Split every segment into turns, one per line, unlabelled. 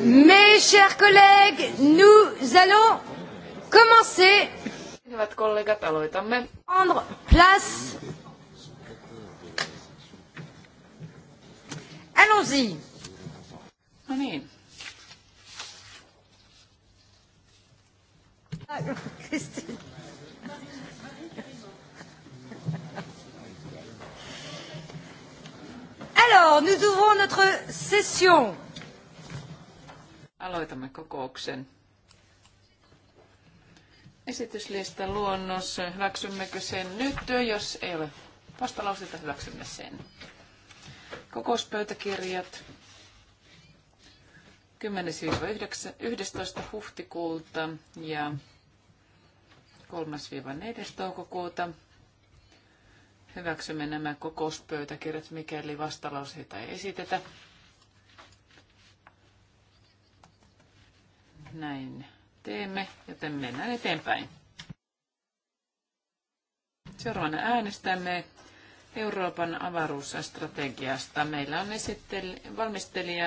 Mes chers collègues, nous allons
commencer. Hyvät kollegat, aloitamme. Andre, place. Allons-y. No niin.
Alors, nous ouvrons notre session
aloitamme kokouksen. esityslistan luonnos, hyväksymmekö sen nyt, jos ei ole vastalauseita, hyväksymme sen. Kokouspöytäkirjat 10-11. ja 3-4. toukokuuta. Hyväksymme nämä kokouspöytäkirjat, mikäli vastalauseita ei esitetä. näin teemme, joten mennään eteenpäin. Seuraavana äänestämme Euroopan avaruusstrategiasta. Meillä on esitteli, valmistelija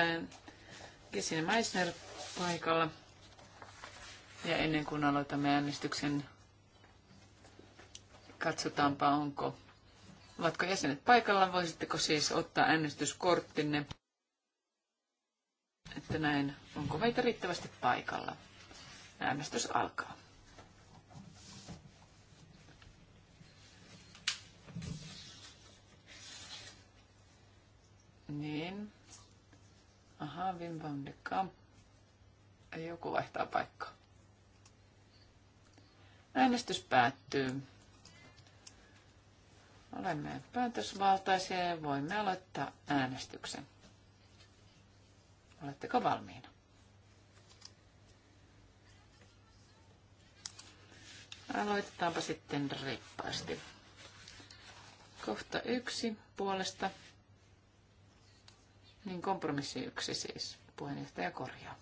Gesine Meissner paikalla. Ja ennen kuin aloitamme äänestyksen, katsotaanpa onko, ovatko jäsenet paikalla. Voisitteko siis ottaa äänestyskorttinne? että näin, onko meitä riittävästi paikalla. Äänestys alkaa. Niin. Aha, Wim van de Kamp. Joku vaihtaa paikkaa. Äänestys päättyy. Olemme päätösvaltaisia ja voimme aloittaa äänestyksen. Oletteko valmiina? Aloitetaanpa sitten reippaasti. Kohta yksi puolesta. Niin kompromissi yksi siis. Puheenjohtaja korjaa.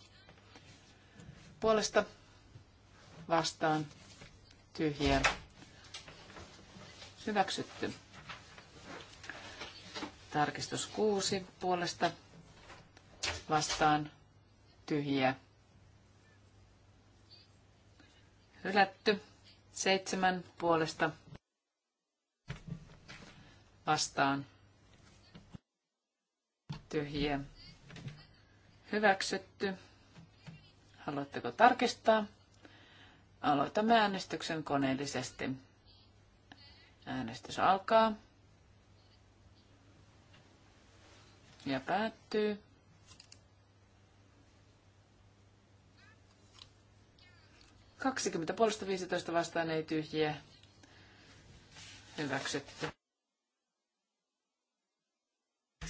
Puolesta vastaan tyhjiä. Hyväksytty. Tarkistus kuusi puolesta vastaan tyhjiä. Hylätty. Seitsemän puolesta vastaan tyhjiä. Hyväksytty. Haluatteko tarkistaa? Aloitamme äänestyksen koneellisesti. Äänestys alkaa ja päättyy. 20 puolesta 15 vastaan ei tyhjiä. Hyväksytty.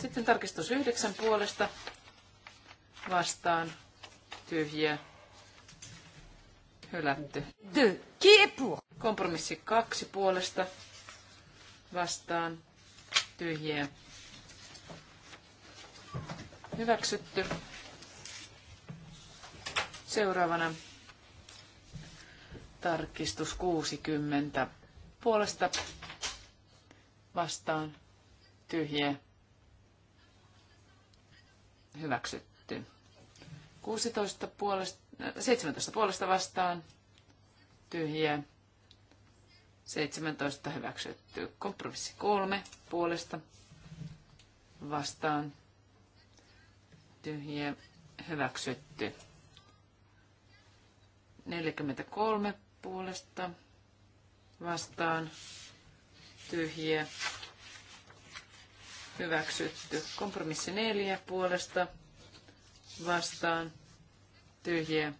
Sitten tarkistus 9 puolesta vastaan tyhjiä. Hylätty. De, Kompromissi 2 puolesta vastaan tyhjiä. Hyväksytty. Seuraavana Tarkistus 60. Puolesta vastaan tyhjä hyväksytty. 16 puolesta, 17 äh, puolesta vastaan tyhjä 17 hyväksytty. Kompromissi 3 puolesta vastaan tyhjä hyväksytty. 43 puolesta vastaan tyhjiä hyväksytty. Kompromissi neljä puolesta vastaan tyhjiä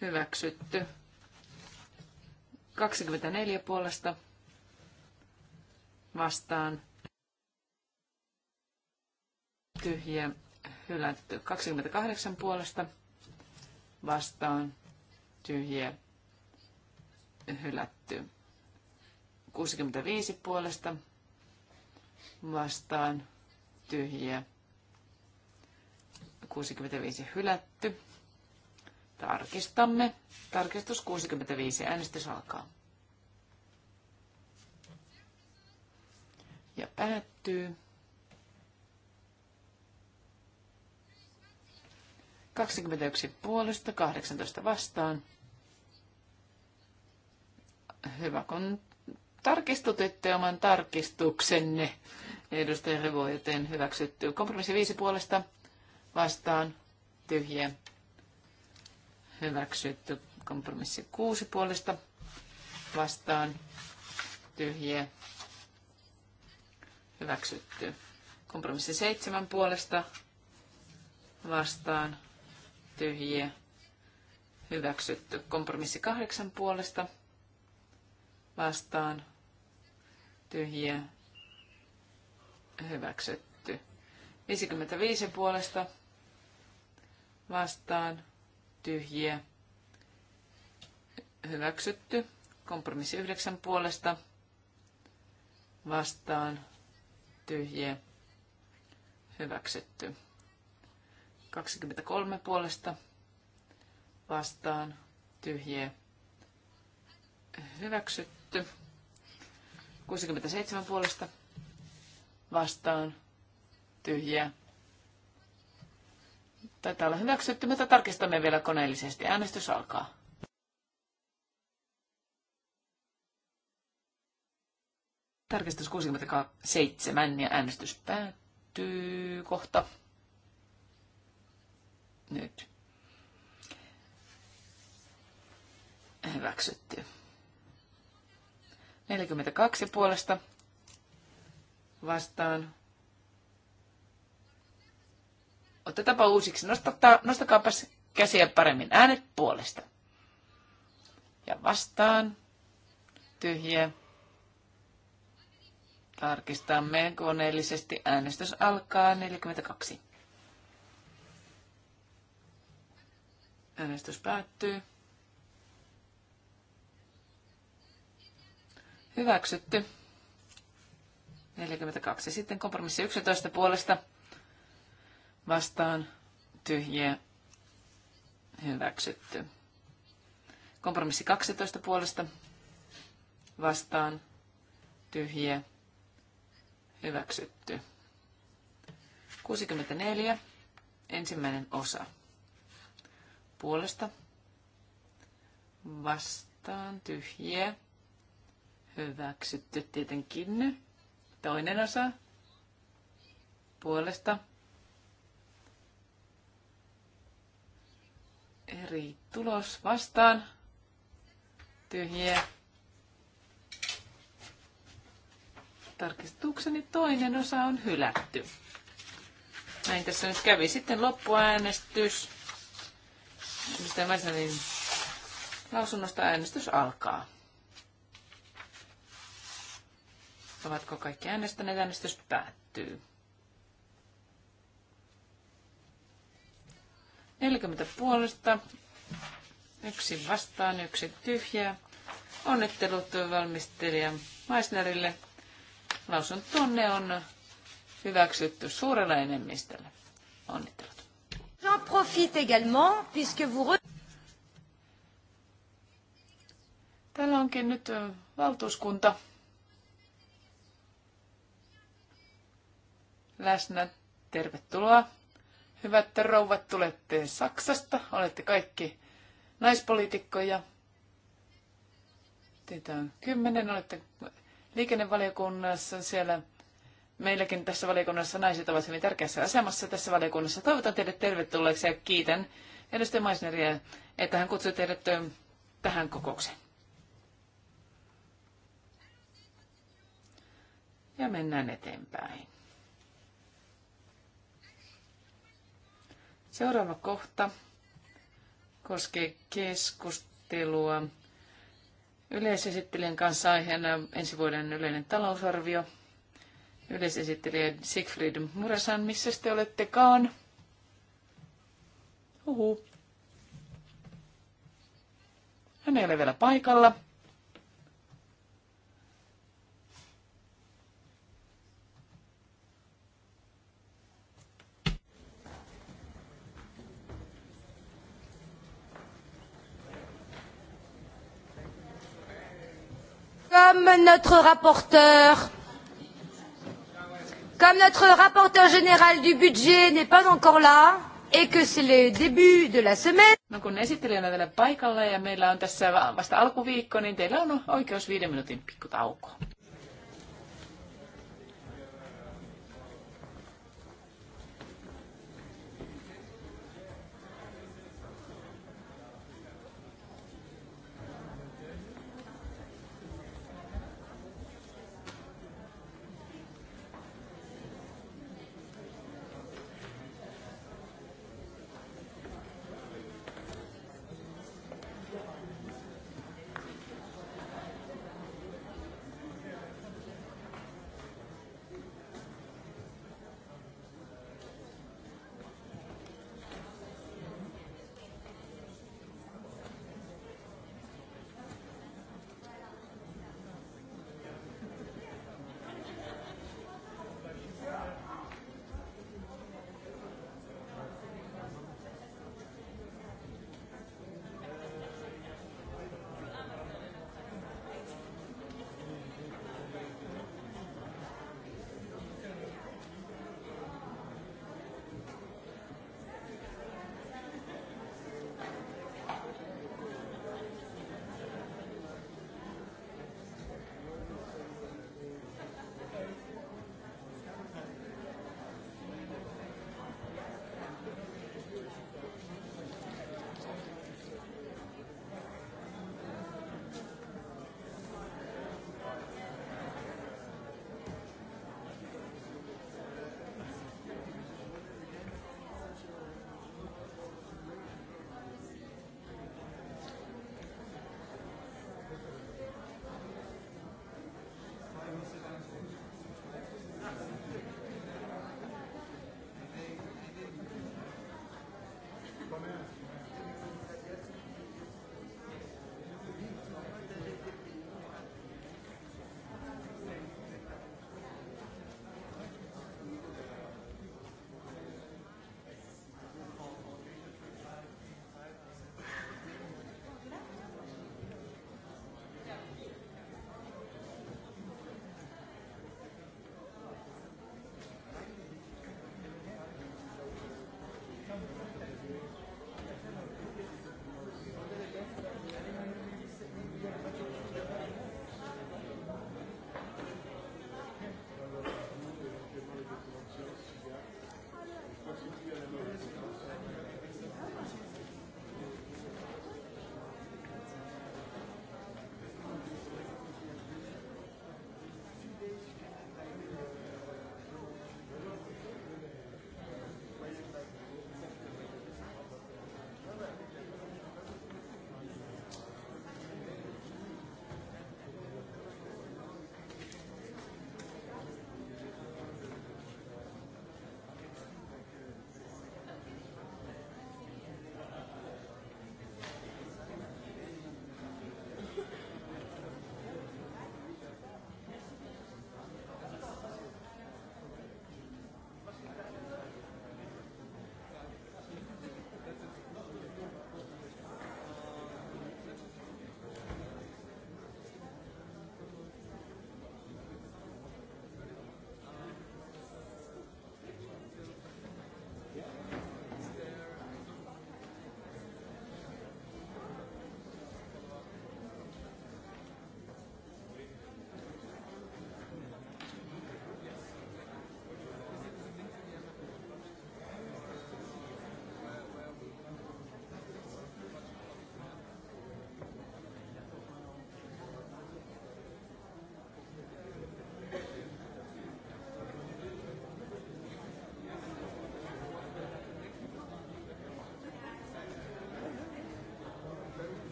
hyväksytty. 24 puolesta vastaan tyhjiä hylätty. 28 puolesta vastaan tyhjiä hylätty. 65 puolesta vastaan tyhjiä. 65 hylätty. Tarkistamme. Tarkistus 65. Äänestys alkaa. Ja päättyy. 21 puolesta, 18 vastaan, Hyvä, kun tarkistutitte oman tarkistuksenne, edustaja Revo, joten hyväksytty. Kompromissi viisi puolesta vastaan tyhjä. Hyväksytty. Kompromissi kuusi puolesta vastaan tyhjä. Hyväksytty. Kompromissi seitsemän puolesta vastaan tyhjä. Hyväksytty. Kompromissi kahdeksan puolesta vastaan tyhjiä hyväksytty. 55 puolesta vastaan tyhjiä hyväksytty. Kompromissi 9 puolesta vastaan tyhjiä hyväksytty. 23 puolesta vastaan tyhjiä hyväksytty hyväksytty. 67 puolesta vastaan tyhjiä. Taitaa olla hyväksytty, mutta tarkistamme vielä koneellisesti. Äänestys alkaa. Tarkistus 67 ja äänestys päättyy kohta. Nyt. Hyväksytty. 42 puolesta vastaan. Otetaanpa uusiksi. nostakaapas käsiä paremmin. Äänet puolesta. Ja vastaan. Tyhjä. Tarkistamme koneellisesti. Äänestys alkaa 42. Äänestys päättyy. Hyväksytty. 42. Sitten kompromissi 11 puolesta vastaan tyhjiä. Hyväksytty. Kompromissi 12 puolesta vastaan tyhjiä. Hyväksytty. 64. Ensimmäinen osa. Puolesta vastaan tyhjiä Hyväksytty tietenkin. Toinen osa puolesta. Eri tulos vastaan. Tyhjiä. Tarkistukseni toinen osa on hylätty. Näin tässä nyt kävi. Sitten loppuäänestys. Mistä sanoin, lausunnosta äänestys alkaa. Ovatko kaikki äänestäneet? Äänestys päättyy. 40 puolesta, yksi vastaan, yksi tyhjä. Onnittelut valmistelija Maisnerille. Lausuntonne on hyväksytty suurella enemmistöllä.
Onnittelut. J'en profite également, puisque vous...
Täällä onkin nyt valtuuskunta läsnä. Tervetuloa. Hyvät rouvat, tulette Saksasta. Olette kaikki naispoliitikkoja. Teitä on kymmenen. Olette liikennevaliokunnassa siellä. Meilläkin tässä valiokunnassa naiset ovat hyvin tärkeässä asemassa tässä valiokunnassa. Toivotan teidät tervetulleeksi ja kiitän edustaja Maisneria, että hän kutsui teidät tähän kokoukseen. Ja mennään eteenpäin. Seuraava kohta koskee keskustelua yleisesittelijän kanssa aiheena ensi vuoden yleinen talousarvio. Yleisesittelijä Siegfried Murasan, missä te olettekaan? Huhu. Hän ei ole vielä paikalla.
comme notre rapporteur, comme notre rapporteur général du budget n'est pas encore
là, et que c'est le début de la semaine. No kun esittelijänä täällä paikalla ja meillä on tässä vasta alkuviikko, niin teillä on oikeus viiden minuutin pikkutaukoon.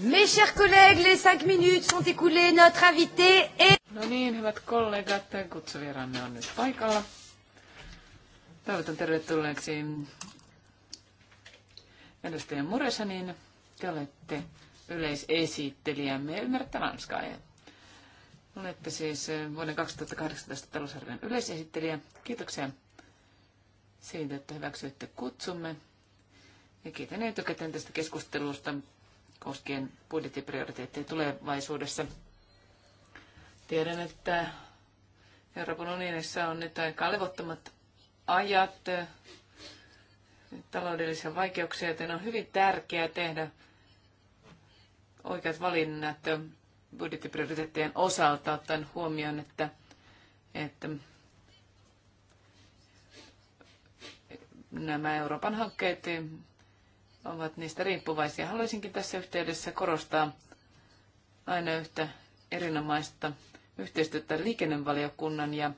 Mes chers collègues, les cinq minutes sont écoulées. Notre invité
est... No niin, hyvät kollegat, kutsuvieramme on nyt paikalla. Toivotan tervetulleeksi edustaja Muresanin. Te olette yleisesittelijämme. Ymmärrätte ranskaa. olette siis eh, vuoden 2018 talousarvion yleisesittelijä. Kiitoksia siitä, että hyväksyitte kutsumme. Ja kiitän etukäteen tästä keskustelusta koskien budjettiprioriteetteja tulevaisuudessa. Tiedän, että Euroopan unionissa on nyt aika levottomat ajat, taloudellisia vaikeuksia, joten on hyvin tärkeää tehdä oikeat valinnat budjettiprioriteettien osalta, ottaen huomioon, että, että nämä Euroopan hankkeet ovat niistä riippuvaisia. Haluaisinkin tässä yhteydessä korostaa aina yhtä erinomaista yhteistyötä liikennevaliokunnan ja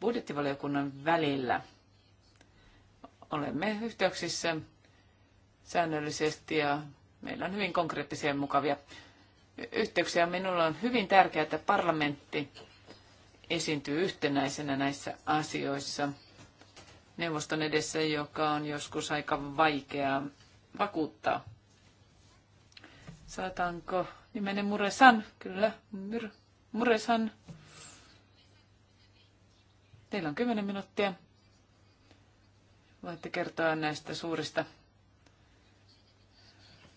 budjettivaliokunnan välillä. Olemme yhteyksissä säännöllisesti ja meillä on hyvin konkreettisia ja mukavia yhteyksiä. Minulla on hyvin tärkeää, että parlamentti esiintyy yhtenäisenä näissä asioissa – neuvoston edessä, joka on joskus aika vaikea vakuuttaa. Saataanko nimenne Muresan? Kyllä, myr, Muresan. Teillä on 10 minuuttia. Voitte kertoa näistä suurista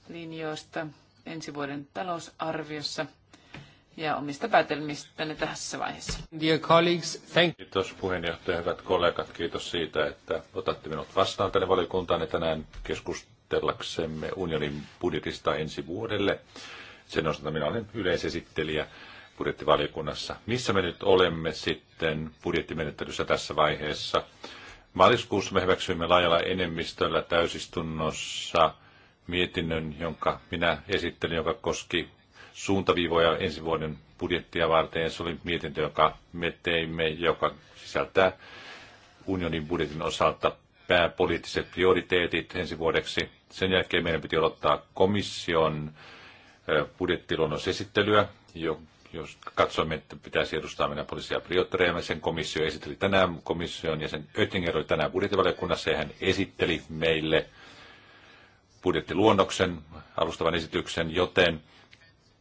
linjoista ensi vuoden talousarviossa – ja omista päätelmistänne tässä vaiheessa.
Dear colleagues, thank Kiitos puheenjohtaja, hyvät kollegat. Kiitos siitä, että otatte minut vastaan tänne valiokuntaan tänään keskustellaksemme unionin budjetista ensi vuodelle. Sen osalta minä olen yleisesittelijä budjettivaliokunnassa. Missä me nyt olemme sitten budjettimenettelyssä tässä vaiheessa? Maaliskuussa me hyväksyimme laajalla enemmistöllä täysistunnossa mietinnön, jonka minä esittelin, joka koski suuntaviivoja ensi vuoden budjettia varten. Se oli mietintö, joka me teimme, joka sisältää unionin budjetin osalta pääpoliittiset prioriteetit ensi vuodeksi. Sen jälkeen meidän piti odottaa komission budjettiluonnosesittelyä, jos katsoimme, että pitäisi edustaa meidän poliisia prioriteetteja. Sen komissio esitteli tänään komission ja sen Oettinger oli tänään budjettivaliokunnassa ja hän esitteli meille budjettiluonnoksen, alustavan esityksen, joten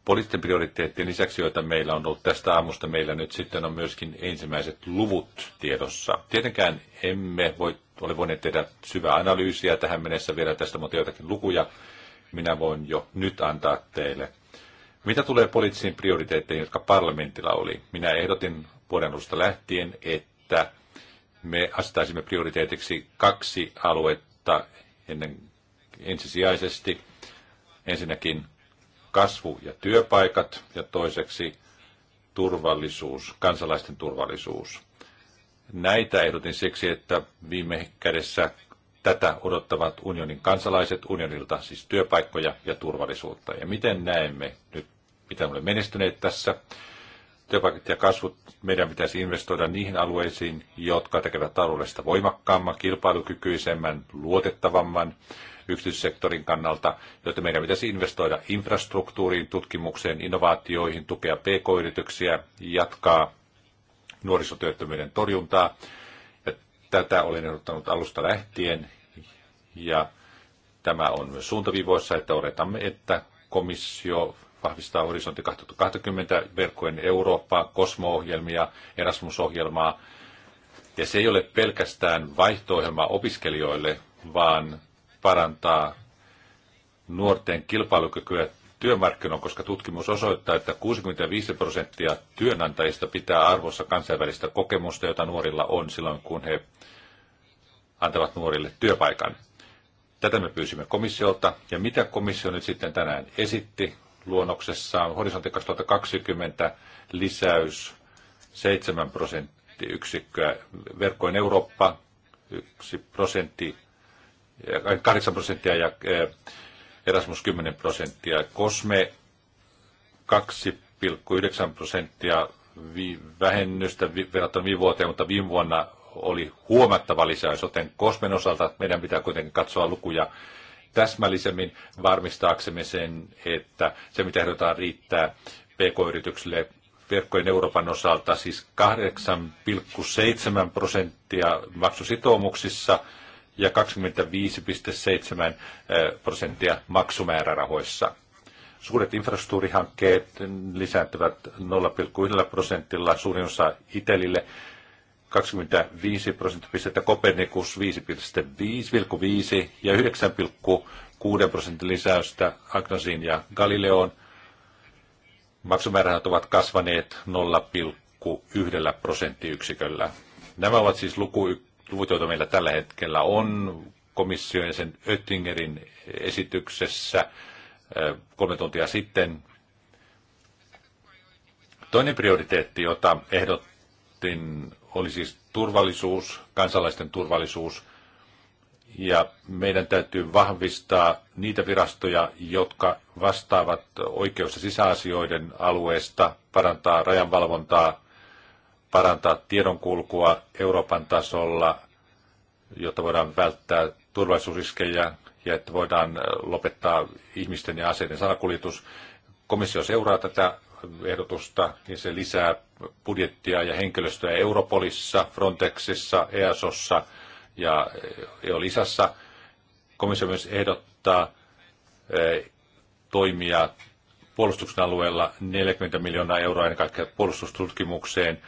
poliittisten prioriteettien lisäksi, joita meillä on ollut tästä aamusta, meillä nyt sitten on myöskin ensimmäiset luvut tiedossa. Tietenkään emme voi, ole voineet tehdä syvää analyysiä tähän mennessä vielä tästä, mutta joitakin lukuja minä voin jo nyt antaa teille. Mitä tulee poliittisiin prioriteetteihin, jotka parlamentilla oli? Minä ehdotin vuoden alusta lähtien, että me asettaisimme prioriteetiksi kaksi aluetta ennen, ensisijaisesti. Ensinnäkin kasvu ja työpaikat ja toiseksi turvallisuus, kansalaisten turvallisuus. Näitä ehdotin siksi, että viime kädessä tätä odottavat unionin kansalaiset unionilta, siis työpaikkoja ja turvallisuutta. Ja miten näemme nyt, miten olemme menestyneet tässä? Työpaikat ja kasvut, meidän pitäisi investoida niihin alueisiin, jotka tekevät taloudesta voimakkaamman, kilpailukykyisemmän, luotettavamman, yksityissektorin kannalta, joten meidän pitäisi investoida infrastruktuuriin, tutkimukseen, innovaatioihin, tukea pk-yrityksiä, jatkaa nuorisotyöttömyyden torjuntaa. Ja tätä olen ehdottanut alusta lähtien ja tämä on myös suuntaviivoissa, että odotamme, että komissio vahvistaa horisontti 2020 verkkojen Eurooppaa, Kosmo-ohjelmia, Erasmus-ohjelmaa. Ja se ei ole pelkästään vaihto opiskelijoille, vaan parantaa nuorten kilpailukykyä työmarkkinoilla, koska tutkimus osoittaa, että 65 prosenttia työnantajista pitää arvossa kansainvälistä kokemusta, jota nuorilla on silloin, kun he antavat nuorille työpaikan. Tätä me pyysimme komissiolta, ja mitä komissio nyt sitten tänään esitti luonnoksessaan, horisontti 2020 lisäys 7 prosenttiyksikköä, verkkojen Eurooppa 1 prosentti 8 prosenttia ja eh, Erasmus 10 prosenttia. Kosme 2,9 prosenttia vähennystä verrattuna viime vuoteen, mutta viime vuonna oli huomattava lisäys, joten Kosmen osalta meidän pitää kuitenkin katsoa lukuja täsmällisemmin varmistaaksemme sen, että se mitä ehdotetaan riittää PK-yrityksille verkkojen Euroopan osalta, siis 8,7 prosenttia maksusitoumuksissa – ja 25,7 eh, prosenttia maksumäärärahoissa. Suuret infrastruktuurihankkeet lisääntyvät 0,1 prosentilla, suurin osa Itelille 25 prosenttia, Kopernikus 5,5 ja 9,6 prosentin lisäystä Agnosiin ja Galileoon. Maksumäärät ovat kasvaneet 0,1 prosenttiyksiköllä. Nämä ovat siis luku, luvut, joita meillä tällä hetkellä on komission ja sen Oettingerin esityksessä kolme tuntia sitten. Toinen prioriteetti, jota ehdotin, oli siis turvallisuus, kansalaisten turvallisuus. Ja meidän täytyy vahvistaa niitä virastoja, jotka vastaavat oikeus- ja sisäasioiden alueesta, parantaa rajanvalvontaa, parantaa tiedonkulkua Euroopan tasolla, jotta voidaan välttää turvallisuusriskejä ja että voidaan lopettaa ihmisten ja aseiden salakuljetus. Komissio seuraa tätä ehdotusta ja se lisää budjettia ja henkilöstöä Europolissa, Frontexissa, EASossa ja EOLISassa. Komissio myös ehdottaa toimia puolustuksen alueella 40 miljoonaa euroa ennen kaikkea puolustustutkimukseen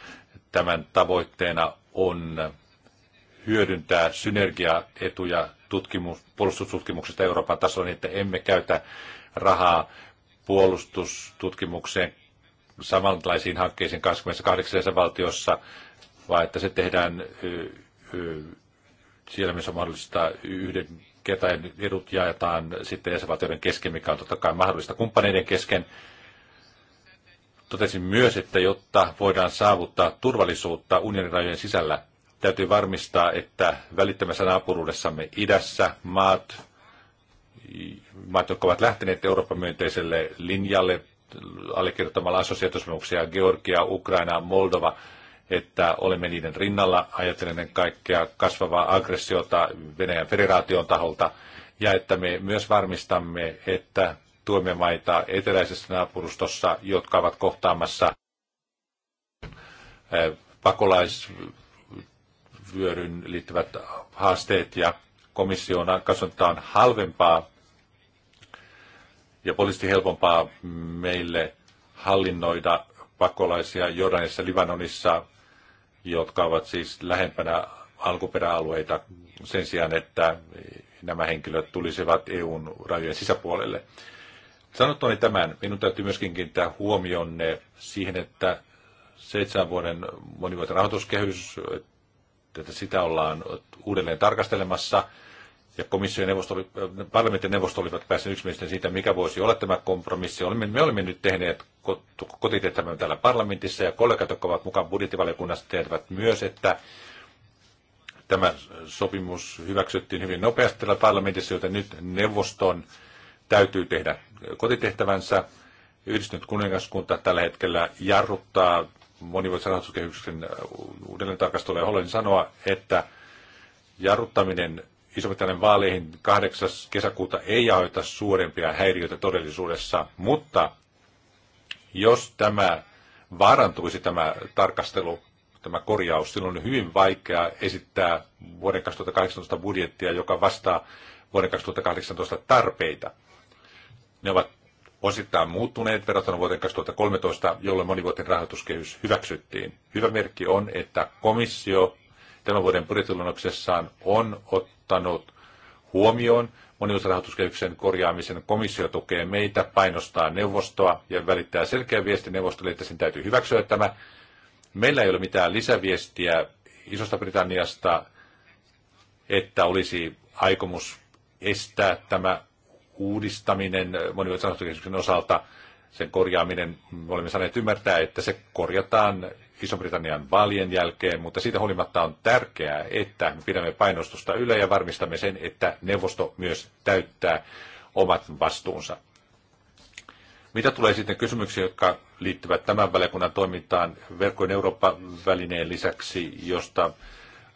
Tämän tavoitteena on hyödyntää synergiaetuja tutkimus, puolustustutkimuksesta Euroopan tasolla, niin että emme käytä rahaa puolustustutkimukseen samanlaisiin hankkeisiin 28 valtiossa, vaan että se tehdään siellä, missä on mahdollista yhden ketään edut jaetaan sitten jäsenvaltioiden kesken, mikä on totta kai mahdollista kumppaneiden kesken. Totesin myös, että jotta voidaan saavuttaa turvallisuutta unionin rajojen sisällä, täytyy varmistaa, että välittömässä naapuruudessamme idässä maat, maat jotka ovat lähteneet Euroopan myönteiselle linjalle allekirjoittamalla assosiaatiosopimuksia Georgia, Ukraina, Moldova, että olemme niiden rinnalla, ajatellen kaikkea kasvavaa aggressiota Venäjän federaation taholta, ja että me myös varmistamme, että tuomiomaita eteläisessä naapurustossa, jotka ovat kohtaamassa pakolaisvyöryn liittyvät haasteet ja komissio on halvempaa ja poliisti helpompaa meille hallinnoida pakolaisia Jordanissa, Libanonissa, jotka ovat siis lähempänä alkuperäalueita sen sijaan, että nämä henkilöt tulisivat EUn rajojen sisäpuolelle. Sanottuani tämän, minun täytyy myöskin kiinnittää huomionne siihen, että seitsemän vuoden monivuotinen rahoituskehys, että sitä ollaan uudelleen tarkastelemassa. Ja komission neuvosto, parlamentin neuvosto olivat päässeet yksimielisesti siitä, mikä voisi olla tämä kompromissi. Olemme, me olemme nyt tehneet kotitehtävän täällä parlamentissa ja kollegat, jotka ovat mukaan budjettivaliokunnassa, tehtävät myös, että tämä sopimus hyväksyttiin hyvin nopeasti täällä parlamentissa, joten nyt neuvoston täytyy tehdä kotitehtävänsä. Yhdistynyt kuningaskunta tällä hetkellä jarruttaa monivuotisen rahoituskehyksen äh, uudelleen tarkastelua ja haluan sanoa, että jarruttaminen iso vaaleihin 8. kesäkuuta ei aiheuta suurempia häiriöitä todellisuudessa, mutta jos tämä vaarantuisi tämä tarkastelu, tämä korjaus, silloin on hyvin vaikea esittää vuoden 2018 budjettia, joka vastaa vuoden 2018 tarpeita. Ne ovat osittain muuttuneet verrattuna vuoteen 2013, jolloin monivuotinen rahoituskehys hyväksyttiin. Hyvä merkki on, että komissio tämän vuoden budjettiluonnoksessaan on ottanut huomioon monivuotisen korjaamisen. Komissio tukee meitä, painostaa neuvostoa ja välittää selkeä viesti neuvostolle, että sen täytyy hyväksyä tämä. Meillä ei ole mitään lisäviestiä Isosta Britanniasta, että olisi aikomus estää tämä uudistaminen monivuotisen osalta, sen korjaaminen, me olemme saaneet ymmärtää, että se korjataan Iso-Britannian vaalien jälkeen, mutta siitä huolimatta on tärkeää, että me pidämme painostusta yle ja varmistamme sen, että neuvosto myös täyttää omat vastuunsa. Mitä tulee sitten kysymyksiin, jotka liittyvät tämän valiokunnan toimintaan verkkojen Eurooppa-välineen lisäksi, josta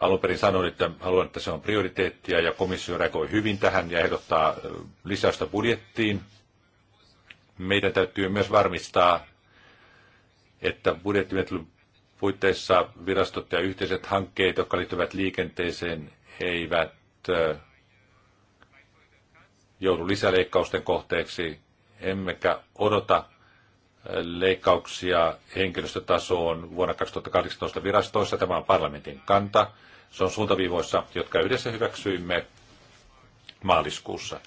Alun perin sanoin, että haluan, että se on prioriteettia ja komissio reagoi hyvin tähän ja ehdottaa lisäystä budjettiin. Meidän täytyy myös varmistaa, että budjettimenettelyn puitteissa virastot ja yhteiset hankkeet, jotka liittyvät liikenteeseen, eivät joudu lisäleikkausten kohteeksi, emmekä odota leikkauksia henkilöstötasoon vuonna 2018 virastoissa. Tämä on parlamentin kanta. Se on suuntaviivoissa, jotka yhdessä hyväksyimme maaliskuussa.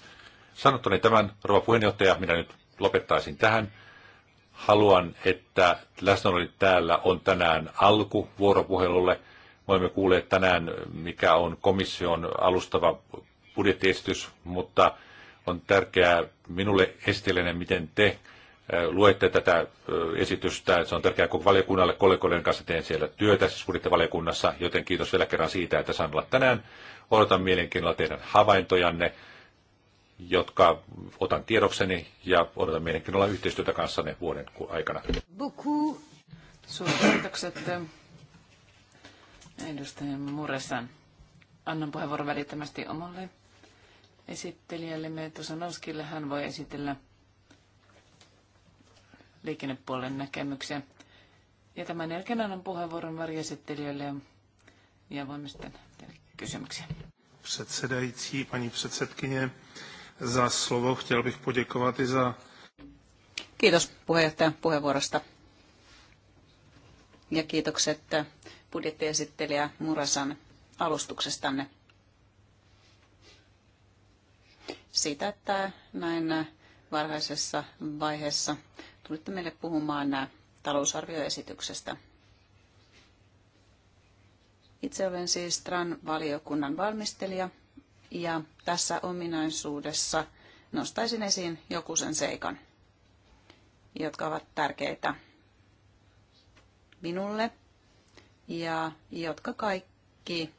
Sanottuni tämän, rouva puheenjohtaja, minä nyt lopettaisin tähän. Haluan, että läsnäoli täällä on tänään alku vuoropuhelulle. Voimme olemme tänään, mikä on komission alustava budjettiesitys, mutta on tärkeää minulle esitellinen, miten te luette tätä esitystä. Se on tärkeää koko valiokunnalle. Kollegoiden kanssa teen siellä työtä, siis budjettivaliokunnassa, joten kiitos vielä kerran siitä, että saan olla tänään. Odotan mielenkiinnolla teidän havaintojanne, jotka otan tiedokseni ja odotan mielenkiinnolla yhteistyötä kanssanne vuoden aikana.
Buku.
kiitokset eh, edustaja Muresan. Annan puheenvuoron välittömästi omalle esittelijällemme Tosanouskille. Hän voi esitellä liikennepuolen näkemyksiä. Ja tämän jälkeen annan puheenvuoron varjoesittelijöille ja voimme sitten tehdä kysymyksiä. Předsedající, paní předsedkyně, za slovo. Chtěl bych
poděkovat i za...
Kiitos puheenjohtajan puheenvuorosta. Ja kiitokset äh, budjettiesittelijä Murasan alustuksestanne. Siitä, että näin äh, varhaisessa vaiheessa tulitte meille puhumaan talousarvioesityksestä. Itse olen siis TRAN valiokunnan valmistelija ja tässä ominaisuudessa nostaisin esiin sen seikan, jotka ovat tärkeitä minulle ja jotka kaikki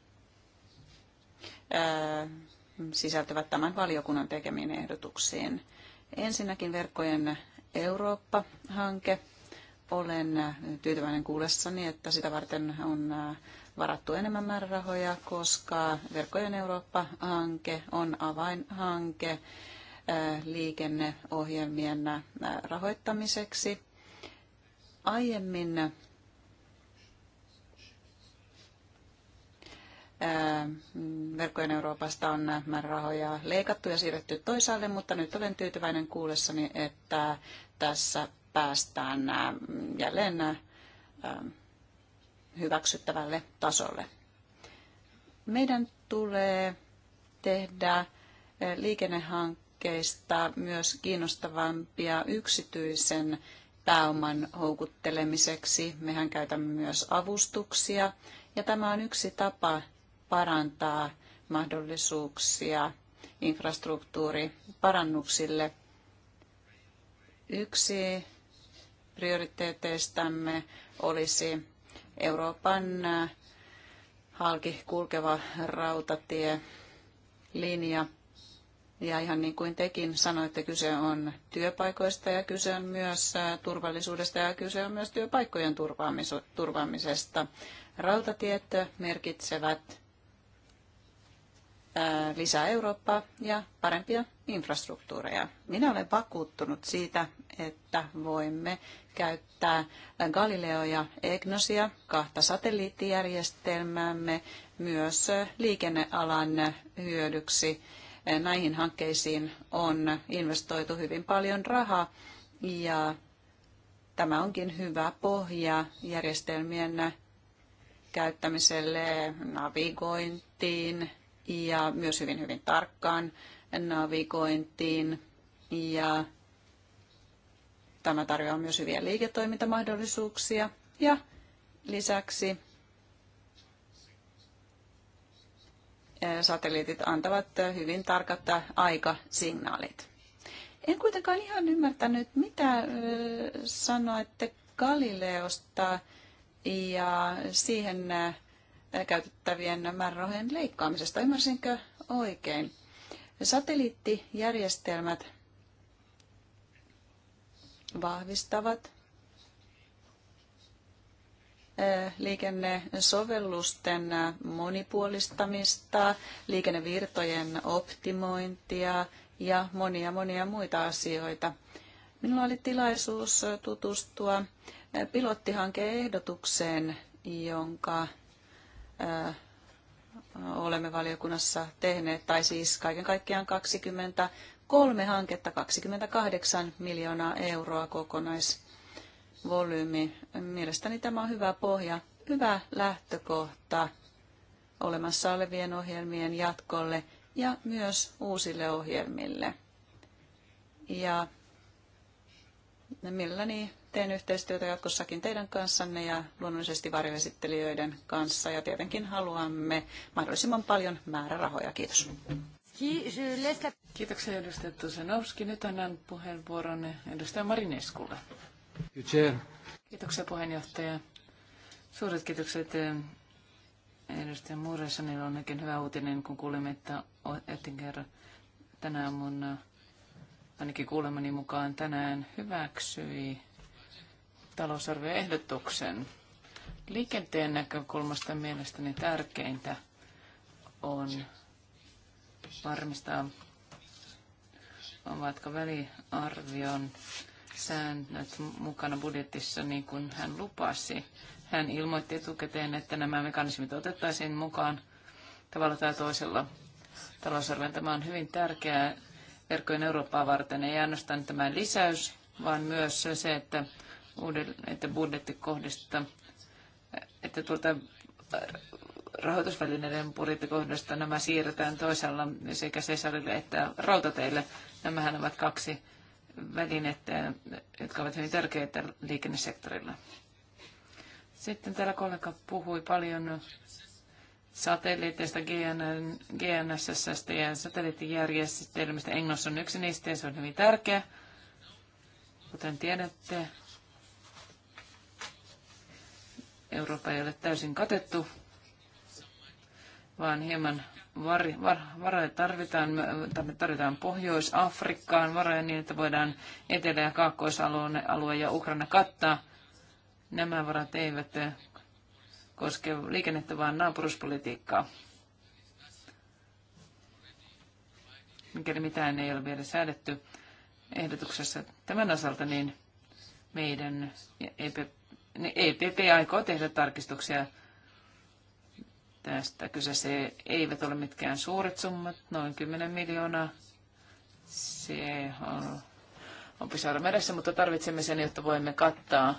ää, sisältyvät tämän valiokunnan tekemiin ehdotuksiin. Ensinnäkin verkkojen Eurooppa-hanke. Olen tyytyväinen kuullessani, että sitä varten on äh, varattu enemmän määrärahoja, koska Verkkojen Eurooppa-hanke on avainhanke äh, liikenneohjelmien äh, rahoittamiseksi. Aiemmin Verkkojen Euroopasta on määrärahoja leikattu ja siirretty toisaalle, mutta nyt olen tyytyväinen kuullessani, että tässä päästään jälleen hyväksyttävälle tasolle. Meidän tulee tehdä liikennehankkeista myös kiinnostavampia yksityisen pääoman houkuttelemiseksi. Mehän käytämme myös avustuksia ja tämä on yksi tapa parantaa mahdollisuuksia infrastruktuuriparannuksille. Yksi prioriteeteistamme olisi Euroopan äh, halki kulkeva rautatie linja. Ja ihan niin kuin tekin sanoitte, kyse on työpaikoista ja kyse on myös äh, turvallisuudesta ja kyse on myös työpaikkojen turvaamisesta. Rautatiet merkitsevät Äh, lisää Eurooppaa ja parempia infrastruktuureja. Minä olen vakuuttunut siitä, että voimme käyttää Galileo ja Egnosia, kahta satelliittijärjestelmäämme, myös liikennealan hyödyksi. Näihin hankkeisiin on investoitu hyvin paljon rahaa ja tämä onkin hyvä pohja järjestelmien käyttämiselle, navigointiin, ja myös hyvin hyvin tarkkaan navigointiin ja tämä tarjoaa myös hyviä liiketoimintamahdollisuuksia ja lisäksi eh, satelliitit antavat hyvin tarkat aikasignaalit. En kuitenkaan ihan ymmärtänyt, mitä eh, sanoitte Galileosta ja siihen eh, käytettävien määrärahojen leikkaamisesta. Ymmärsinkö oikein? Satelliittijärjestelmät vahvistavat eh, liikennesovellusten eh, monipuolistamista, liikennevirtojen optimointia ja monia monia muita asioita. Minulla oli tilaisuus eh, tutustua pilottihankeehdotukseen, jonka olemme valiokunnassa tehneet, tai siis kaiken kaikkiaan 23 hanketta, 28 miljoonaa euroa kokonaisvolyymi. Mielestäni tämä on hyvä pohja, hyvä lähtökohta olemassa olevien ohjelmien jatkolle ja myös uusille ohjelmille. Ja milläni teen yhteistyötä jatkossakin teidän kanssanne ja luonnollisesti varjoesittelijöiden kanssa. Ja tietenkin haluamme mahdollisimman
paljon määrärahoja. Kiitos. Kiitoksia edustaja Tusenovski. Nyt annan puheenvuoron edustaja Marineskulle. Kiitoksia puheenjohtaja. Suuret kiitokset eh, edustaja Muresanilla on oikein hyvä uutinen, kun kuulimme, että Ettinger tänään, mun ainakin kuulemani mukaan tänään hyväksyi talousarvioehdotuksen. Liikenteen näkökulmasta mielestäni tärkeintä on varmistaa, ovatko väliarvion säännöt mukana budjetissa niin kuin hän lupasi. Hän ilmoitti etukäteen, että nämä mekanismit otettaisiin mukaan tavalla tai toisella talousarvion. Tämä on hyvin tärkeää verkkojen Eurooppaa varten. Ei ainoastaan tämä lisäys, vaan myös se, että että kohdista, että tuota rahoitusvälineiden budjettikohdasta nämä siirretään toisella sekä Cesarille että rautateille. Nämähän ovat kaksi välinettä, jotka ovat hyvin tärkeitä liikennesektorilla. Sitten täällä kollega puhui paljon satelliiteista, GNSS ja satelliittijärjestelmistä. Englannos on yksi niistä ja se on hyvin tärkeä. Kuten tiedätte, Eurooppa ei ole täysin katettu, vaan hieman var, var, varoja tarvitaan, tarvitaan Pohjois-Afrikkaan varoja niin, että voidaan Etelä- ja Kaakkoisalue ja Ukraina kattaa. Nämä varat eivät koske liikennettä, vaan naapuruspolitiikkaa. Mikäli mitään ei ole vielä säädetty ehdotuksessa tämän osalta, niin meidän EPP niin EPP aikoo tehdä tarkistuksia tästä. Kyseessä eivät ole mitkään suuret summat, noin 10 miljoonaa. Se on, on pisara meressä, mutta tarvitsemme sen, jotta voimme kattaa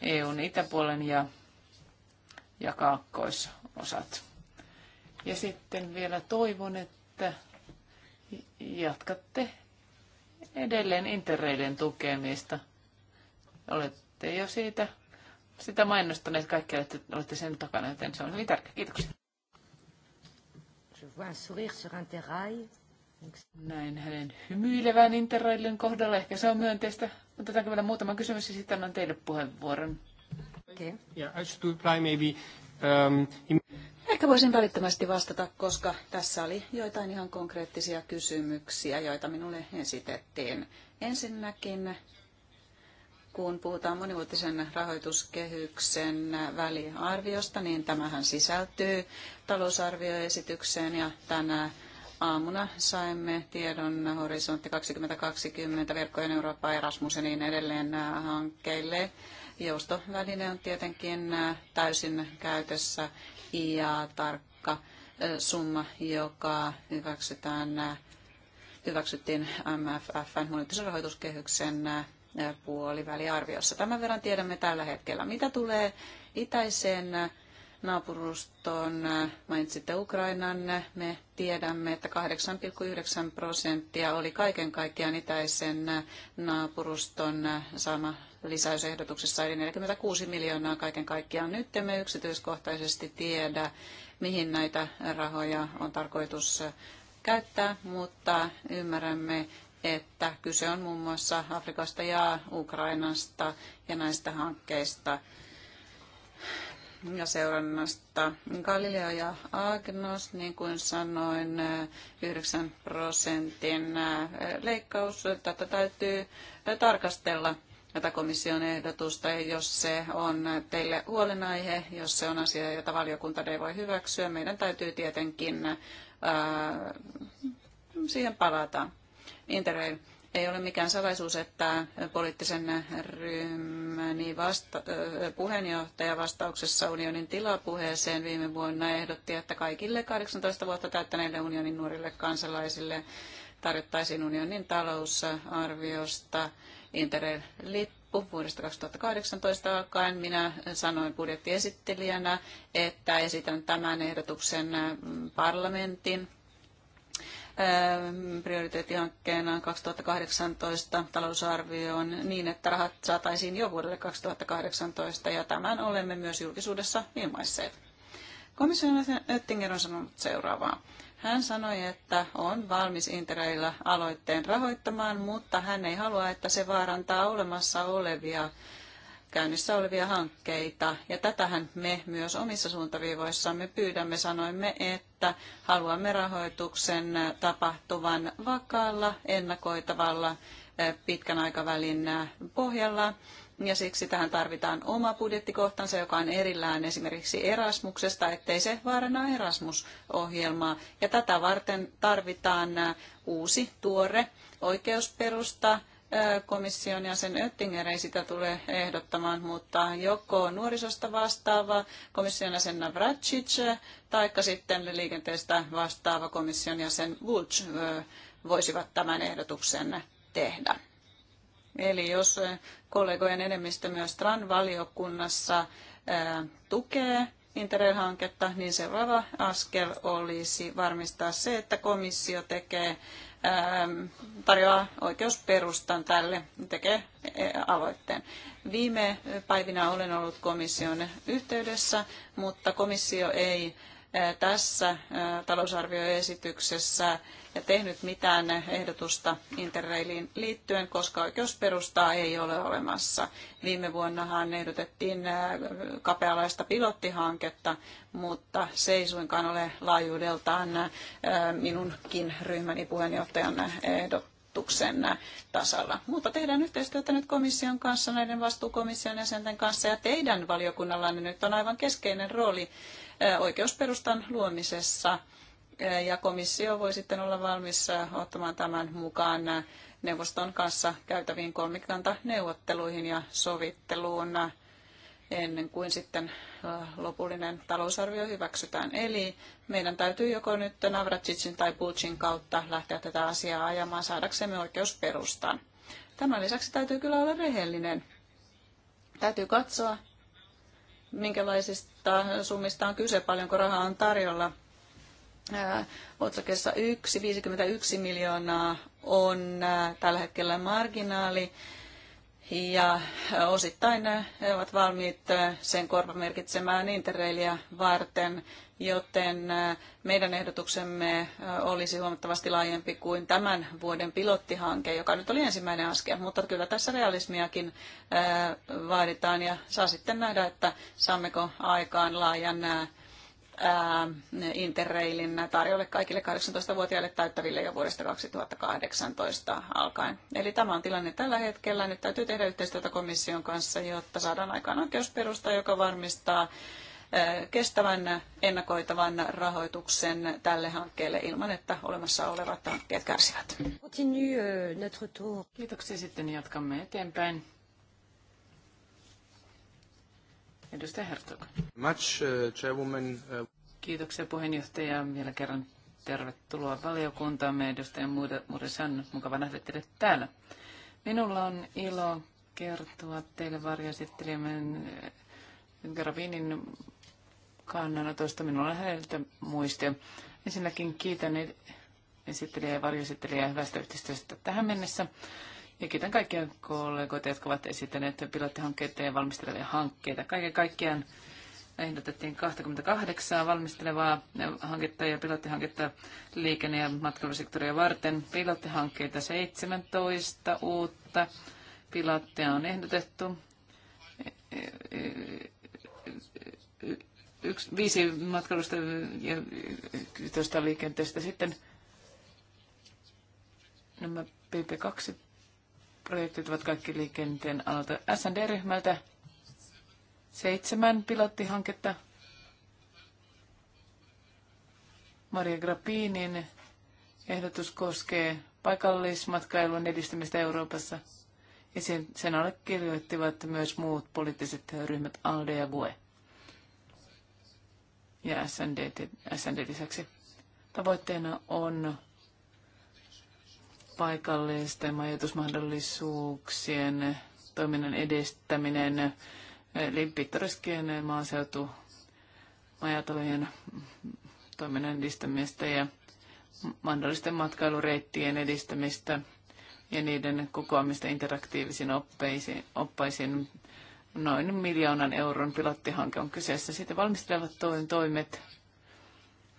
EUn itäpuolen ja, ja kaakkoisosat. Ja sitten vielä toivon, että jatkatte edelleen interreiden tukemista. Olet te jo siitä sitä mainostaneet kaikkialle, että olette sen takana, joten se on hyvin tärkeä. Kiitoksia. Näin hänen hymyilevän interrailin kohdalla. Ehkä se on myönteistä. Otetaanko vielä muutama kysymys ja sitten annan teille puheenvuoron. Okay. Um, Ehkä voisin välittömästi
vastata, koska tässä oli joitain ihan konkreettisia kysymyksiä, joita minulle esitettiin. Ensinnäkin kun puhutaan monivuotisen rahoituskehyksen väliarviosta, niin tämähän sisältyy talousarvioesitykseen ja tänä aamuna saimme tiedon Horisontti 2020 verkkojen Eurooppa Erasmus ja niin edelleen hankkeille. Joustoväline on tietenkin täysin käytössä ja tarkka summa, joka hyväksytään hyväksyttiin MFFn rahoituskehyksen puoliväliarviossa. Tämän verran tiedämme tällä hetkellä. Mitä tulee itäiseen naapurustoon, mainitsitte Ukrainan, me tiedämme, että 8,9 prosenttia oli kaiken kaikkiaan itäisen naapuruston saama lisäysehdotuksessa, eli 46 miljoonaa kaiken kaikkiaan. Nyt emme yksityiskohtaisesti tiedä, mihin näitä rahoja on tarkoitus käyttää, mutta ymmärrämme, että kyse on muun muassa Afrikasta ja Ukrainasta ja näistä hankkeista ja seurannasta. Galileo ja Agnos, niin kuin sanoin, 9 prosentin eh, leikkaus. Tätä täytyy tarkastella tätä komission ehdotusta, jos se on teille huolenaihe, jos se on asia, jota valiokunta ei voi hyväksyä. Meidän täytyy tietenkin eh, siihen palata. Interrail. Ei ole mikään salaisuus, että poliittisen ryhmäni vasta- puheenjohtaja vastauksessa unionin tilapuheeseen viime vuonna ehdotti, että kaikille 18 vuotta täyttäneille unionin nuorille kansalaisille tarjottaisiin unionin talousarviosta Interrail-lippu vuodesta 2018 alkaen. Minä sanoin budjettiesittelijänä, että esitän tämän ehdotuksen parlamentin prioriteettihankkeenaan 2018 talousarvioon niin, että rahat saataisiin jo vuodelle 2018 ja tämän olemme myös julkisuudessa ilmaisseet. Komission Oettinger on sanonut seuraavaa. Hän sanoi, että on valmis interailla aloitteen rahoittamaan, mutta hän ei halua, että se vaarantaa olemassa olevia käynnissä olevia hankkeita. Ja tätähän me myös omissa suuntaviivoissamme pyydämme, sanoimme, että haluamme rahoituksen tapahtuvan vakaalla, ennakoitavalla, eh, pitkän aikavälin eh, pohjalla. Ja siksi tähän tarvitaan oma budjettikohtansa, joka on erillään esimerkiksi Erasmuksesta, ettei se vaarana Erasmus-ohjelmaa. Ja tätä varten tarvitaan eh, uusi, tuore oikeusperusta, komission jäsen Oettinger ei sitä tule ehdottamaan, mutta joko nuorisosta vastaava komission jäsen Navracic tai sitten liikenteestä vastaava komission jäsen Vulch voisivat tämän ehdotuksen tehdä. Eli jos kollegojen enemmistö myös TRAN-valiokunnassa tukee Interrail-hanketta, niin seuraava askel olisi varmistaa se, että komissio tekee Ähm, tarjoaa oikeusperustan tälle, tekee eh, aloitteen. Viime päivinä olen ollut komission yhteydessä, mutta komissio ei eh, tässä eh, talousarvioesityksessä ja tehnyt mitään ehdotusta Interrailiin liittyen, koska oikeusperustaa ei ole olemassa. Viime vuonnahan ehdotettiin äh, kapealaista pilottihanketta, mutta se ei suinkaan ole laajuudeltaan äh, minunkin ryhmäni puheenjohtajan ehdot tasalla. Mutta tehdään yhteistyötä nyt komission kanssa, näiden vastuukomission jäsenten kanssa ja teidän valiokunnallanne nyt on aivan keskeinen rooli äh, oikeusperustan luomisessa Eh, ja komissio voi sitten olla valmis eh, ottamaan tämän mukaan eh, neuvoston kanssa käytäviin kolmikantaneuvotteluihin ja sovitteluun ennen kuin sitten lopullinen talousarvio hyväksytään. Eli meidän täytyy joko nyt Navratsitsin tai Pulcin kautta lähteä tätä asiaa ajamaan saadaksemme oikeusperustan. Tämän lisäksi täytyy kyllä olla rehellinen. Täytyy katsoa, minkälaisista summista on kyse, paljonko rahaa on tarjolla – otsakessa 1, 51 miljoonaa on tällä hetkellä marginaali ja osittain ne ovat valmiit sen korvamerkitsemään interreiliä varten, joten meidän ehdotuksemme olisi huomattavasti laajempi kuin tämän vuoden pilottihanke, joka nyt oli ensimmäinen askel, mutta kyllä tässä realismiakin vaaditaan ja saa sitten nähdä, että saammeko aikaan laajan Ähm, Interrailin tarjolle kaikille 18-vuotiaille täyttäville jo vuodesta 2018 alkaen. Eli tämä on tilanne tällä hetkellä. Nyt täytyy tehdä yhteistyötä komission kanssa, jotta saadaan aikaan oikeusperusta, joka varmistaa äh, kestävän ennakoitavan rahoituksen tälle hankkeelle ilman, että olemassa olevat hankkeet kärsivät.
Euh,
Kiitoksia. Sitten jatkamme eteenpäin. Edustaja Hertog.
Much, uh, chairwoman, uh...
Kiitoksia puheenjohtaja. Vielä kerran tervetuloa valiokuntaamme. Edustaja Muresan, mukava nähdä teidät täällä. Minulla on ilo kertoa teille varjoesittelijämme eh, Gravinin kannanotosta. Minulla on häneltä muistia. Ensinnäkin kiitän esittelijä ja varjoesittelijä hyvästä yhteistyöstä tähän mennessä. Ja kiitän kaikkia kollegoita, jotka ovat esittäneet pilottihankkeita ja valmistelevia hankkeita. Kaiken kaikkiaan ehdotettiin 28 valmistelevaa hanketta ja pilottihanketta liikenne- ja matkailusektoria varten. Pilottihankkeita 17 uutta. Pilottia on ehdotettu. Yksi, viisi matkailusta ja 11 liikenteestä sitten nämä PP2 Projektit ovat kaikki liikenteen alalta S&D-ryhmältä. Seitsemän pilottihanketta. Maria Grappinin ehdotus koskee paikallismatkailun edistämistä Euroopassa. Ja sen, sen allekirjoittivat myös muut poliittiset ryhmät ALDE ja GUE. Ja SND, SND lisäksi. Tavoitteena on paikallisten majoitusmahdollisuuksien toiminnan edistäminen, eli pittoreskien maaseutu majatalojen toiminnan edistämistä ja mahdollisten matkailureittien edistämistä ja niiden kokoamista interaktiivisiin oppeisiin, oppaisiin. Noin miljoonan euron pilottihanke on kyseessä. Sitten valmistelevat toimet.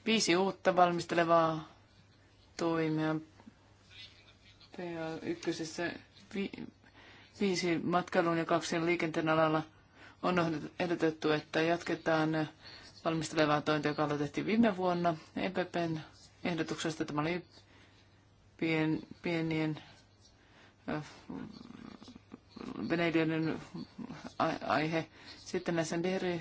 Viisi uutta valmistelevaa toimia pa ykkösessä vi, viisi matkailun ja kaksien liikenteen alalla on ehdotettu, että jatketaan valmistelevaa tointa, joka aloitettiin viime vuonna. EPPn ehdotuksesta tämä oli pien, pienien veneilijöiden aihe. Sitten näissä SNDR e,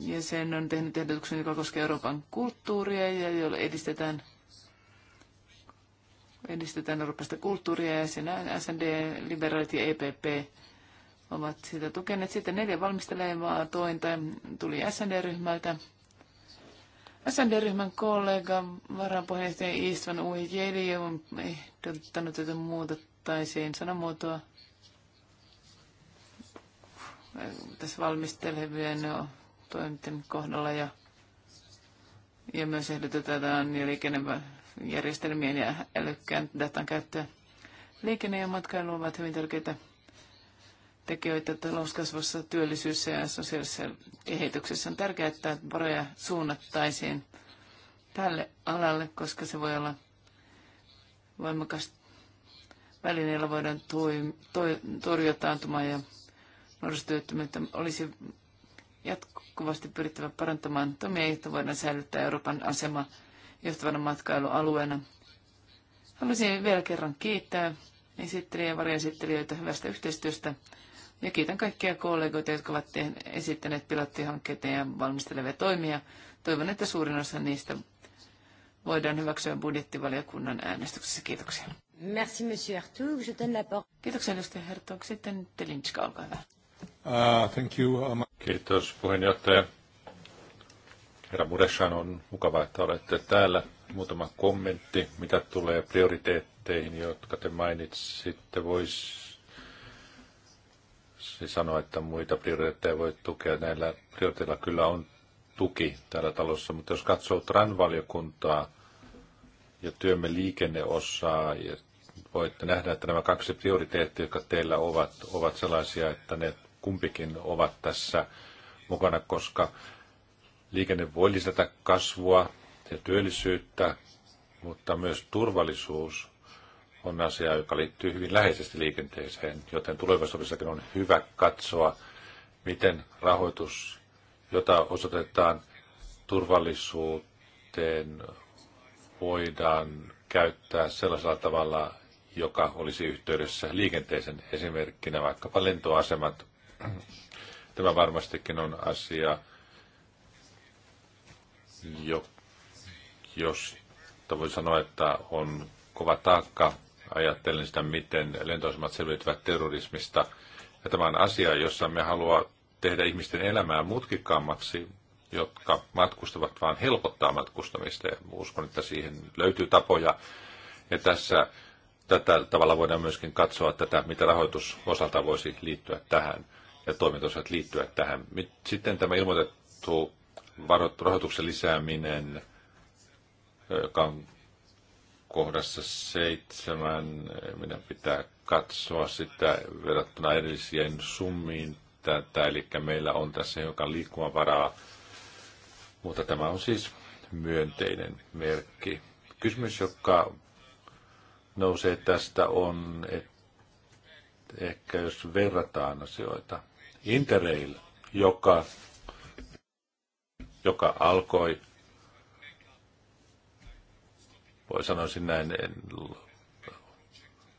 jäsen on tehnyt ehdotuksen, joka koskee Euroopan kulttuuria ja jolla edistetään edistetään eurooppalaista kulttuuria ja sen SND, liberaalit ja EPP ovat sitä tukeneet. Sitten neljä valmistelevaa tointa tuli SND-ryhmältä. SND-ryhmän kollega, varapuheenjohtaja Istvan Uijeli on ehdottanut, että muutettaisiin sanamuotoa tässä valmistelevien toimintien kohdalla ja, ja myös ehdotetaan liikennevä järjestelmien ja älykkään datan käyttöä. Liikenne ja matkailu ovat hyvin tärkeitä tekijöitä talouskasvussa, työllisyydessä ja sosiaalisessa kehityksessä. On tärkeää, että varoja suunnattaisiin tälle alalle, koska se voi olla voimakas väline, jolla voidaan toi, toi, torjua taantumaa ja nuorisotyöttömyyttä. Olisi jatkuvasti pyrittävä parantamaan toimia, jotta voidaan säilyttää Euroopan asema johtavana matkailualueena. Haluaisin vielä kerran kiittää esittelijä ja varjaesittelijöitä hyvästä yhteistyöstä ja kiitän kaikkia kollegoita, jotka ovat esittäneet pilottihankkeita ja valmistelevia toimia. Toivon, että suurin osa niistä voidaan hyväksyä budjettivaliokunnan äänestyksessä. Kiitoksia. Merci, monsieur Hertog. Je donne la porte. Kiitoksia, edustaja Hertog. Sitten Telinska, olkaa hyvä.
Uh, thank you. Um... Kiitos, puheenjohtaja. Herra Mureshan, on mukavaa, että olette täällä. Muutama kommentti, mitä tulee prioriteetteihin, jotka te mainitsitte. Voisi sanoa, että muita prioriteetteja voi tukea. Näillä prioriteilla. kyllä on tuki täällä talossa, mutta jos katsoo TRAN-valiokuntaa ja työmme liikenneosaa, ja voitte nähdä, että nämä kaksi prioriteettia, jotka teillä ovat, ovat sellaisia, että ne kumpikin ovat tässä mukana, koska Liikenne voi lisätä kasvua ja työllisyyttä, mutta myös turvallisuus on asia, joka liittyy hyvin läheisesti liikenteeseen, joten tulevaisuudessakin on hyvä katsoa, miten rahoitus, jota osoitetaan turvallisuuteen, voidaan käyttää sellaisella tavalla, joka olisi yhteydessä liikenteeseen, esimerkkinä vaikkapa lentoasemat. Tämä varmastikin on asia, jo, jos voi sanoa, että on kova taakka ajattelen sitä, miten lentoasemat selviytyvät terrorismista. Ja tämä on asia, jossa me haluaa tehdä ihmisten elämää mutkikkaammaksi, jotka matkustavat, vaan helpottaa matkustamista. Ja uskon, että siihen löytyy tapoja. Ja tässä tätä tavalla voidaan myöskin katsoa tätä, mitä rahoitus osalta voisi liittyä tähän ja toimintosat liittyä tähän. Sitten tämä ilmoitettu rahoituksen lisääminen, joka on kohdassa seitsemän, minä pitää katsoa sitä verrattuna edellisiin summiin tätä, eli meillä on tässä hiukan liikkumavaraa, mutta tämä on siis myönteinen merkki. Kysymys, joka nousee tästä on, että ehkä jos verrataan asioita, Interrail, joka joka alkoi, voi sanoisin näin,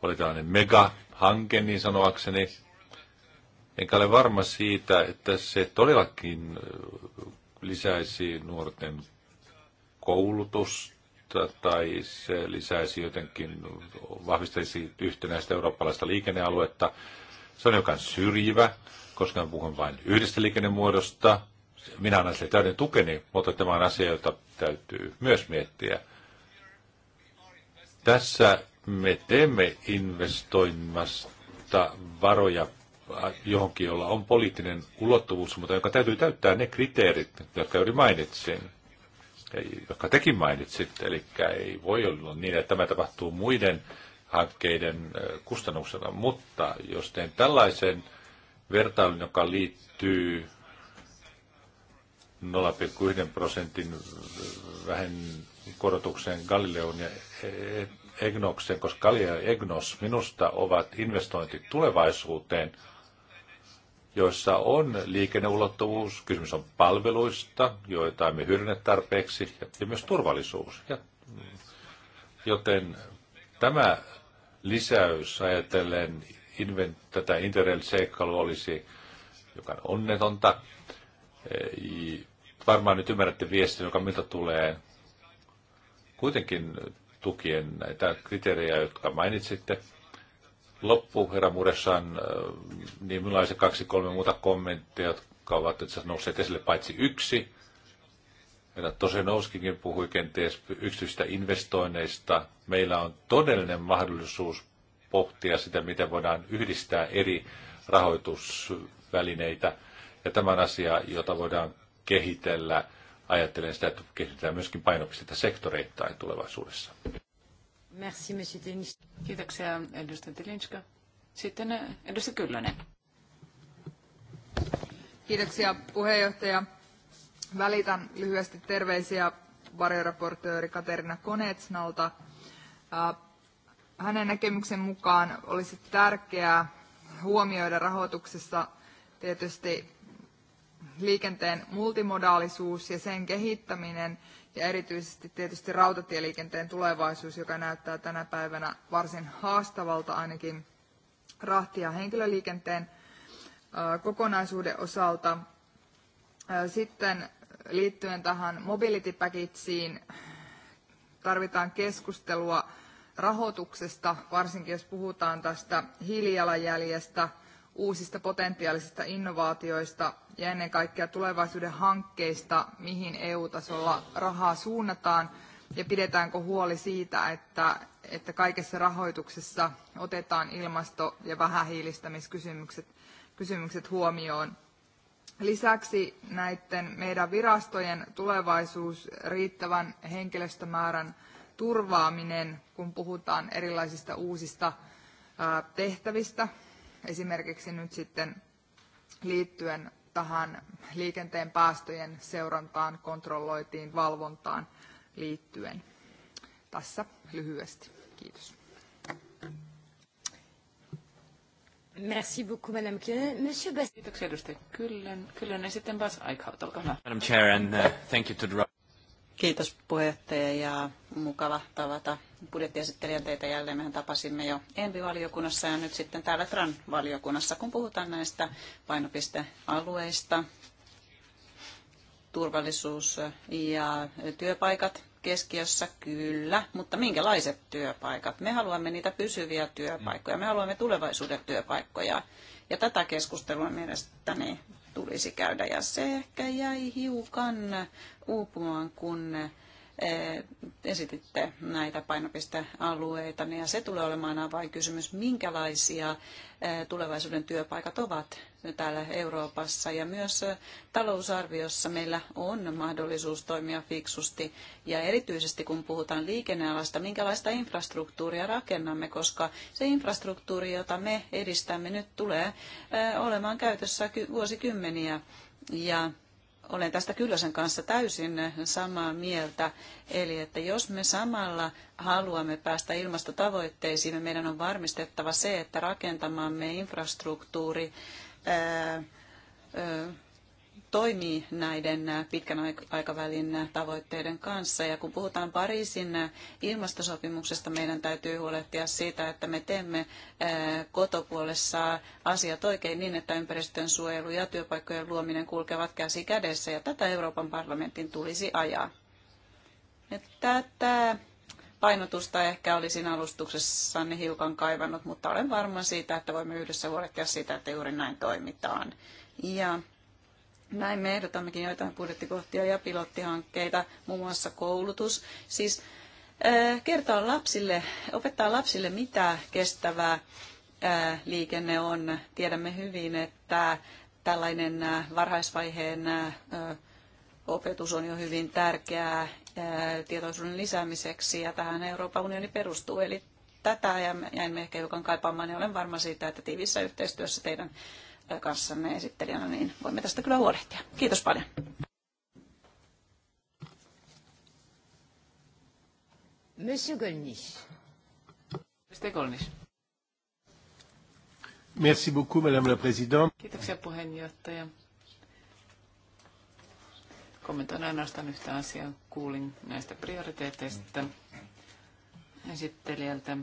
oli tällainen megahanke niin sanoakseni. Enkä ole varma siitä, että se todellakin lisäisi nuorten koulutusta tai se lisäisi jotenkin, vahvistaisi yhtenäistä eurooppalaista liikennealuetta. Se on joka syrjivä, koska puhun vain yhdestä liikennemuodosta, minä annan sille täyden tukeni, mutta tämä on asia, jota täytyy myös miettiä. Tässä me teemme investoimasta varoja johonkin, jolla on poliittinen ulottuvuus, mutta joka täytyy täyttää ne kriteerit, jotka juuri mainitsin, jotka tekin mainitsit. Eli ei voi olla niin, että tämä tapahtuu muiden hankkeiden kustannuksena, mutta jos teen tällaisen vertailun, joka liittyy 0,1 prosentin vähän korotukseen Galileon ja e- Egnokseen, koska Galileo ja Egnos minusta ovat investointit tulevaisuuteen, joissa on liikenneulottuvuus, kysymys on palveluista, joita emme hyödynnä tarpeeksi, ja myös turvallisuus. Ja, joten tämä lisäys ajatellen invent, tätä Interrail-seikkailua olisi, joka on onnetonta, varmaan nyt ymmärrätte viestin, joka miltä tulee. Kuitenkin tukien näitä kriteerejä, jotka mainitsitte. Loppu, herra Muressan, äh, niin minulla se kaksi, kolme muuta kommenttia, jotka ovat itse asiassa nousseet esille paitsi yksi. Herra Tosenouskikin puhui kenties yksityistä investoinneista. Meillä on todellinen mahdollisuus pohtia sitä, miten voidaan yhdistää eri rahoitusvälineitä. Ja tämän asia, jota voidaan kehitellä. Ajattelen sitä, että kehitetään myöskin painopistettä sektoreittain tulevaisuudessa.
Merci, Kiitoksia,
edustaja Tilinska. Sitten eh,
edustaja Kyllönen.
Kiitoksia, puheenjohtaja. Välitän lyhyesti terveisiä varjoraportööri Katerina Konetsnalta. Hänen näkemyksen mukaan olisi tärkeää huomioida rahoituksessa tietysti liikenteen multimodaalisuus ja sen kehittäminen ja erityisesti tietysti rautatieliikenteen tulevaisuus, joka näyttää tänä päivänä varsin haastavalta ainakin rahti- ja henkilöliikenteen kokonaisuuden osalta. Sitten liittyen tähän mobility packagein tarvitaan keskustelua rahoituksesta, varsinkin jos puhutaan tästä hiilijalanjäljestä – uusista potentiaalisista innovaatioista ja ennen kaikkea tulevaisuuden hankkeista, mihin EU-tasolla rahaa suunnataan ja pidetäänkö huoli siitä, että, että kaikessa rahoituksessa otetaan ilmasto- ja vähähiilistämiskysymykset kysymykset huomioon. Lisäksi näiden meidän virastojen tulevaisuus riittävän henkilöstömäärän turvaaminen, kun puhutaan erilaisista uusista tehtävistä, esimerkiksi nyt sitten liittyen tähän liikenteen päästöjen seurantaan, kontrolloitiin, valvontaan liittyen. Tässä lyhyesti. Kiitos. Merci beaucoup, Madame Kyllönen. Monsieur Bas... Kiitoksia, edustaja
Kyllön. Kyllön ja sitten Bas Aikhaut, olkaa hyvä.
Madam Chair, and uh, thank you to the...
Kiitos puheenjohtaja ja mukava tavata budjettiesittelijän teitä jälleen. Mehän tapasimme jo Envi-valiokunnassa ja nyt sitten täällä TRAN-valiokunnassa, kun puhutaan näistä painopistealueista, turvallisuus ja työpaikat keskiössä, kyllä, mutta minkälaiset työpaikat? Me haluamme niitä pysyviä työpaikkoja, me haluamme tulevaisuuden työpaikkoja. Ja tätä keskustelua mielestäni tulisi käydä. Ja se ehkä jäi hiukan uupumaan, kun Eh, esititte näitä painopistealueita, niin ja se tulee olemaan kysymys minkälaisia eh, tulevaisuuden työpaikat ovat täällä Euroopassa. Ja myös eh, talousarviossa meillä on mahdollisuus toimia fiksusti, ja erityisesti kun puhutaan liikennealasta, minkälaista infrastruktuuria rakennamme, koska se infrastruktuuri, jota me edistämme nyt, tulee olemaan käytössä vuosikymmeniä. Ja olen tästä Kyllösen kanssa täysin samaa mieltä. Eli että jos me samalla haluamme päästä ilmastotavoitteisiin, niin meidän on varmistettava se, että rakentamamme infrastruktuuri ää, ää, toimii näiden pitkän aikavälin tavoitteiden kanssa. Ja kun puhutaan Pariisin ilmastosopimuksesta, meidän täytyy huolehtia siitä, että me teemme kotopuolessa asiat oikein niin, että ympäristön suojelu ja työpaikkojen luominen kulkevat käsi kädessä. Ja tätä Euroopan parlamentin tulisi ajaa. Ja tätä painotusta ehkä olisin alustuksessanne hiukan kaivannut, mutta olen varma siitä, että voimme yhdessä huolehtia siitä, että juuri näin toimitaan. Ja näin me ehdotammekin joitain budjettikohtia ja pilottihankkeita, muun muassa koulutus. Siis kertoa lapsille, opettaa lapsille, mitä kestävää liikenne on. Tiedämme hyvin, että tällainen varhaisvaiheen opetus on jo hyvin tärkeää tietoisuuden lisäämiseksi ja tähän Euroopan unioni perustuu. Eli tätä jäimme ehkä hiukan kaipaamaan ja niin olen varma siitä, että tiivissä yhteistyössä teidän kanssanne esittelijänä,
niin voimme tästä kyllä huolehtia. Kiitos paljon. Monsieur Golnisch. Mr. Golnisch.
Merci beaucoup, Madame la Présidente.
Kiitoksia puheenjohtaja. Kommentoin ainoastaan yhtä asiaa. Kuulin näistä prioriteeteista esittelijältä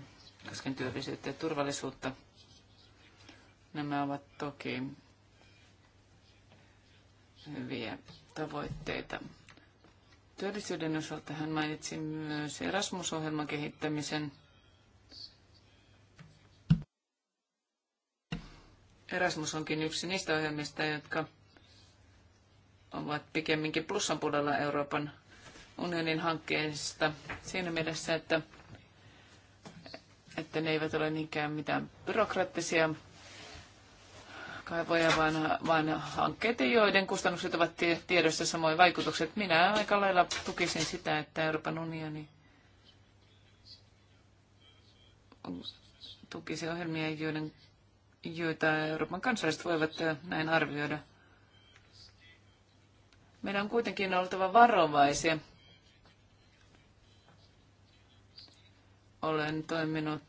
koskien työllisyyttä ja turvallisuutta. Nämä ovat toki hyviä tavoitteita. Työllisyyden osalta hän mainitsi myös Erasmus-ohjelman kehittämisen. Erasmus onkin yksi niistä ohjelmista, jotka ovat pikemminkin plussan puolella Euroopan unionin hankkeista siinä mielessä, että, että ne eivät ole niinkään mitään byrokraattisia kaivoja, vaan, vaan hankkeita, joiden kustannukset ovat tiedossa samoin vaikutukset. Minä aika lailla tukisin sitä, että Euroopan unioni tukisi ohjelmia, joiden, joita Euroopan kansalaiset voivat näin arvioida. Meidän on kuitenkin oltava varovaisia. Olen toiminut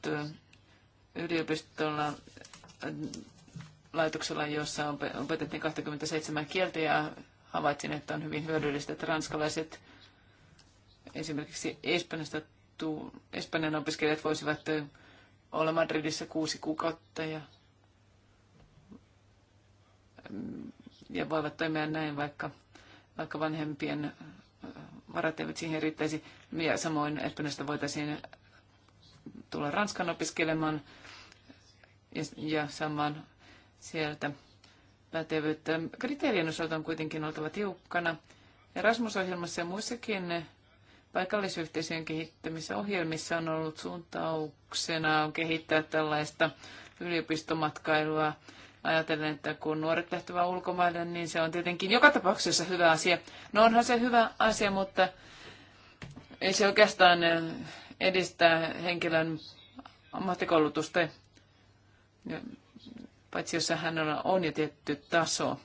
yliopistolla laitoksella, jossa opetettiin 27 kieltä ja havaitsin, että on hyvin hyödyllistä, että ranskalaiset esimerkiksi Espanjasta Espanjan opiskelijat voisivat olla Madridissa kuusi kuukautta ja, mm, ja voivat toimia näin, vaikka, vaikka vanhempien varat eivät siihen riittäisi. Ja samoin Espanjasta voitaisiin tulla Ranskan opiskelemaan ja, ja samaan sieltä pätevyyttä. Kriteerien osalta on kuitenkin oltava tiukkana. Erasmus-ohjelmassa ja muissakin paikallisyhteisöjen ohjelmissa on ollut suuntauksena kehittää tällaista yliopistomatkailua. Ajatellen, että kun nuoret lähtevät ulkomaille, niin se on tietenkin joka tapauksessa hyvä asia. No onhan se hyvä asia, mutta ei se oikeastaan edistää henkilön ammattikoulutusta paitsi jossa hänellä on jo tietty taso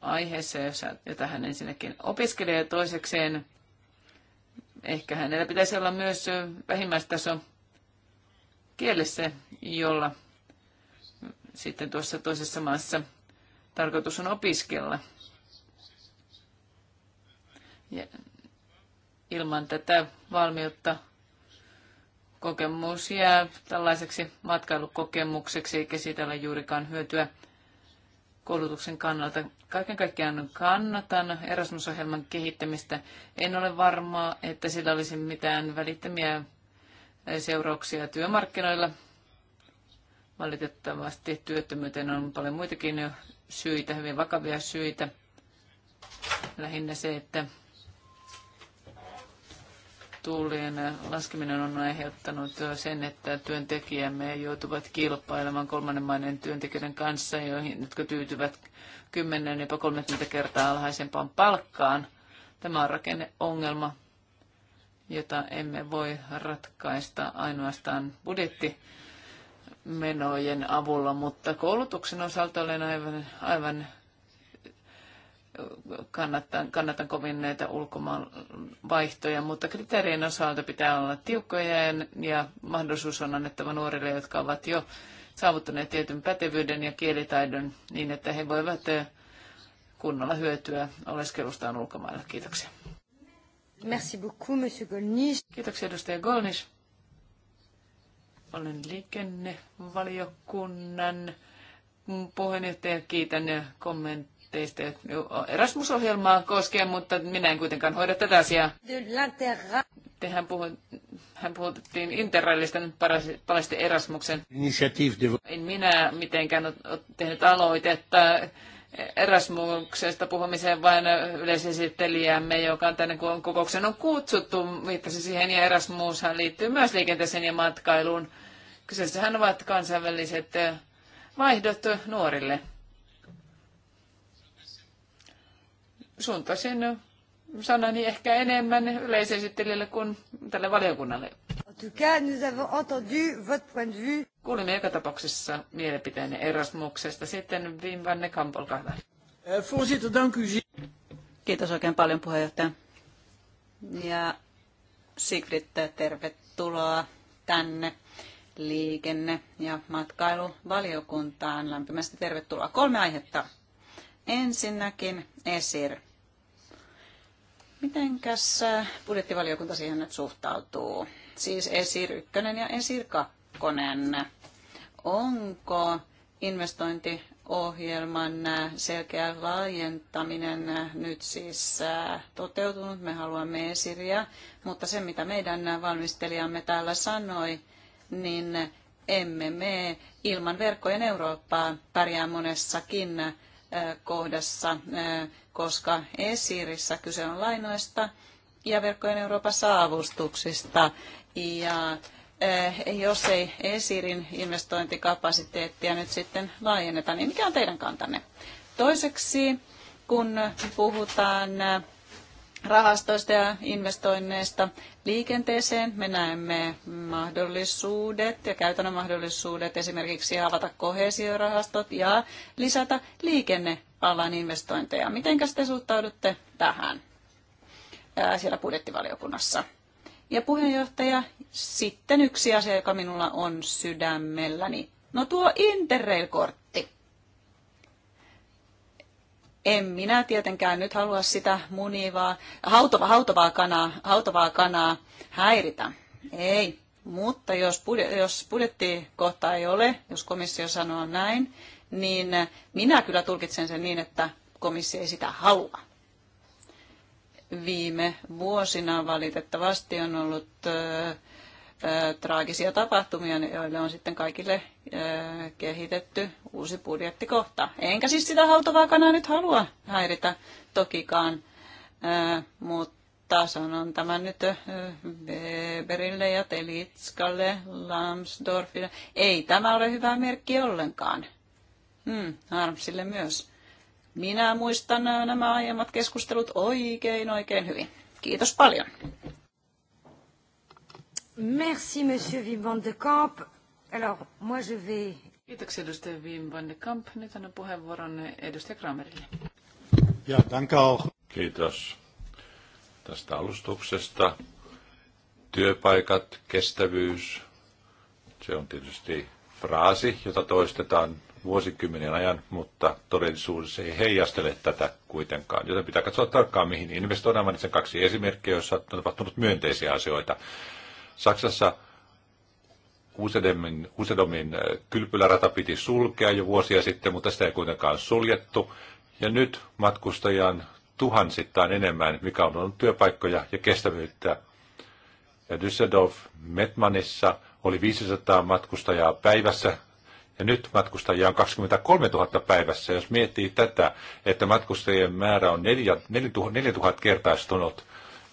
aiheeseen, jota hän ensinnäkin opiskelee ja toisekseen ehkä hänellä pitäisi olla myös vähimmäistaso kielessä, jolla sitten tuossa toisessa maassa tarkoitus on opiskella. Ja ilman tätä valmiutta kokemus jää tällaiseksi matkailukokemukseksi, eikä siitä ole juurikaan hyötyä koulutuksen kannalta. Kaiken kaikkiaan kannatan Erasmus-ohjelman kehittämistä. En ole varma, että sillä olisi mitään välittömiä seurauksia työmarkkinoilla. Valitettavasti työttömyyteen on paljon muitakin syitä, hyvin vakavia syitä. Lähinnä se, että tullien laskeminen on aiheuttanut sen, että työntekijämme joutuvat kilpailemaan kolmannen maiden työntekijöiden kanssa, joihin, jotka tyytyvät 10 jopa 30 kertaa alhaisempaan palkkaan. Tämä on rakenneongelma, jota emme voi ratkaista ainoastaan budjetti menojen avulla, mutta koulutuksen osalta olen aivan, aivan kannatan, kannatan kovin näitä ulkomaan vaihtoja, mutta kriteerien osalta pitää olla tiukkoja ja, ja mahdollisuus on annettava nuorille, jotka ovat jo saavuttaneet tietyn pätevyyden ja kielitaidon niin, että he voivat eh, kunnolla hyötyä oleskelustaan ulkomailla. Kiitoksia. Merci beaucoup, monsieur Golnish. Kiitoksia, edustaja Golnish. Olen liikennevaliokunnan puheenjohtaja. Kiitän kommentteja teistä Erasmus-ohjelmaa koskien, mutta minä en kuitenkaan hoida tätä asiaa. Tehän puhu, hän puhuttiin Interrailista, nyt palasti Erasmuksen. En minä mitenkään ole tehnyt aloitetta Erasmuksesta puhumiseen, vaan yleisesittelijämme, joka on tänne kokouksen on kutsuttu, viittasi siihen, ja Erasmushan liittyy myös liikenteeseen ja matkailuun. Kyseessähän ovat kansainväliset vaihdot nuorille. suuntaisin sanani ehkä enemmän yleisesittelijälle kuin tälle valiokunnalle. Kuulimme joka tapauksessa mielipiteen Erasmuksesta. Sitten Wim van de olkaa hyvä.
Eh, Kiitos oikein paljon puheenjohtaja. Ja Sigrid, tervetuloa tänne liikenne- ja matkailuvaliokuntaan. Lämpimästi tervetuloa. Kolme aihetta. Ensinnäkin ESIR, Mitenkäs äh, budjettivaliokunta siihen nyt suhtautuu? Siis ESIR 1 ja ESIR 2. Onko investointiohjelman äh, selkeä laajentaminen äh, nyt siis toteutunut? Me haluamme esiriä, mutta se mitä meidän valmistelijamme täällä sanoi, niin emme me ilman verkkojen Eurooppaa pärjää monessakin kohdassa, koska esirissä kyse on lainoista ja verkkojen Euroopassa avustuksista. Ja jos ei esirin investointikapasiteettia nyt sitten laajenneta, niin mikä on teidän kantanne? Toiseksi, kun puhutaan rahastoista ja investoinneista liikenteeseen. Me näemme mahdollisuudet ja käytännön mahdollisuudet esimerkiksi avata kohesiorahastot ja lisätä liikennealan investointeja. Miten te suhtaudutte tähän siellä budjettivaliokunnassa? Ja puheenjohtaja, sitten yksi asia, joka minulla on sydämelläni. No tuo Interrail-kortti en minä tietenkään nyt halua sitä munivaa, hautova, hautovaa, kanaa, hautovaa kanaa häiritä. Ei, mutta jos, budje, jos budjettikohta ei ole, jos komissio sanoo näin, niin minä kyllä tulkitsen sen niin, että komissio ei sitä halua. Viime vuosina valitettavasti on ollut traagisia tapahtumia, niin joille on sitten kaikille kehitetty uusi budjettikohta. Enkä siis sitä hautovaakanaa nyt halua häiritä tokikaan, mutta sanon tämän nyt Weberille ja Telitskalle, Lambsdorffille. Ei tämä ole hyvä merkki ollenkaan. Hmm, Harmsille myös. Minä muistan nämä aiemmat keskustelut oikein oikein hyvin. Kiitos paljon.
Merci, Monsieur Wim van de Kamp.
Alors, moi je vais... Kiitoksia edustaja Wim van de Kamp. Nyt annan puheenvuoron edustaja Kramerille.
Ja, danke auch. Kiitos tästä alustuksesta. Työpaikat, kestävyys, se on tietysti fraasi, jota toistetaan vuosikymmenien ajan, mutta todellisuudessa ei heijastele tätä kuitenkaan. Joten pitää katsoa tarkkaan, mihin investoidaan. Mä sen kaksi esimerkkiä, joissa on tapahtunut myönteisiä asioita. Saksassa Usedomin, Usedomin äh, kylpylärata piti sulkea jo vuosia sitten, mutta sitä ei kuitenkaan suljettu. Ja nyt matkustajia on tuhansittain enemmän, mikä on ollut työpaikkoja ja kestävyyttä. Ja Düsseldorf Metmanissa oli 500 matkustajaa päivässä ja nyt matkustajia on 23 000 päivässä. Jos miettii tätä, että matkustajien määrä on 4 000 kertaistunut,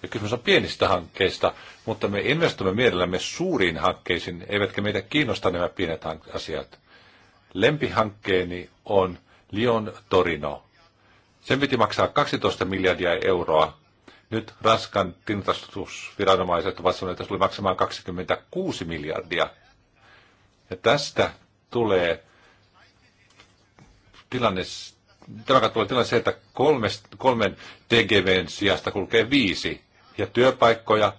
ja kysymys on pienistä hankkeista, mutta me investoimme mielellämme suuriin hankkeisiin, eivätkä meitä kiinnosta nämä pienet asiat. Lempihankkeeni on Lyon Torino. Sen piti maksaa 12 miljardia euroa. Nyt Ranskan tintastusviranomaiset ovat sanoneet, että se maksamaan 26 miljardia. Ja tästä tulee tilanne, tämä tulee tilanne se, että kolmest, kolmen TGV:n sijasta kulkee viisi ja työpaikkoja.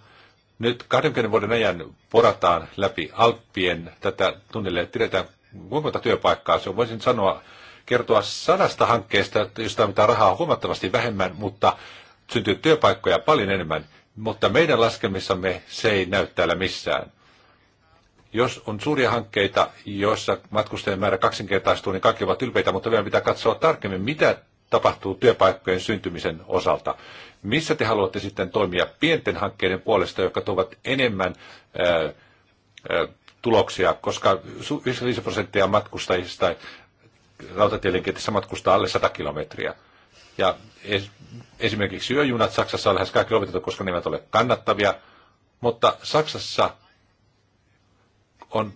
Nyt 20 vuoden ajan porataan läpi Alppien tätä tunnille, että tiedetään kuinka monta työpaikkaa se on. Voisin sanoa, kertoa sadasta hankkeesta, josta mitä rahaa on huomattavasti vähemmän, mutta syntyy työpaikkoja paljon enemmän. Mutta meidän laskemissamme se ei näy täällä missään. Jos on suuria hankkeita, joissa matkustajien määrä kaksinkertaistuu, niin kaikki ovat ylpeitä, mutta vielä pitää katsoa tarkemmin, mitä tapahtuu työpaikkojen syntymisen osalta. Missä te haluatte sitten toimia pienten hankkeiden puolesta, jotka tuovat enemmän ää, ää, tuloksia, koska 95 prosenttia matkustajista rautatieliikenteessä matkustaa alle 100 kilometriä. Ja esimerkiksi yöjunat Saksassa on lähes kaikki lopetettu, koska ne eivät ole kannattavia, mutta Saksassa on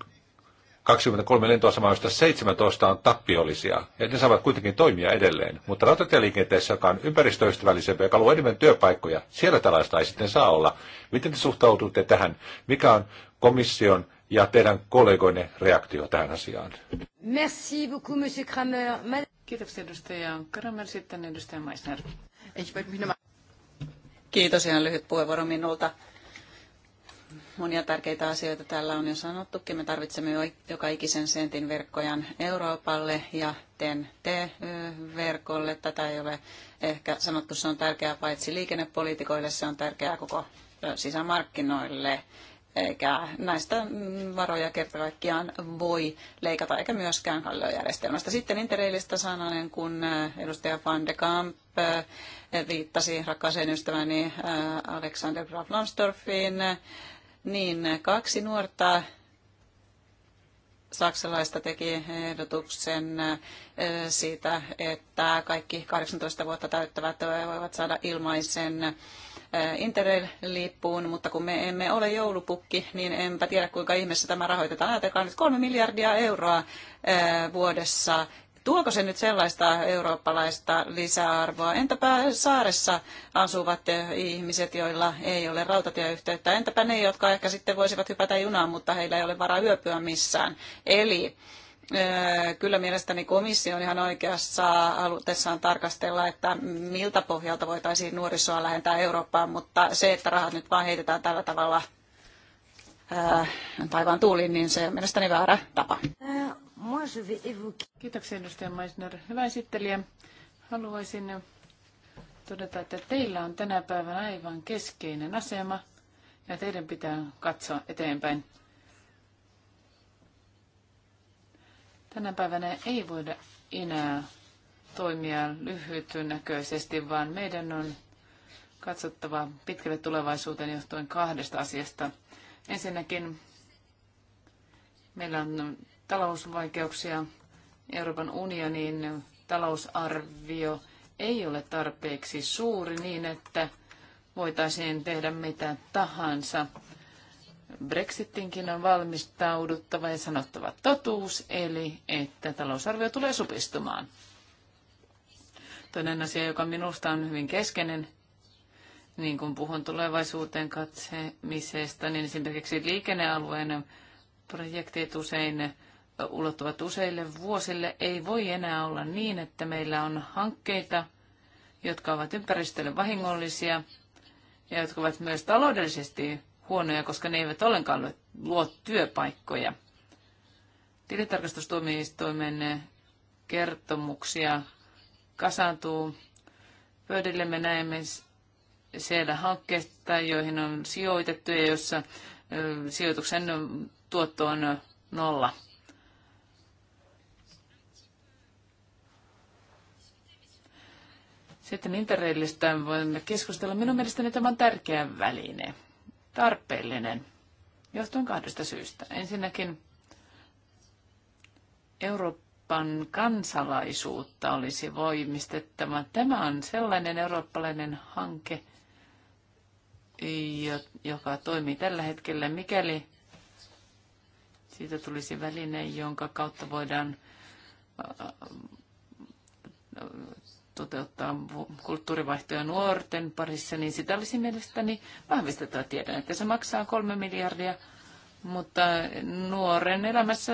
23 lentoasemaa, joista 17 on tappiollisia, ja ne saavat kuitenkin toimia edelleen. Mutta rautatieliikenteessä, joka on ympäristöystävällisempi, joka luo enemmän työpaikkoja, siellä tällaista ei sitten saa olla. Miten te suhtaudutte tähän? Mikä on komission ja teidän kollegoinne reaktio tähän asiaan?
Merci beaucoup, monsieur Kramer. Kiitoksia edustaja Kramer, sitten edustaja Meissner. Kiitos, ihan lyhyt
puheenvuoro minulta Monia tärkeitä asioita täällä on jo sanottukin. Me tarvitsemme joka ikisen sentin verkkojan Euroopalle ja TEN-T-verkolle. Tätä ei ole ehkä sanottu, se on tärkeää paitsi liikennepoliitikoille, se on tärkeää koko sisämarkkinoille. Eikä näistä varoja kerta kaikkiaan voi leikata, eikä myöskään kalliojärjestelmästä. Sitten Interrailista sananen, kun edustaja Van de Kamp viittasi rakkaaseen ystäväni Alexander Graf Lambsdorffiin. Niin, kaksi nuorta saksalaista teki ehdotuksen siitä, että kaikki 18 vuotta täyttävät voivat saada ilmaisen Interrail-lippuun, mutta kun me emme ole joulupukki, niin enpä tiedä kuinka ihmeessä tämä rahoitetaan. Ajatelkaa nyt kolme miljardia euroa vuodessa Tuoko se nyt sellaista eurooppalaista lisäarvoa? Entäpä saaressa asuvat ihmiset, joilla ei ole rautatieyhteyttä? Entäpä ne, jotka ehkä sitten voisivat hypätä junaan, mutta heillä ei ole varaa yöpyä missään? Eli kyllä mielestäni komissio on ihan oikeassa halutessaan tarkastella, että miltä pohjalta voitaisiin nuorisoa lähentää Eurooppaan, mutta se, että rahat nyt vaan heitetään tällä tavalla taivaan tuuliin, niin se on mielestäni väärä tapa.
Kiitoksia edustaja Meisner. Hyvä esittelijä. Haluaisin todeta, että teillä on tänä päivänä aivan keskeinen asema ja teidän pitää katsoa eteenpäin. Tänä päivänä ei voida enää toimia lyhytnäköisesti, vaan meidän on katsottava pitkälle tulevaisuuteen johtuen kahdesta asiasta. Ensinnäkin meillä on talousvaikeuksia Euroopan unionin talousarvio ei ole tarpeeksi suuri niin, että voitaisiin tehdä mitä tahansa. Brexitinkin on valmistauduttava ja sanottava totuus, eli että talousarvio tulee supistumaan. Toinen asia, joka minusta on hyvin keskeinen, niin kun puhun tulevaisuuteen katsemisesta, niin esimerkiksi liikennealueen projektit usein ulottuvat useille vuosille. Ei voi enää olla niin, että meillä on hankkeita, jotka ovat ympäristölle vahingollisia ja jotka ovat myös taloudellisesti huonoja, koska ne eivät ollenkaan luo työpaikkoja. Tilitarkastustuomioistuimen kertomuksia kasaantuu pöydille. Me näemme siellä hankkeita, joihin on sijoitettu ja joissa sijoituksen tuotto on nolla. Sitten interreilistä voimme keskustella. Minun mielestäni tämä on tärkeä väline, tarpeellinen, johtuen kahdesta syystä. Ensinnäkin Euroopan kansalaisuutta olisi voimistettava. Tämä on sellainen eurooppalainen hanke, joka toimii tällä hetkellä, mikäli siitä tulisi väline, jonka kautta voidaan toteuttaa kulttuurivaihtoja nuorten parissa, niin sitä olisi mielestäni vahvistettava tiedon, että se maksaa kolme miljardia, mutta nuoren elämässä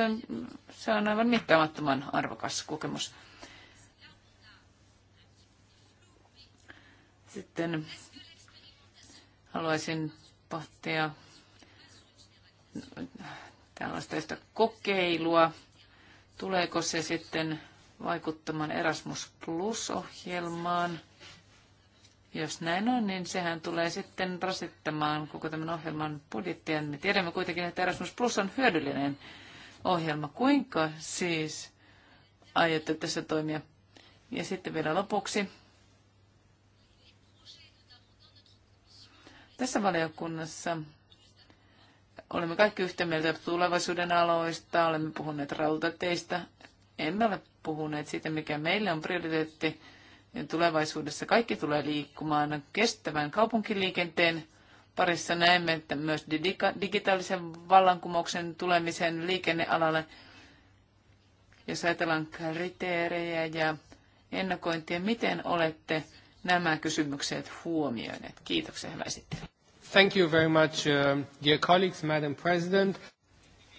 se on aivan mittaamattoman arvokas kokemus. Sitten haluaisin pohtia tällaista kokeilua. Tuleeko se sitten vaikuttamaan Erasmus Plus-ohjelmaan. Jos näin on, niin sehän tulee sitten rasittamaan koko tämän ohjelman budjettia. Me tiedämme kuitenkin, että Erasmus Plus on hyödyllinen ohjelma. Kuinka siis aiotte tässä toimia? Ja sitten vielä lopuksi. Tässä valiokunnassa olemme kaikki yhtä mieltä tulevaisuuden aloista, olemme puhuneet rautateistä, emme ole puhuneet siitä, mikä meille on prioriteetti. Tulevaisuudessa kaikki tulee liikkumaan kestävän kaupunkiliikenteen parissa. Näemme, että myös digitaalisen vallankumouksen tulemisen liikennealalle, jos ajatellaan kriteerejä ja ennakointia, miten olette nämä kysymykset huomioineet? Kiitoksia, hyvä esittely.
Thank you very much, uh, dear colleagues, Madam President.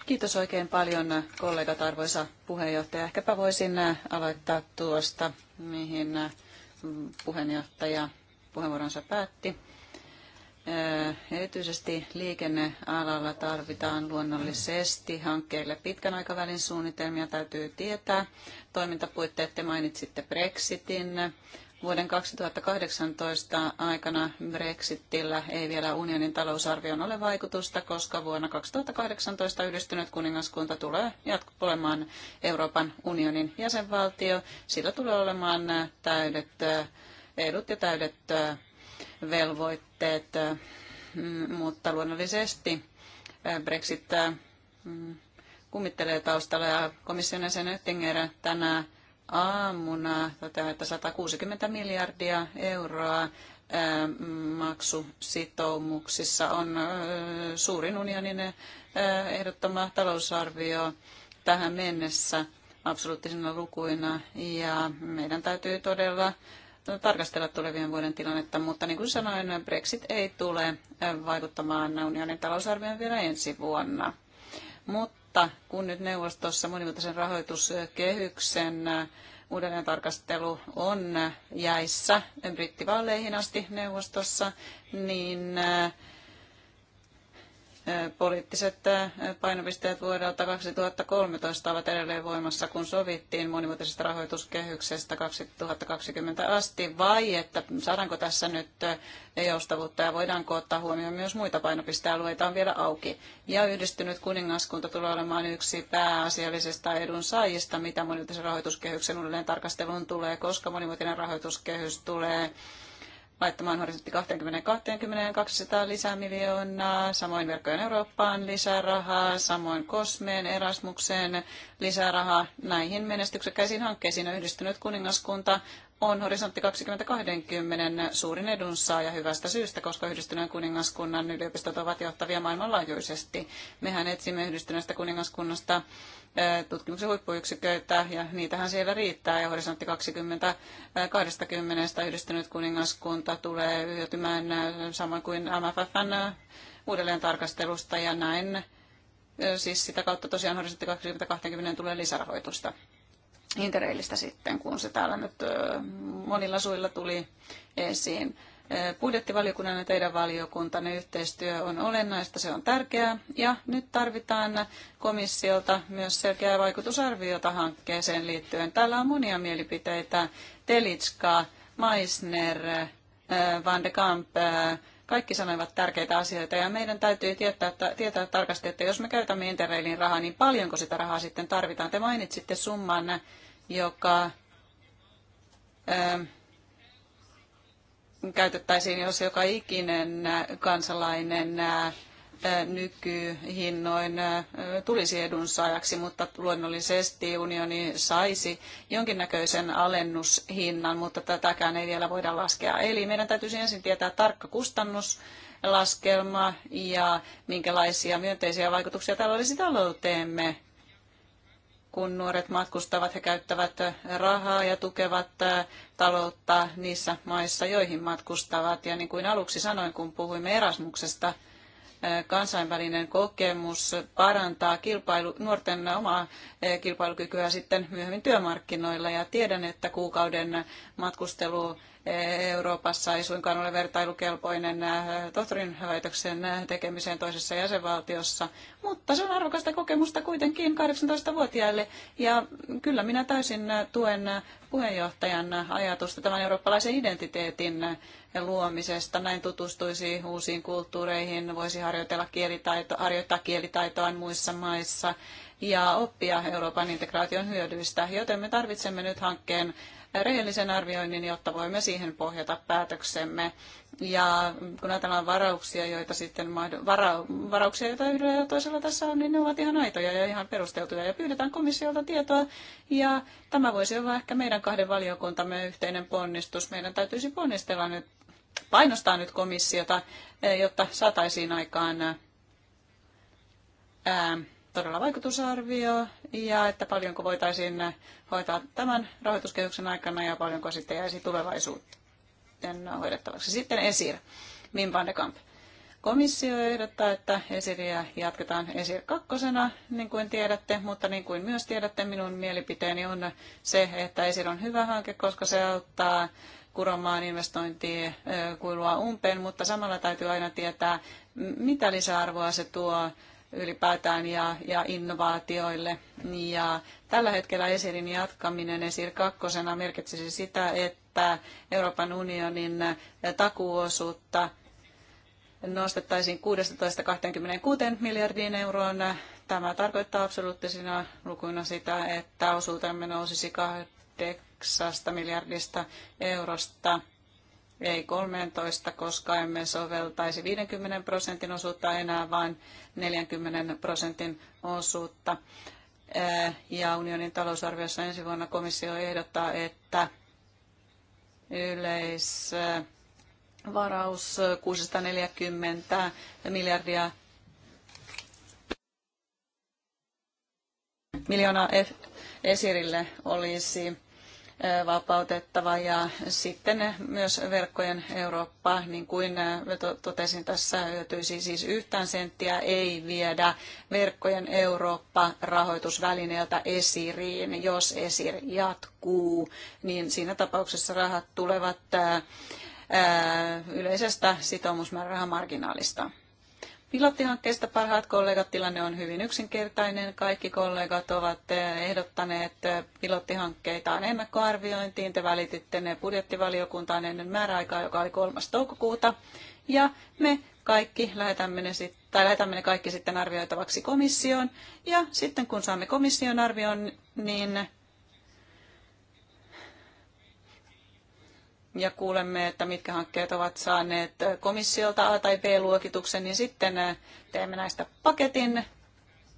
Kiitos oikein
paljon kollegat, arvoisa puheenjohtaja. Ehkäpä voisin äh, aloittaa tuosta, mihin äh, puheenjohtaja puheenvuoronsa päätti. Äh, erityisesti liikennealalla tarvitaan luonnollisesti hankkeille pitkän aikavälin suunnitelmia. Täytyy tietää toimintapuitteet. Te mainitsitte Brexitin. Vuoden 2018 aikana Brexitillä ei vielä unionin talousarvioon ole vaikutusta, koska vuonna 2018 yhdistynyt kuningaskunta tulee olemaan Euroopan unionin jäsenvaltio. Sillä tulee olemaan täydet edut ja täydet velvoitteet, mm, mutta luonnollisesti Brexit mm, kummittelee taustalla ja komission jäsen Oettinger tänään aamuna tätä, että 160 miljardia euroa maksusitoumuksissa on suurin unionin ehdottama talousarvio tähän mennessä absoluuttisina lukuina ja meidän täytyy todella tarkastella tulevien vuoden tilannetta, mutta niin kuin sanoin, Brexit ei tule vaikuttamaan unionin talousarvioon vielä ensi vuonna. Mutta mutta kun nyt neuvostossa monimuotoisen rahoituskehyksen uudelleen tarkastelu on jäissä brittivaaleihin asti neuvostossa, niin Poliittiset painopisteet vuodelta 2013 ovat edelleen voimassa, kun sovittiin monimuotoisesta rahoituskehyksestä 2020 asti, vai että saadaanko tässä nyt joustavuutta ja voidaanko ottaa huomioon myös muita painopistealueita on vielä auki. Ja yhdistynyt kuningaskunta tulee olemaan yksi pääasiallisesta edunsaajista, mitä monimuotoisen rahoituskehyksen uudelleen tarkasteluun tulee, koska monimuotoinen rahoituskehys tulee laittamaan horisontti 20 20 200 lisää miljoonaa, samoin verkkojen Eurooppaan lisää rahaa, samoin Kosmeen, Erasmukseen lisää rahaa näihin menestyksekkäisiin hankkeisiin on yhdistynyt kuningaskunta on Horisontti 2020 suurin edunsaaja hyvästä syystä, koska yhdistyneen kuningaskunnan yliopistot ovat johtavia maailmanlaajuisesti. Mehän etsimme yhdistyneestä kuningaskunnasta tutkimuksen huippuyksiköitä ja niitähän siellä riittää ja horisontti 2020 yhdistynyt kuningaskunta tulee yhtymään samoin kuin MFFn uudelleen tarkastelusta ja näin siis sitä kautta tosiaan horisontti 2020 tulee lisärahoitusta. Interrailista sitten, kun se täällä nyt monilla suilla tuli esiin. Budjettivaliokunnan ja teidän valiokuntanne yhteistyö on olennaista, se on tärkeää. Ja nyt tarvitaan komissiolta myös selkeää vaikutusarviota hankkeeseen liittyen. Täällä on monia mielipiteitä. Telitska, Meissner, Van de Kamp, kaikki sanoivat tärkeitä asioita ja meidän täytyy tietää, tietää tarkasti, että jos me käytämme Interrailin rahaa, niin paljonko sitä rahaa sitten tarvitaan. Te mainitsitte summan, joka ää, ähm, käytettäisiin, jos joka ikinen kansalainen ää, äh, nykyhinnoin tulisi edunsaajaksi, mutta luonnollisesti unioni saisi jonkinnäköisen alennushinnan, mutta tätäkään ei vielä voida laskea. Eli meidän täytyisi ensin tietää tarkka kustannus, laskelma ja minkälaisia myönteisiä vaikutuksia tällä olisi talouteemme. Kun nuoret matkustavat, he käyttävät rahaa ja tukevat taloutta niissä maissa, joihin matkustavat. Ja niin kuin aluksi sanoin, kun puhuimme Erasmuksesta, kansainvälinen kokemus parantaa kilpailu, nuorten omaa eh, kilpailukykyä sitten myöhemmin työmarkkinoilla. Ja tiedän, että kuukauden matkustelu Euroopassa ei suinkaan ole vertailukelpoinen äh, tohtorin äh, tekemiseen toisessa jäsenvaltiossa, mutta se on arvokasta kokemusta kuitenkin 18-vuotiaille ja kyllä minä täysin äh, tuen puheenjohtajan ajatusta tämän eurooppalaisen identiteetin luomisesta. Näin tutustuisi uusiin kulttuureihin, voisi harjoitella kielitaito, harjoittaa kielitaitoa muissa maissa ja oppia Euroopan integraation hyödyistä, joten me tarvitsemme nyt hankkeen rehellisen arvioinnin, jotta voimme siihen pohjata päätöksemme. Ja kun ajatellaan varauksia, joita sitten vara, varauksia, joita yhdellä ja toisella tässä on, niin ne ovat ihan aitoja ja ihan perusteltuja. Ja pyydetään komissiolta tietoa. Ja tämä voisi olla ehkä meidän kahden valiokuntamme yhteinen ponnistus. Meidän täytyisi ponnistella nyt, painostaa nyt komissiota, eh, jotta saataisiin aikaan ää, todella vaikutusarvio ja että paljonko voitaisiin hoitaa tämän rahoituskehyksen aikana ja paljonko sitten jäisi tulevaisuuteen hoidettavaksi. Sitten ESIR, Mim van de Kamp. Komissio ehdottaa, että esiriä jatketaan esir kakkosena, niin kuin tiedätte, mutta niin kuin myös tiedätte, minun mielipiteeni on se, että esir on hyvä hanke, koska se auttaa kuromaan investointia kuilua umpeen, mutta samalla täytyy aina tietää, mitä lisäarvoa se tuo ylipäätään ja, ja innovaatioille. Ja tällä hetkellä ESIRin jatkaminen ESIR kakkosena merkitsisi sitä, että Euroopan unionin takuosuutta nostettaisiin 16-26 miljardiin euroon. Tämä tarkoittaa absoluuttisina lukuina sitä, että osuutemme nousisi 8 miljardista eurosta ei 13, koska emme soveltaisi 50 prosentin osuutta enää, vaan 40 prosentin osuutta. Ja unionin talousarviossa ensi vuonna komissio ehdottaa, että yleisvaraus 640 miljardia miljoonaa esirille olisi vapautettava ja sitten myös verkkojen Eurooppa, niin kuin totesin tässä, hyötyisi siis yhtään senttiä ei viedä verkkojen Eurooppa-rahoitusvälineeltä esiriin, jos esir jatkuu, niin siinä tapauksessa rahat tulevat yleisestä sitoumusmäärärahamarginaalista. Pilottihankkeesta parhaat kollegat, tilanne on hyvin yksinkertainen. Kaikki kollegat ovat eh, ehdottaneet eh, pilottihankkeitaan ennakkoarviointiin. Te välititte ne budjettivaliokuntaan ennen määräaikaa, joka oli 3. toukokuuta. Ja me kaikki lähetämme ne, sit, tai lähetämme ne kaikki sitten arvioitavaksi komissioon. Ja sitten kun saamme komission arvion, niin ja kuulemme, että mitkä hankkeet ovat saaneet komissiolta A- tai B-luokituksen, niin sitten eh, teemme näistä paketin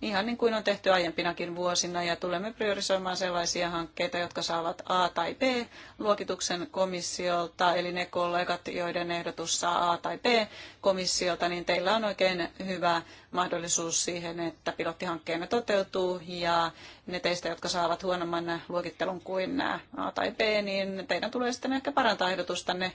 ihan niin kuin on tehty aiempinakin vuosina, ja tulemme priorisoimaan sellaisia hankkeita, jotka saavat A- tai B-luokituksen komissiolta, eli ne kollegat, joiden ehdotus saa A- tai B-komissiolta, niin teillä on oikein hyvä mahdollisuus siihen, että pilottihankkeemme toteutuu, ja ne teistä, jotka saavat huonomman luokittelun kuin nämä A tai B, niin teidän tulee sitten ehkä parantaa ehdotustanne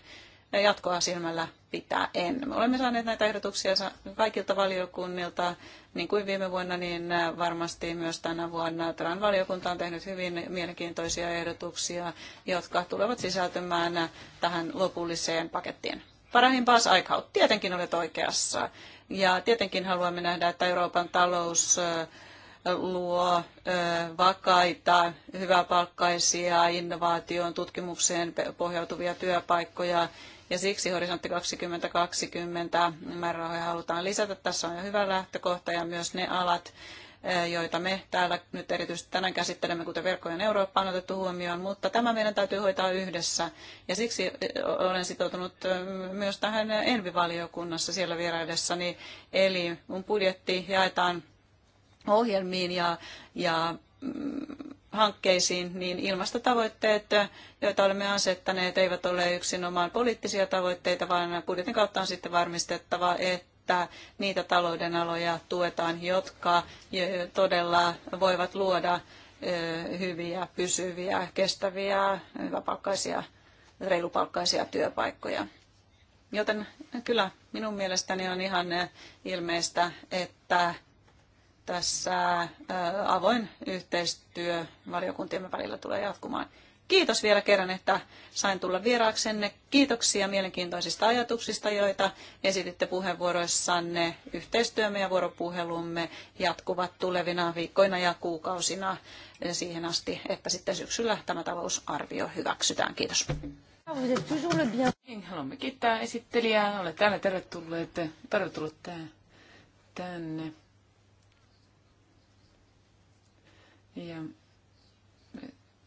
jatkoa silmällä pitää en. Me olemme saaneet näitä ehdotuksia kaikilta valiokunnilta, niin kuin viime vuonna, niin varmasti myös tänä vuonna. Tämän valiokunta on tehnyt hyvin mielenkiintoisia ehdotuksia, jotka tulevat sisältymään tähän lopulliseen pakettiin. Parahin paas aikaut. Tietenkin olet oikeassa. Ja tietenkin haluamme nähdä, että Euroopan talous luo vakaita, hyväpalkkaisia, innovaatioon, tutkimukseen pohjautuvia työpaikkoja ja siksi horisontti 2020 määrärahoja halutaan lisätä. Tässä on jo hyvä lähtökohta ja myös ne alat, eh, joita me täällä nyt erityisesti tänään käsittelemme, kuten verkkojen Eurooppa on otettu huomioon, mutta tämä meidän täytyy hoitaa yhdessä. Ja siksi eh, olen sitoutunut eh, myös tähän Envi-valiokunnassa siellä vieraillessani. Eli mun budjetti jaetaan ohjelmiin ja, ja mm, hankkeisiin, niin ilmastotavoitteet, joita olemme asettaneet, eivät ole yksinomaan poliittisia tavoitteita, vaan budjetin kautta on sitten varmistettava, että niitä talouden aloja tuetaan, jotka todella voivat luoda hyviä, pysyviä, kestäviä, hyväpalkkaisia, reilupalkkaisia työpaikkoja. Joten kyllä minun mielestäni on ihan ilmeistä, että tässä äh, avoin yhteistyö valiokuntiemme välillä tulee jatkumaan. Kiitos vielä kerran, että sain tulla vieraaksenne. Kiitoksia mielenkiintoisista ajatuksista, joita esititte puheenvuoroissanne. Yhteistyömme ja vuoropuhelumme jatkuvat tulevina viikkoina ja kuukausina siihen asti, että sitten syksyllä tämä talousarvio hyväksytään. Kiitos.
Niin, haluamme kiittää esittelijää. Olet täällä tervetulleet. tervetullut tänne. Ja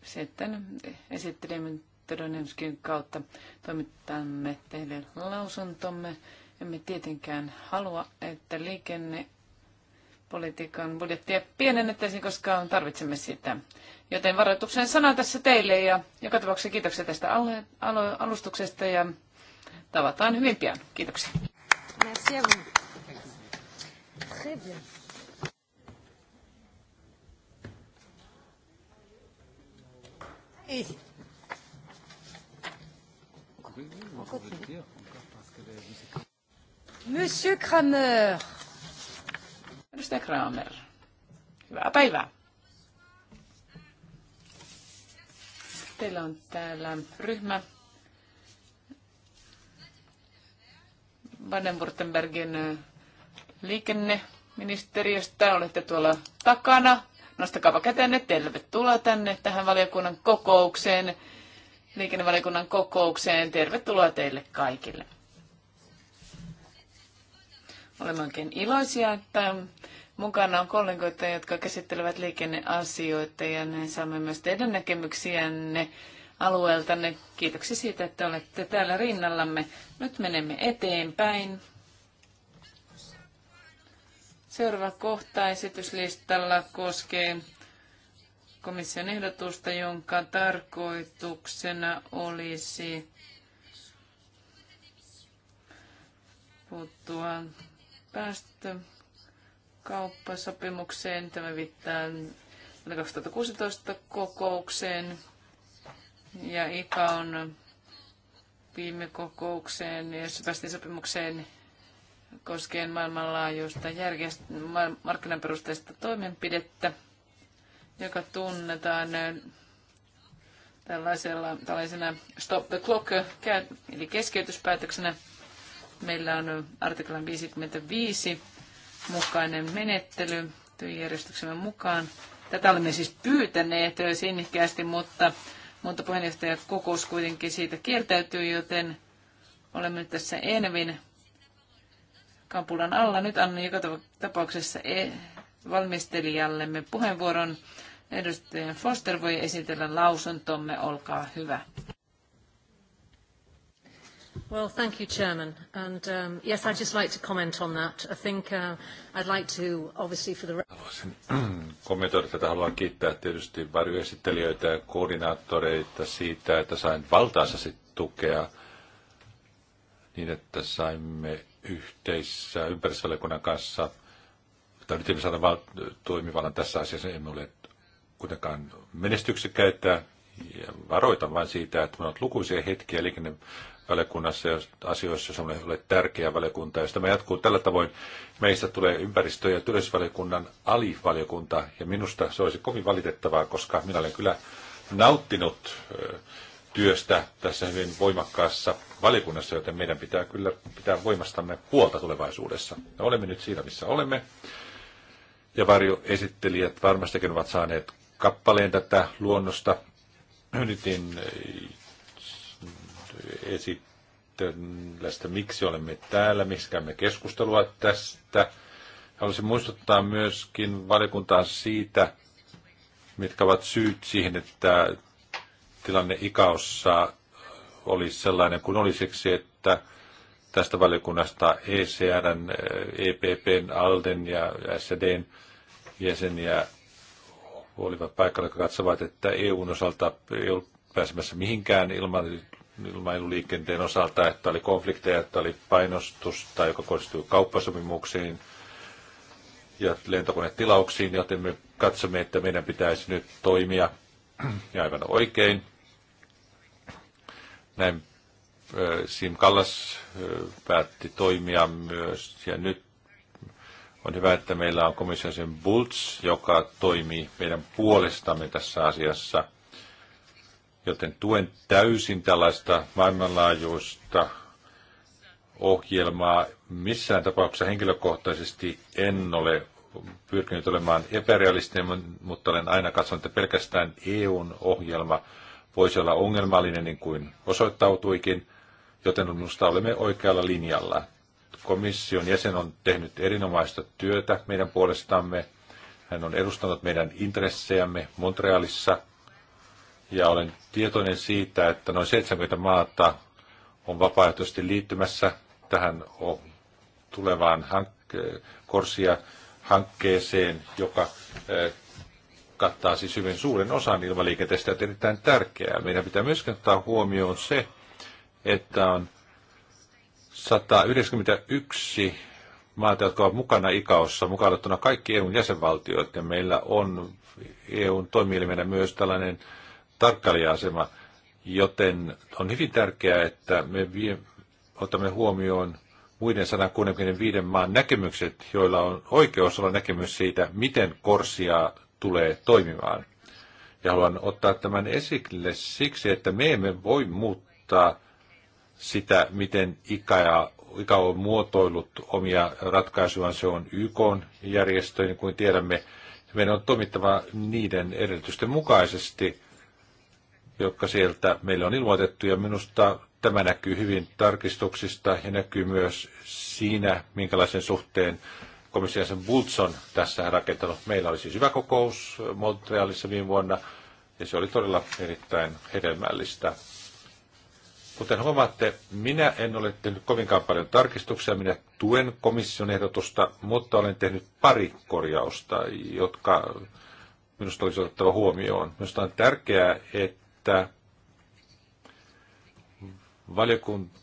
sitten esittelemme Todonenskin kautta toimittamme teille lausuntomme. Emme tietenkään halua, että liikenne politiikan budjettia pienennettäisiin, koska tarvitsemme sitä. Joten varoituksen sana tässä teille ja joka tapauksessa kiitoksia tästä alustuksesta ja tavataan hyvin pian. Kiitoksia.
Merci à vous.
Très bien. Et...
Monsieur Kramer. Monsieur Kramer. Hyvää päivää. Teillä on täällä ryhmä Baden-Württembergin liikenneministeriöstä. Olette tuolla takana nostakaapa kätenne, tervetuloa tänne tähän valiokunnan kokoukseen, liikennevaliokunnan kokoukseen. Tervetuloa teille kaikille. Olemme oikein iloisia, että mukana on kollegoita, jotka käsittelevät liikenneasioita ja näin saamme myös teidän näkemyksiänne alueeltanne. Kiitoksia siitä, että olette täällä rinnallamme. Nyt menemme eteenpäin. Seuraava kohta esityslistalla koskee komission ehdotusta, jonka tarkoituksena olisi puuttua päästökauppasopimukseen. Tämä viittaa 2016 kokoukseen ja on viime kokoukseen, jossa päästiin sopimukseen koskien maailmanlaajuista järjest... markkinaperusteista toimenpidettä, joka tunnetaan tällaisella, tällaisena stop the clock, eli keskeytyspäätöksenä. Meillä on artiklan 55 mukainen menettely työjärjestyksemme mukaan. Tätä olemme siis pyytäneet sinnikkäästi, mutta, mutta puheenjohtajakokous kuitenkin siitä kieltäytyy, joten olemme nyt tässä Envin kampulan alla. Nyt annan joka tapauksessa e- valmistelijallemme puheenvuoron. Edustaja Foster voi esitellä lausuntomme. Olkaa hyvä. Well, thank you, Chairman. And um, yes, I'd just like to comment on
that. I think uh, I'd like to, obviously, for the... Haluaisin kommentoida tätä. Haluan kiittää tietysti varjoesittelijöitä ja koordinaattoreita siitä, että sain valtaansa tukea niin, että saimme yhteisessä ympäristövaliokunnan kanssa, tai yritimme saada val- toimivallan tässä asiassa, emme ole kuitenkaan menestyksekkäitä. Ja varoitan vain siitä, että meillä on lukuisia hetkiä liikennevaliokunnassa ja asioissa, joissa on ole tärkeä valiokunta. Jos tämä jatkuu tällä tavoin, meistä tulee ympäristö- ja työllisyysvaliokunnan alivaliokunta, ja minusta se olisi kovin valitettavaa, koska minä olen kyllä nauttinut työstä tässä hyvin voimakkaassa valikunnassa, joten meidän pitää kyllä pitää voimastamme puolta tulevaisuudessa. Me olemme nyt siinä, missä olemme. Ja varjoesittelijät varmastikin ovat saaneet kappaleen tätä luonnosta. Yritin eh, esitellä miksi olemme täällä, miksi käymme keskustelua tästä. Haluaisin muistuttaa myöskin valikuntaa siitä, mitkä ovat syyt siihen, että tilanne ikaossa oli sellainen kuin oli siksi, että tästä valiokunnasta ECRn, EPPn, eh, e ALDEn ja SDn jäseniä olivat paikalla, jotka katsovat, että EUn osalta ei ollut pääsemässä mihinkään ilman ilmailuliikenteen osalta, että oli konflikteja, että oli painostusta, joka kohdistui kauppasopimuksiin ja lentokonetilauksiin, joten me katsomme, että meidän pitäisi nyt toimia ja aivan oikein. Näin Sim Kallas päätti toimia myös, ja nyt on hyvä, että meillä on komissiosen Bulls, joka toimii meidän puolestamme tässä asiassa. Joten tuen täysin tällaista maailmanlaajuista ohjelmaa. Missään tapauksessa henkilökohtaisesti en ole pyrkinyt olemaan epärealistinen, mutta olen aina katsonut, että pelkästään EUn ohjelma voisi olla ongelmallinen niin kuin osoittautuikin, joten minusta olemme oikealla linjalla. Komission jäsen on tehnyt erinomaista työtä meidän puolestamme. Hän on edustanut meidän intressejämme Montrealissa ja olen tietoinen siitä, että noin 70 maata on vapaaehtoisesti liittymässä tähän tulevaan hankkeen eh, Korsia hankkeeseen, joka kattaa siis hyvin suuren osan ilmaliikenteestä, että erittäin tärkeää. Meidän pitää myöskin ottaa huomioon se, että on 191 maata, jotka ovat mukana ikaossa, mukaan kaikki EUn jäsenvaltiot, ja meillä on EUn toimielimenä myös tällainen tarkkailija-asema, joten on hyvin tärkeää, että me vie, otamme huomioon muiden 165 maan näkemykset, joilla on oikeus olla näkemys siitä, miten korsia tulee toimimaan. Ja haluan ottaa tämän esille siksi, että me emme voi muuttaa sitä, miten ja ikä on muotoillut omia ratkaisujaan. Se on YK-järjestö, niin kuin tiedämme. Meidän on toimittava niiden edellytysten mukaisesti, jotka sieltä meille on ilmoitettu. Ja minusta Tämä näkyy hyvin tarkistuksista ja näkyy myös siinä, minkälaisen suhteen komission sen Bultson tässä rakentanut. Meillä oli siis hyvä kokous Montrealissa viime vuonna ja se oli todella erittäin hedelmällistä. Kuten huomaatte, minä en ole tehnyt kovinkaan paljon tarkistuksia, minä tuen komission ehdotusta, mutta olen tehnyt pari korjausta, jotka minusta olisi otettava huomioon. Minusta on tärkeää, että Valiokunta,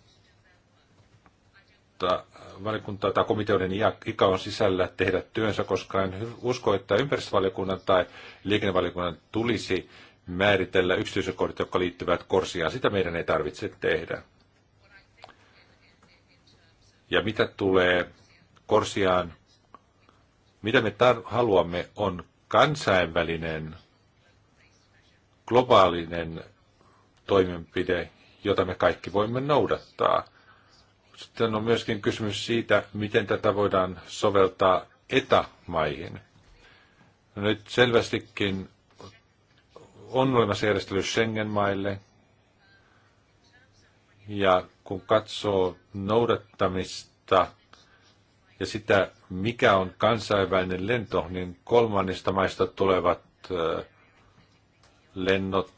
valiokunta tai komiteoiden ikä on sisällä tehdä työnsä, koska en usko, että ympäristövaliokunnan tai liikennevaliokunnan tulisi määritellä yksityiskohdat, jotka liittyvät korsiaan. Sitä meidän ei tarvitse tehdä. Ja mitä tulee korsiaan, mitä me haluamme on kansainvälinen, globaalinen toimenpide, jota me kaikki voimme noudattaa. Sitten on myöskin kysymys siitä, miten tätä voidaan soveltaa etämaihin. No nyt selvästikin on olemassa järjestely Schengen-maille, ja kun katsoo noudattamista ja sitä, mikä on kansainvälinen lento, niin kolmannista maista tulevat lennot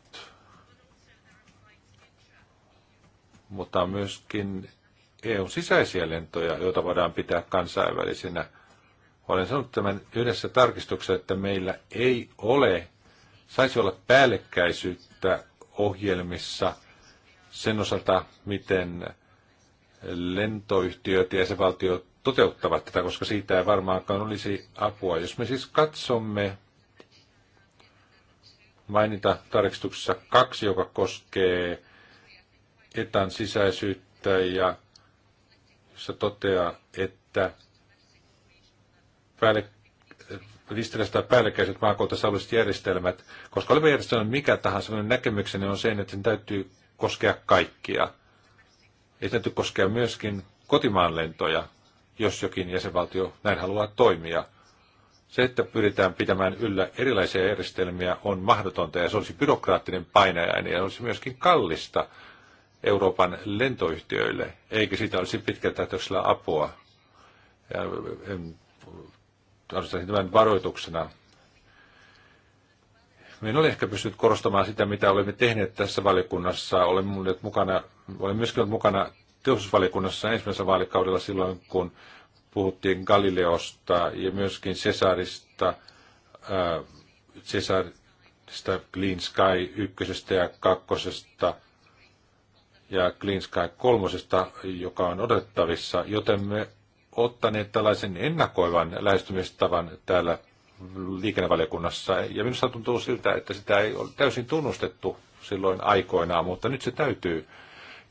mutta on myöskin EUn sisäisiä lentoja, joita voidaan pitää kansainvälisinä. Olen sanonut tämän yhdessä tarkistuksessa, että meillä ei ole, saisi olla päällekkäisyyttä ohjelmissa sen osalta, miten lentoyhtiöt ja jäsenvaltiot toteuttavat tätä, koska siitä ei varmaankaan olisi apua. Jos me siis katsomme mainita tarkistuksessa kaksi, joka koskee etan sisäisyyttä ja jossa toteaa, että päälle, ristiriidasta päällekkäiset maakohtaiset järjestelmät, koska olemme järjestelmät mikä tahansa, minun näkemykseni on sen, että sen täytyy koskea kaikkia. Ei täytyy koskea myöskin kotimaan lentoja, jos jokin jäsenvaltio näin haluaa toimia. Se, että pyritään pitämään yllä erilaisia järjestelmiä, on mahdotonta ja se olisi byrokraattinen painajainen ja se olisi myöskin kallista Euroopan lentoyhtiöille, eikä siitä olisi pitkän tähtäyksellä apua. Ja, en, arvostaisin tämän varoituksena. Me en ole ehkä pystynyt korostamaan sitä, mitä olemme tehneet tässä valiokunnassa. Olemme mukana, olen myöskin ollut mukana teollisuusvaliokunnassa ensimmäisellä vaalikaudella silloin, kun puhuttiin Galileosta ja myöskin Cesarista, äh, Cesarista Clean Sky ykkösestä ja kakkosesta – ja Clean Sky 3, joka on odotettavissa, joten me ottaneet tällaisen ennakoivan lähestymistavan täällä liikennevaliokunnassa, ja minusta tuntuu siltä, että sitä ei ole täysin tunnustettu silloin aikoinaan, mutta nyt se täytyy,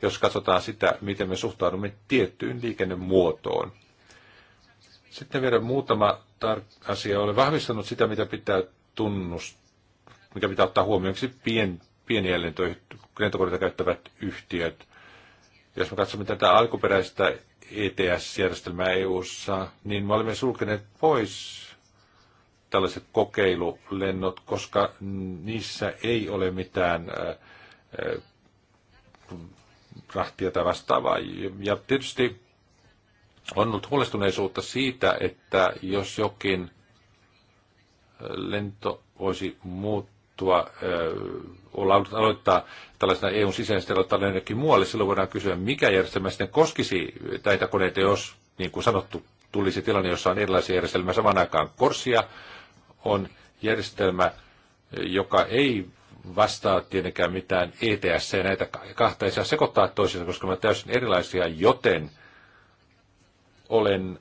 jos katsotaan sitä, miten me suhtaudumme tiettyyn liikennemuotoon. Sitten vielä muutama tar- asia. Olen vahvistanut sitä, mitä pitää tunnustaa mikä pitää ottaa huomioon, pienten pieniä lentokoneita käyttävät yhtiöt. Jos me katsomme tätä alkuperäistä ETS-järjestelmää EU-ssa, niin me olemme sulkeneet pois tällaiset kokeilulennot, koska niissä ei ole mitään rahtia tai vastaavaa. Ja tietysti on ollut huolestuneisuutta siitä, että jos jokin lento voisi muuttaa, puuttua, olla aloittaa tällaisena EUn sisäisesti aloittaa jonnekin muualle, silloin voidaan kysyä, mikä järjestelmä sitten koskisi näitä koneita, jos, niin kuin sanottu, tulisi tilanne, jossa on erilaisia järjestelmiä samaan aikaan. Korsia on järjestelmä, joka ei vastaa tietenkään mitään ETS, ja näitä kahta ei saa sekoittaa toisiinsa, koska ne ovat täysin erilaisia, joten olen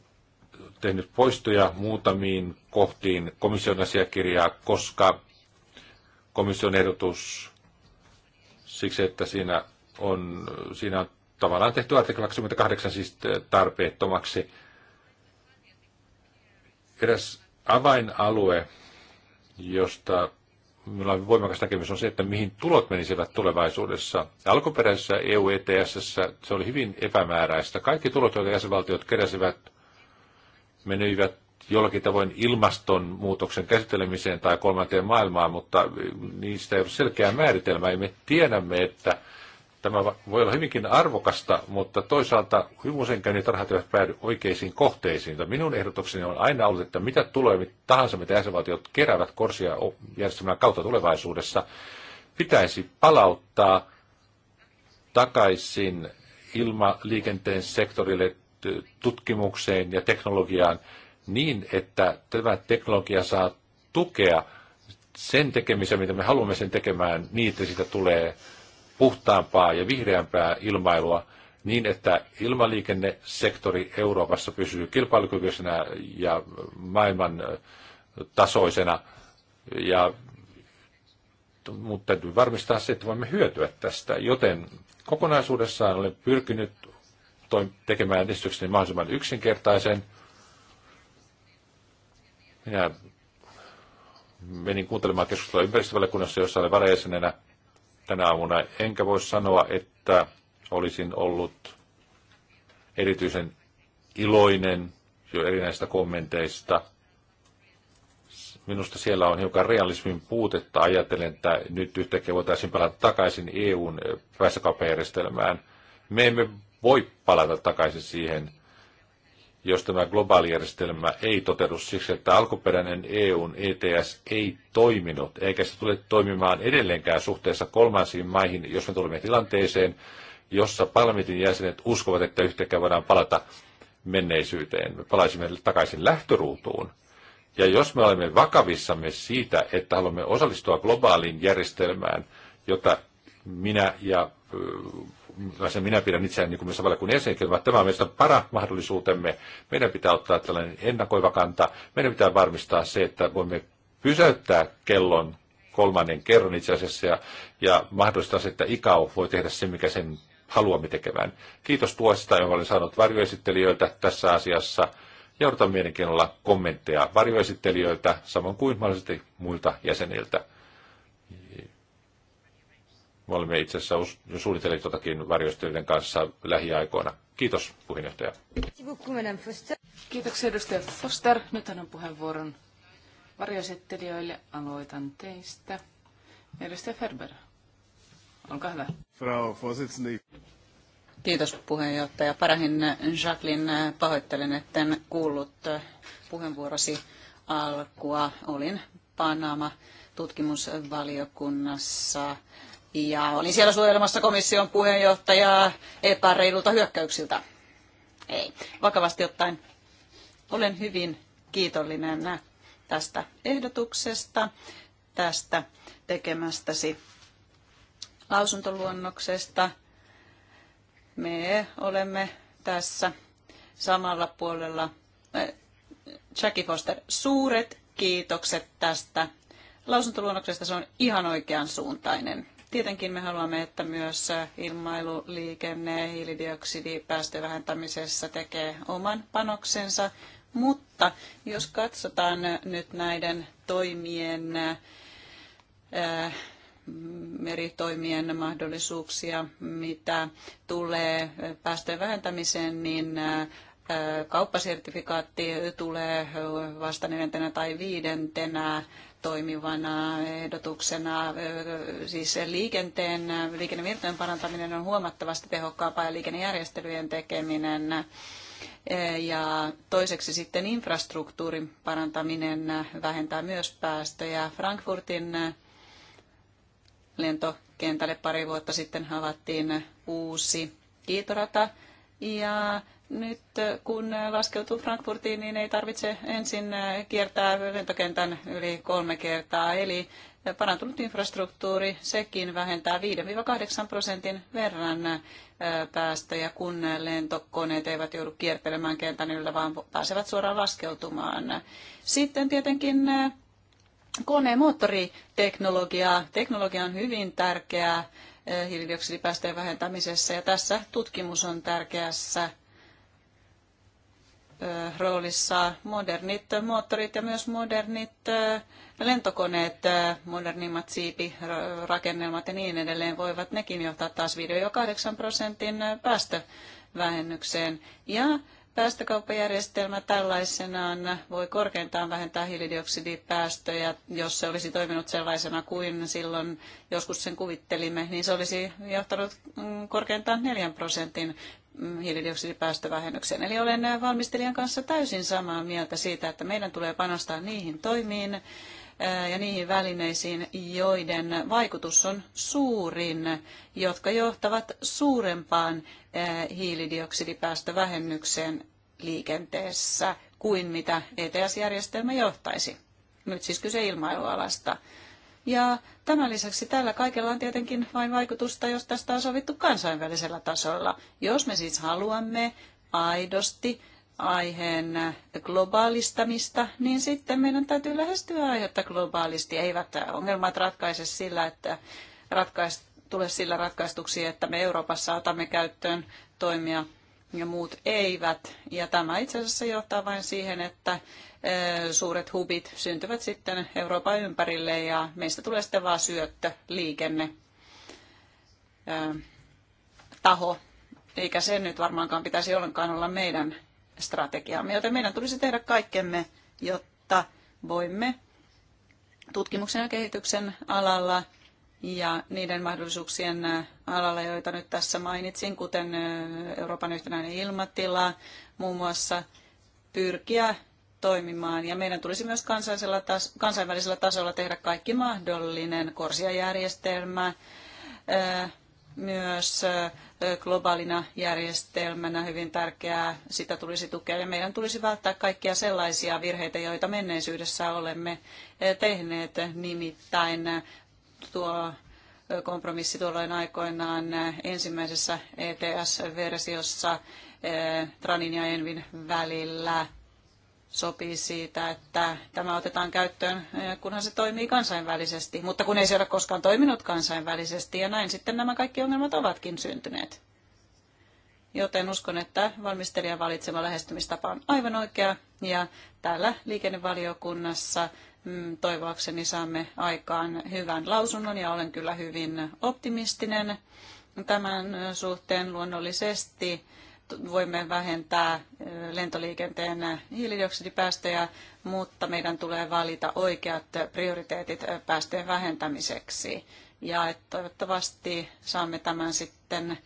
tehnyt poistoja muutamiin kohtiin komission asiakirjaa, koska komission ehdotus siksi, että siinä on, siinä on tavallaan tehty artikla 28 siis tarpeettomaksi. Eräs avainalue, josta minulla on voimakas näkemys, on se, että mihin tulot menisivät tulevaisuudessa. Alkuperäisessä EU ETS se oli hyvin epämääräistä. Kaikki tulot, joita jäsenvaltiot keräsivät, menivät jollakin tavoin ilmastonmuutoksen käsittelemiseen tai kolmanteen maailmaan, mutta eh, niistä ei ole selkeää määritelmää. Ja me tiedämme, että tämä voi olla hyvinkin arvokasta, mutta toisaalta usein niitä rahat eivät päädy oikeisiin kohteisiin. Minun ehdotukseni on aina ollut, että mitä tulee mit tahansa, mitä jäsenvaltiot keräävät korsia järjestelmän kautta tulevaisuudessa, pitäisi palauttaa takaisin ilmaliikenteen sektorille tutkimukseen ja teknologiaan, niin, että tämä teknologia saa tukea sen tekemisen, mitä me haluamme sen tekemään, niin että siitä tulee puhtaampaa ja vihreämpää ilmailua, niin että ilmaliikennesektori Euroopassa pysyy kilpailukykyisenä ja maailman tasoisena. Ja, mutta täytyy varmistaa se, että voimme hyötyä tästä. Joten kokonaisuudessaan olen pyrkinyt tekemään edistykseni mahdollisimman yksinkertaisen – minä menin kuuntelemaan keskustelua ympäristövaliokunnassa, jossa olen varajäsenenä tänä aamuna. Enkä voi sanoa, että olisin ollut erityisen iloinen jo erinäistä kommenteista. Minusta siellä on hiukan realismin puutetta ajatellen, että nyt yhtäkkiä voitaisiin palata takaisin EUn päästökauppajärjestelmään. Me emme voi palata takaisin siihen jos tämä globaali järjestelmä ei toteudu siksi, että alkuperäinen EUn ETS ei toiminut, eikä se tule toimimaan edelleenkään suhteessa kolmansiin maihin, jos me tulemme tilanteeseen, jossa parlamentin jäsenet uskovat, että yhtäkään voidaan palata menneisyyteen. Me palaisimme takaisin lähtöruutuun. Ja jos me olemme vakavissamme siitä, että haluamme osallistua globaaliin järjestelmään, jota minä ja sen minä pidän itseään niin kuin myös valiokunnan jäsenkin, vaan tämä on meistä paras mahdollisuutemme. Meidän pitää ottaa tällainen ennakoiva kanta. Meidän pitää varmistaa se, että voimme pysäyttää kellon kolmannen kerran itse asiassa ja, ja mahdollistaa se, että ikau voi tehdä sen, mikä sen haluamme tekevän. Kiitos tuosta, jonka olen saanut varjoesittelijöiltä tässä asiassa. Ja odotan mielenkiinnolla kommentteja varjoesittelijöiltä, samoin kuin mahdollisesti muilta jäseniltä. Me olemme itse asiassa suunnitelleet jotakin varjostöiden kanssa lähiaikoina. Kiitos, puheenjohtaja.
Kiitoksia, edustaja Foster. Nyt annan puheenvuoron varjosettelijoille. Aloitan teistä. Edustaja Ferber, olkaa hyvä. Frau Vorsitzende.
Kiitos puheenjohtaja. Parahin Jacqueline, pahoittelen, en kuullut puheenvuorosi alkua. Olin Panama tutkimusvaliokunnassa ja olin siellä suojelemassa komission puheenjohtajaa epäreilulta hyökkäyksiltä. Ei, vakavasti ottaen olen hyvin kiitollinen tästä ehdotuksesta, tästä tekemästäsi lausuntoluonnoksesta. Me olemme tässä samalla puolella. Eh, Jackie Foster, suuret kiitokset tästä lausuntoluonnoksesta. Se on ihan oikean suuntainen. Tietenkin me haluamme, että myös ilmailuliikenne hiilidioksidipäästöjen vähentämisessä tekee oman panoksensa, mutta jos katsotaan nyt näiden toimien, äh, meritoimien mahdollisuuksia, mitä tulee päästöjen vähentämiseen, niin äh, kauppasertifikaatti tulee vasta neljäntenä tai viidentenä toimivana ehdotuksena. Siis liikenteen, liikennevirtojen parantaminen on huomattavasti tehokkaampaa ja liikennejärjestelyjen tekeminen. Ja toiseksi sitten infrastruktuurin parantaminen vähentää myös päästöjä. Frankfurtin lentokentälle pari vuotta sitten avattiin uusi kiitorata ja nyt äh, kun laskeutuu Frankfurtiin, niin ei tarvitse ensin äh, kiertää lentokentän yli kolme kertaa. Eli äh, parantunut infrastruktuuri, sekin vähentää 5-8 prosentin verran päästöjä, kun lentokoneet eivät joudu kiertelemään kentän yllä, vaan pääsevät suoraan laskeutumaan. Sitten tietenkin koneen moottoriteknologia. Teknologia on hyvin tärkeää hiilidioksidipäästöjen vähentämisessä ja tässä tutkimus on tärkeässä roolissa modernit moottorit ja myös modernit lentokoneet, modernimmat siipirakennelmat ja niin edelleen voivat nekin johtaa taas video jo 8 prosentin päästövähennykseen. Ja päästökauppajärjestelmä tällaisenaan voi korkeintaan vähentää hiilidioksidipäästöjä. Jos se olisi toiminut sellaisena kuin silloin joskus sen kuvittelimme, niin se olisi johtanut mm, korkeintaan 4 prosentin hiilidioksidipäästövähennykseen. Eli olen valmistelijan kanssa täysin samaa mieltä siitä, että meidän tulee panostaa niihin toimiin ja niihin välineisiin, joiden vaikutus on suurin, jotka johtavat suurempaan hiilidioksidipäästövähennykseen liikenteessä kuin mitä ETS-järjestelmä johtaisi. Nyt siis kyse ilmailualasta. Ja tämän lisäksi tällä kaikella on tietenkin vain vaikutusta, jos tästä on sovittu kansainvälisellä tasolla. Jos me siis haluamme aidosti aiheen globaalistamista, niin sitten meidän täytyy lähestyä aihetta globaalisti. Eivät ongelmat ratkaise sillä, että ratkaist, tule sillä ratkaistuksi, että me Euroopassa otamme käyttöön toimia ja muut eivät. Ja tämä itse asiassa johtaa vain siihen, että eh, suuret hubit syntyvät sitten Euroopan ympärille ja meistä tulee sitten vain syöttö, liikenne, eh, taho. Eikä sen nyt varmaankaan pitäisi ollenkaan olla meidän strategiamme, joten meidän tulisi tehdä kaikkemme, jotta voimme tutkimuksen ja kehityksen alalla – ja niiden mahdollisuuksien äh, alalla, joita nyt tässä mainitsin, kuten äh, Euroopan yhtenäinen ilmatila muun muassa, pyrkiä toimimaan. Ja meidän tulisi myös kansainvälisellä tasolla tehdä kaikki mahdollinen korsiajärjestelmä, äh, myös globaalina järjestelmänä hyvin tärkeää, sitä tulisi tukea ja meidän tulisi välttää kaikkia sellaisia virheitä, joita menneisyydessä olemme tehneet, nimittäin tuo kompromissi tuolloin aikoinaan ensimmäisessä ETS-versiossa eh, Tranin ja Envin välillä sopii siitä, että tämä otetaan käyttöön, eh, kunhan se toimii kansainvälisesti, mutta kun ei se ole koskaan toiminut kansainvälisesti, ja näin sitten nämä kaikki ongelmat ovatkin syntyneet. Joten uskon, että valmistelijan valitsema lähestymistapa on aivan oikea, ja täällä liikennevaliokunnassa Mm, toivoakseni saamme aikaan hyvän lausunnon ja olen kyllä hyvin optimistinen tämän suhteen luonnollisesti voimme vähentää eh, lentoliikenteen hiilidioksidipäästöjä, mutta meidän tulee valita oikeat prioriteetit eh, päästöjen vähentämiseksi. Ja toivottavasti saamme tämän sitten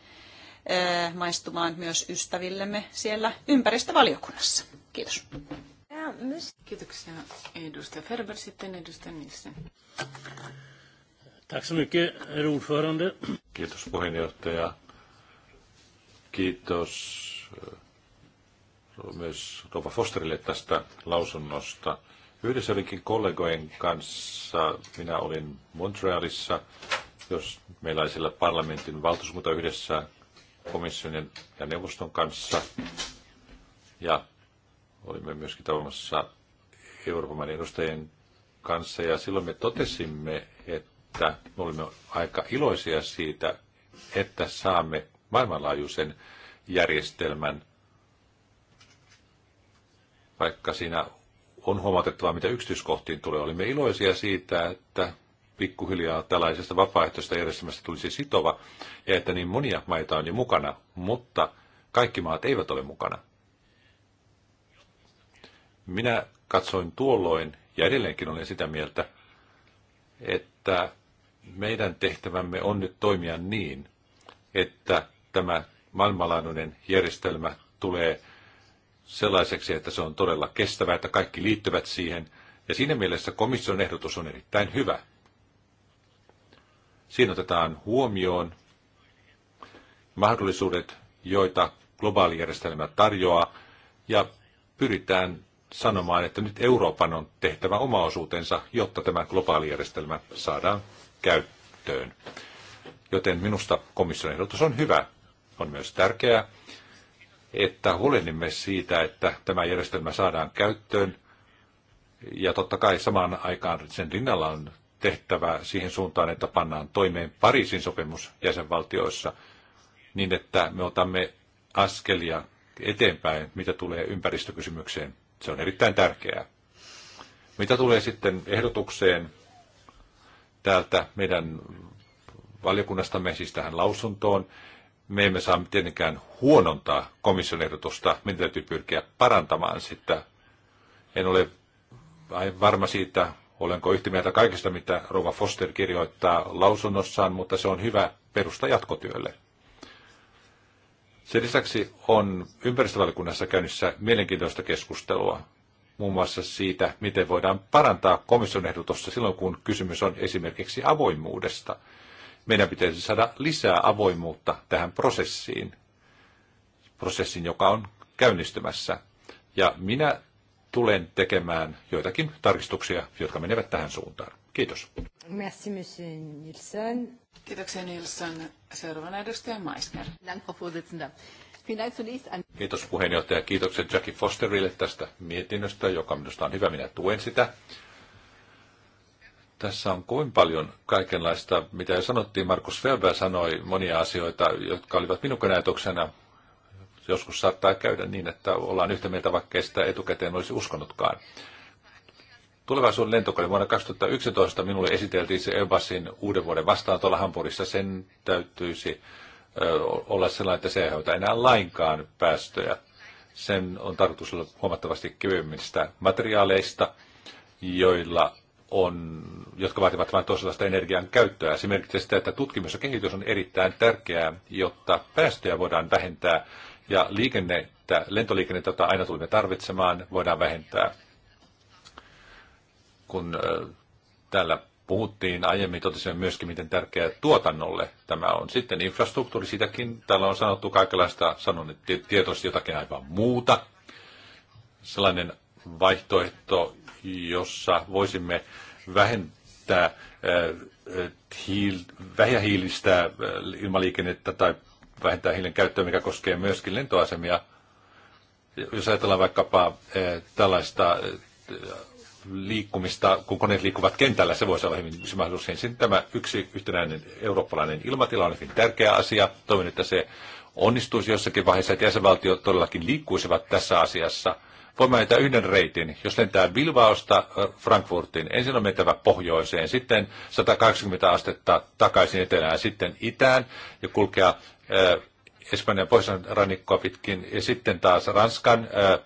eh, maistumaan myös ystävillemme siellä ympäristövaliokunnassa. Kiitos.
Kiitoksia edustaja Ferber, sitten edustaja Nielsen.
Tack så mycket, herr ordförande. Kiitos puheenjohtaja. Kiitos eh, myös Rova Fosterille tästä lausunnosta. Yhdessä olinkin kollegojen kanssa, minä olin Montrealissa, jos meillä oli siellä parlamentin valtuuskunta yhdessä komission ja neuvoston kanssa. Ja Olimme myöskin tapaamassa Euroopan edustajien kanssa ja silloin me totesimme, että me olimme aika iloisia siitä, että saamme maailmanlaajuisen järjestelmän, vaikka siinä on huomautettava, mitä yksityiskohtiin tulee. Olimme iloisia siitä, että pikkuhiljaa tällaisesta vapaaehtoisesta järjestelmästä tulisi sitova ja että niin monia maita on jo mukana, mutta kaikki maat eivät ole mukana. Minä katsoin tuolloin, ja edelleenkin olen sitä mieltä, että meidän tehtävämme on nyt toimia niin, että tämä maailmanlaajuinen järjestelmä tulee sellaiseksi, että se on todella kestävä, että kaikki liittyvät siihen. Ja siinä mielessä komission ehdotus on erittäin hyvä. Siinä otetaan huomioon mahdollisuudet, joita globaali järjestelmä tarjoaa, ja pyritään sanomaan, että nyt Euroopan on tehtävä oma osuutensa, jotta tämä globaali järjestelmä saadaan käyttöön. Joten minusta komission ehdotus on hyvä. On myös tärkeää, että huolehdimme siitä, että tämä järjestelmä saadaan käyttöön. Ja totta kai samaan aikaan sen rinnalla on tehtävä siihen suuntaan, että pannaan toimeen Pariisin sopimus jäsenvaltioissa, niin että me otamme askelia eteenpäin, mitä tulee ympäristökysymykseen se on erittäin tärkeää. Mitä tulee sitten ehdotukseen täältä meidän valiokunnastamme, siis tähän lausuntoon, me emme saa tietenkään huonontaa komission ehdotusta, meidän täytyy pyrkiä parantamaan sitä. En ole varma siitä, olenko yhtä mieltä kaikesta, mitä Rova Foster kirjoittaa lausunnossaan, mutta se on hyvä perusta jatkotyölle. Sen lisäksi on ympäristövaliokunnassa käynnissä mielenkiintoista keskustelua muun muassa siitä, miten voidaan parantaa komission ehdotusta silloin, kun kysymys on esimerkiksi avoimuudesta. Meidän pitäisi saada lisää avoimuutta tähän prosessiin, prosessin, joka on käynnistymässä. Ja minä tulen tekemään joitakin tarkistuksia, jotka menevät tähän suuntaan. Kiitos.
Merci,
monsieur Nilsson. Kiitoksia Nilsson. Seuraavana edustaja Meissner.
Kiitos puheenjohtaja. Kiitokset Jackie Fosterille tästä mietinnöstä, joka minusta on hyvä. Minä tuen sitä. Tässä on kovin paljon kaikenlaista, mitä jo sanottiin. Markus Felber sanoi monia asioita, jotka olivat minun näytöksenä. Joskus saattaa käydä niin, että ollaan yhtä mieltä, vaikka sitä etukäteen olisi uskonutkaan. Tulevaisuuden lentokone vuonna 2011 minulle esiteltiin se Ebasin uuden vuoden vastaan tuolla Hampurissa. Sen täytyisi olla sellainen, että se ei aiheuta enää lainkaan päästöjä. Sen on tarkoitus olla huomattavasti kevyemmistä materiaaleista, joilla on, jotka vaativat vain toisenlaista energian käyttöä. Se sitä, että tutkimus ja kehitys on erittäin tärkeää, jotta päästöjä voidaan vähentää ja liikennettä, lentoliikennettä, jota aina tulemme tarvitsemaan, voidaan vähentää kun täällä puhuttiin aiemmin, totesimme myöskin, miten tärkeää tuotannolle tämä on. Sitten infrastruktuuri, sitäkin täällä on sanottu kaikenlaista, sanon että tietoisesti jotakin aivan muuta. Sellainen vaihtoehto, jossa voisimme vähentää vähähiilistä ilmaliikennettä tai vähentää hiilen käyttöä, mikä koskee myöskin lentoasemia. Jos ajatellaan vaikkapa tällaista liikkumista, kun koneet liikkuvat kentällä, se voisi olla hyvin yksi mahdollisuus. Ensin tämä yksi yhtenäinen eurooppalainen ilmatila on hyvin tärkeä asia. Toivon, että se onnistuisi jossakin vaiheessa, että jäsenvaltiot todellakin liikkuisivat tässä asiassa. Voimme lentää yhden reitin. Jos lentää Bilbaosta äh, Frankfurtiin, ensin on mentävä pohjoiseen, sitten 180 astetta takaisin etelään, sitten itään ja kulkea äh, Espanjan pohjoisen rannikkoa pitkin ja sitten taas Ranskan äh,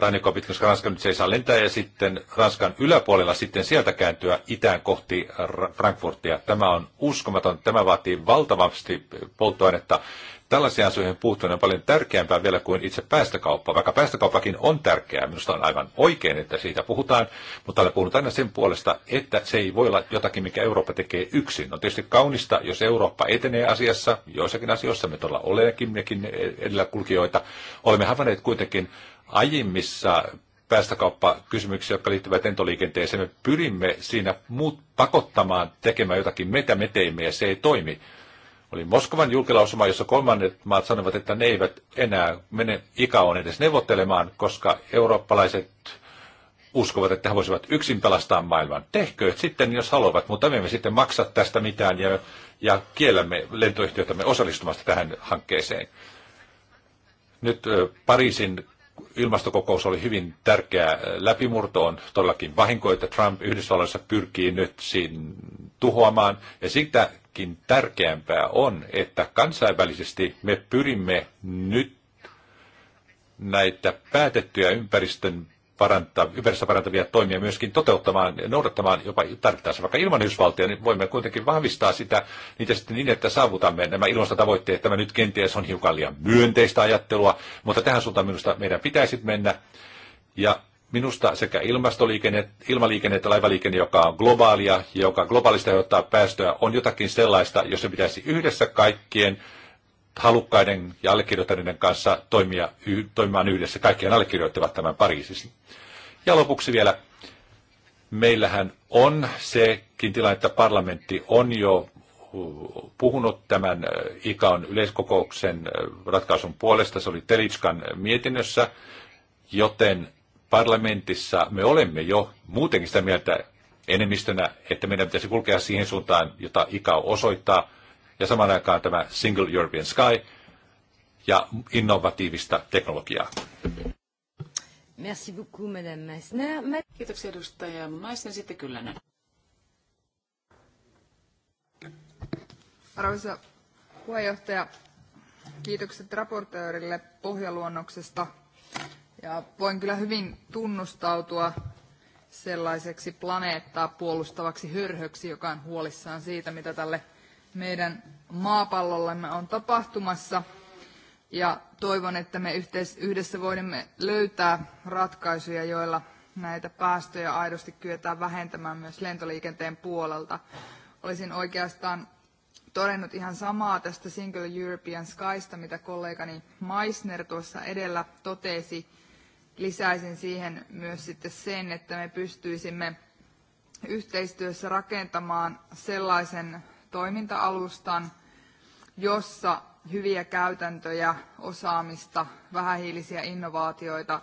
rannikkoa pitkin, koska Ranska nyt ei saa lentää, ja sitten Ranskan yläpuolella sitten sieltä kääntyä itään kohti Frankfurtia. Tämä on uskomaton, tämä vaatii valtavasti polttoainetta. Tällaisia asioihin puuttuminen on paljon tärkeämpää vielä kuin itse päästökauppa, vaikka päästökauppakin on tärkeää. Minusta on aivan oikein, että siitä puhutaan, mutta täällä puhutaan aina sen puolesta, että se ei voi olla jotakin, mikä Eurooppa tekee yksin. On tietysti kaunista, jos Eurooppa etenee asiassa, joissakin asioissa me todella olemmekin edellä kulkijoita, Olemme havainneet kuitenkin aiemmissa päästökauppakysymyksiä, jotka liittyvät lentoliikenteeseen, me pyrimme siinä muut pakottamaan tekemään jotakin, mitä me teimme, ja se ei toimi. Oli Moskovan julkilausuma, jossa kolmannet maat sanovat, että ne eivät enää mene ikaon edes neuvottelemaan, koska eurooppalaiset uskovat, että he voisivat yksin pelastaa maailman. Tehkööt sitten, jos haluavat, mutta me emme sitten maksa tästä mitään ja, ja kiellämme lentoyhtiötämme osallistumasta tähän hankkeeseen. Nyt Pariisin ilmastokokous oli hyvin tärkeä äh, läpimurto. On todellakin vahinko, että Trump Yhdysvalloissa pyrkii nyt siinä tuhoamaan. Ja sitäkin tärkeämpää on, että kansainvälisesti me pyrimme nyt näitä päätettyjä ympäristön parantaa, ympäristöä parantavia toimia myöskin toteuttamaan, noudattamaan jopa tarvittaessa vaikka ilman Yhdysvaltia, niin voimme kuitenkin vahvistaa sitä niitä sitten niin, että saavutamme nämä ilmastotavoitteet. Tämä nyt kenties on hiukan liian myönteistä ajattelua, mutta tähän suuntaan minusta meidän pitäisi mennä. Ja minusta sekä ilmastoliikenne, ilmaliikenne että laivaliikenne, joka on globaalia ja joka globaalista johtaa päästöä, on jotakin sellaista, jossa pitäisi yhdessä kaikkien halukkaiden ja allekirjoittaneiden kanssa toimia, y, toimimaan yhdessä. Kaikkien allekirjoittavat tämän Pariisissa. Ja lopuksi vielä, meillähän on sekin tilanne, että parlamentti on jo puhunut tämän äh, ICAon yleiskokouksen äh, ratkaisun puolesta. Se oli Telitskan mietinnössä, joten parlamentissa me olemme jo muutenkin sitä mieltä enemmistönä, että meidän pitäisi kulkea siihen suuntaan, jota ICAO osoittaa – ja samaan aikaan tämä Single European Sky ja innovatiivista teknologiaa.
Merci beaucoup, Madame
Meissner. Kiitoksia edustaja Meissner. Sitten näin.
Arvoisa puheenjohtaja, kiitokset raportöörille pohjaluonnoksesta. Ja voin kyllä hyvin tunnustautua sellaiseksi planeettaa puolustavaksi hörhöksi, joka on huolissaan siitä, mitä tälle meidän maapallollamme on tapahtumassa ja toivon, että me yhdessä voimme löytää ratkaisuja, joilla näitä päästöjä aidosti kyetään vähentämään myös lentoliikenteen puolelta. Olisin oikeastaan todennut ihan samaa tästä Single European Skysta, mitä kollegani Meissner tuossa edellä totesi. Lisäisin siihen myös sitten sen, että me pystyisimme yhteistyössä rakentamaan sellaisen toiminta-alustan, jossa hyviä käytäntöjä, osaamista, vähähiilisiä innovaatioita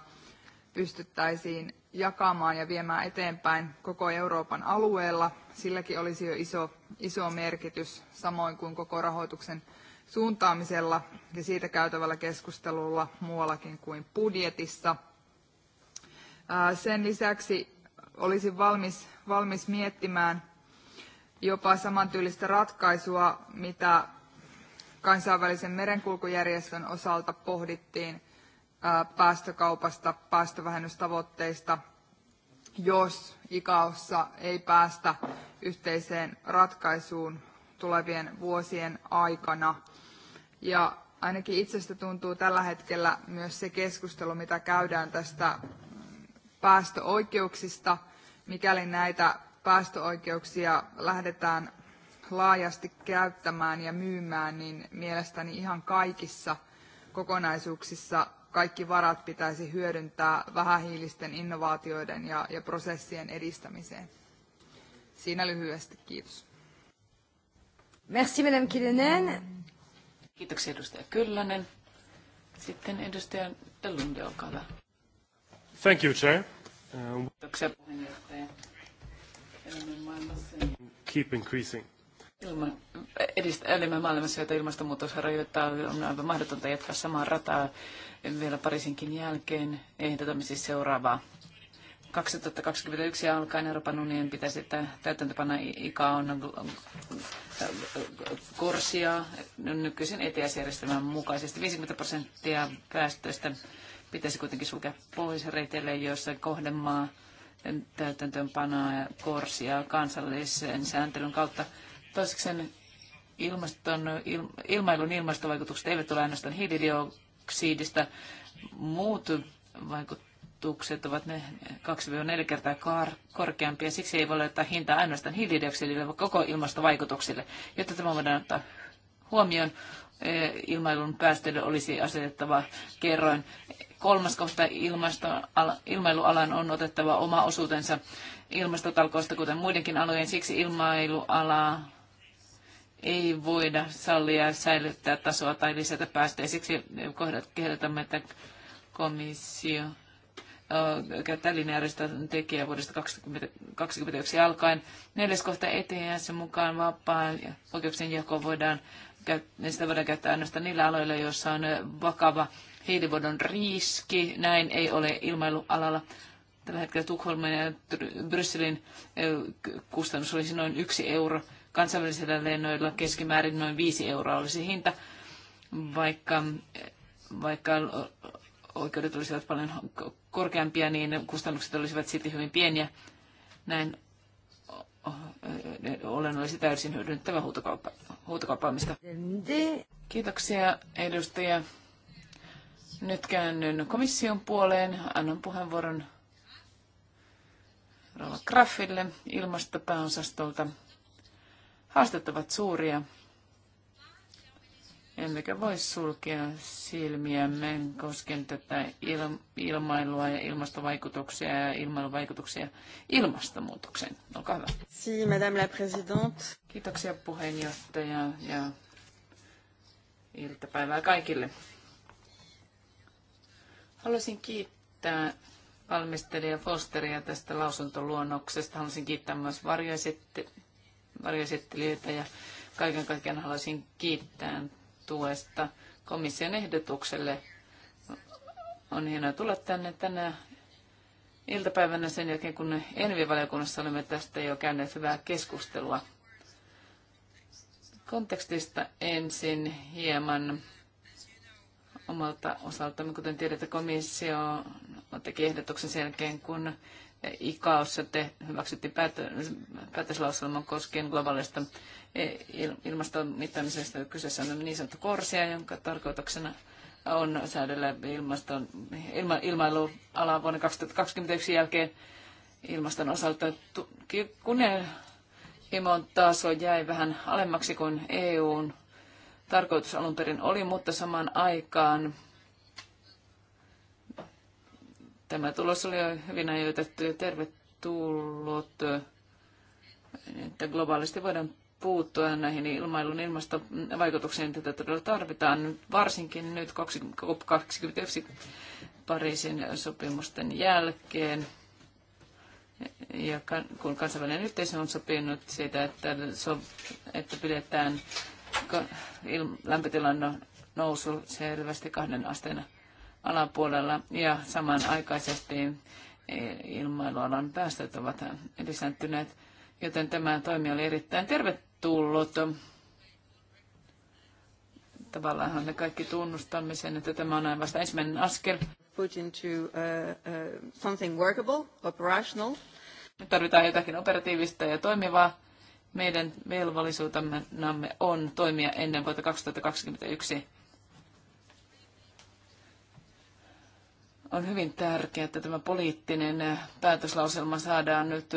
pystyttäisiin jakamaan ja viemään eteenpäin koko Euroopan alueella. Silläkin olisi jo iso, iso merkitys, samoin kuin koko rahoituksen suuntaamisella ja siitä käytävällä keskustelulla muuallakin kuin budjetissa. Sen lisäksi olisin valmis, valmis miettimään jopa samantyylistä ratkaisua, mitä kansainvälisen merenkulkujärjestön osalta pohdittiin päästökaupasta, päästövähennystavoitteista, jos ikaossa ei päästä yhteiseen ratkaisuun tulevien vuosien aikana. Ja ainakin itsestä tuntuu tällä hetkellä myös se keskustelu, mitä käydään tästä päästöoikeuksista, mikäli näitä päästöoikeuksia lähdetään laajasti käyttämään ja myymään, niin mielestäni ihan kaikissa kokonaisuuksissa kaikki varat pitäisi hyödyntää vähähiilisten innovaatioiden ja, ja prosessien edistämiseen. Siinä lyhyesti, kiitos. Merci, Madame Kilenen. Kiitoksia, edustaja Kyllönen.
Sitten edustaja Delunde, olkaa hyvä.
Thank you, Chair.
Kiitoksia, puheenjohtaja. Keep increasing. Ilma, edistä, elämme maailmassa, jota ilmastonmuutos rajoittaa, on aivan mahdotonta jatkaa samaa rataa vielä Pariisinkin jälkeen. Ehdotamme siis seuraavaa. 2021 alkaen Euroopan unionin pitäisi täytäntöpana IKA on korsia nykyisen ETS-järjestelmän mukaisesti. 50 prosenttia päästöistä pitäisi kuitenkin sulkea pois reiteille, joissa kohdemaa täytäntöönpanoa ja korsia kansallisen sääntelyn kautta. Toisekseen ilmaston, il, ilmailun ilmastovaikutukset eivät ole ainoastaan hiilidioksidista. Muut vaikutukset ovat ne 2-4 kertaa kar, korkeampia. Siksi ei voi laittaa hintaa ainoastaan hiilidioksidille, vaan koko ilmastovaikutuksille. Jotta tämä voidaan ottaa huomioon, eh, ilmailun päästöille olisi asetettava kerroin kolmas kohta ilmailualan on otettava oma osuutensa ilmastotalkoista, kuten muidenkin alojen. Siksi ilmailualaa ei voida sallia säilyttää tasoa tai lisätä päästöjä. Siksi kohdat kehotamme, että komissio käyttää lineaarista tekijää vuodesta 2021 alkaen. Neljäs kohta ETS mukaan vapaan oikeuksien jako voidaan, niistä voidaan käyttää ainoastaan niillä aloilla, joissa on vakava hiilivuodon riski. Näin ei ole ilmailualalla. Tällä hetkellä Tukholman ja Brysselin kustannus olisi noin yksi euro. Kansainvälisillä lennoilla keskimäärin noin viisi euroa olisi hinta, vaikka, vaikka oikeudet olisivat paljon korkeampia, niin kustannukset olisivat silti hyvin pieniä. Näin olen olisi täysin hyödynnettävä huutokauppa, huutokauppaamista. Kiitoksia edustaja nyt käännyn komission puoleen. Annan puheenvuoron Rova Graffille ilmastopääosastolta. Haastat ovat suuria. Emmekä voi sulkea silmiämme koskien tätä il- ilmailua ja ilmastovaikutuksia ja ilmailuvaikutuksia ilmastonmuutokseen. Olkaa hyvä. Si, madame la présidente. Kiitoksia puheenjohtaja ja iltapäivää kaikille. Haluaisin kiittää valmistelija Fosteria tästä lausuntoluonnoksesta. Haluaisin kiittää myös varjoesittelijöitä ja kaiken kaikkiaan haluaisin kiittää tuesta komission ehdotukselle. On hienoa tulla tänne tänä iltapäivänä sen jälkeen, kun Envi-valiokunnassa olemme tästä jo käyneet hyvää keskustelua. Kontekstista ensin hieman omalta osaltamme. Kuten tiedätte, komissio teki ehdotuksen sen jälkeen, kun ICAOssa te hyväksyttiin päätöslauselman koskien globaalista e- ilmastonmittaamisesta. Kyseessä on niin sanottu korsia, jonka tarkoituksena on säädellä ilmaston, ilma, ilmailualaa vuonna 2021 jälkeen ilmaston osalta. Kunnianhimon taso jäi vähän alemmaksi kuin EUn tarkoitus alun perin oli, mutta samaan aikaan tämä tulos oli jo hyvin ajoitettu ja tervetullut, että globaalisti voidaan puuttua näihin ilmailun ilmastovaikutuksiin. Tätä todella tarvitaan varsinkin nyt 2021 Pariisin sopimusten jälkeen. Ja kun kansainvälinen yhteisö on sopinut siitä, että, so, että pidetään koska lämpötilan nousu selvästi kahden asteen alapuolella ja samanaikaisesti ilmailualan päästöt ovat lisääntyneet, joten tämä toimi oli erittäin tervetullut. Tavallaan me kaikki tunnustamme sen, että tämä on aivan vasta ensimmäinen askel. Put into, uh, uh, something workable, operational. Nyt tarvitaan jotakin operatiivista ja toimivaa meidän velvollisuutemme on toimia ennen vuotta 2021. On hyvin tärkeää, että tämä poliittinen päätöslauselma saadaan nyt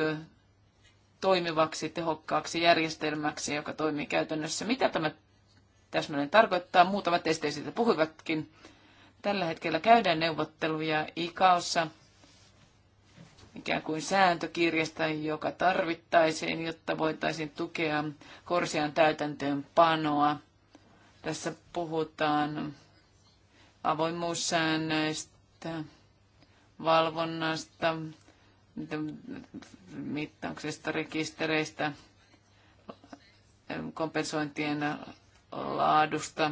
toimivaksi, tehokkaaksi järjestelmäksi, joka toimii käytännössä. Mitä tämä täsmälleen tarkoittaa? Muutamat teistä siitä puhuivatkin. Tällä hetkellä käydään neuvotteluja ICAOssa – ikään kuin sääntökirjasta, joka tarvittaisiin, jotta voitaisiin tukea Korsian täytäntöönpanoa. Tässä puhutaan avoimuussäännöistä, valvonnasta, mittauksesta, rekistereistä, kompensointien laadusta.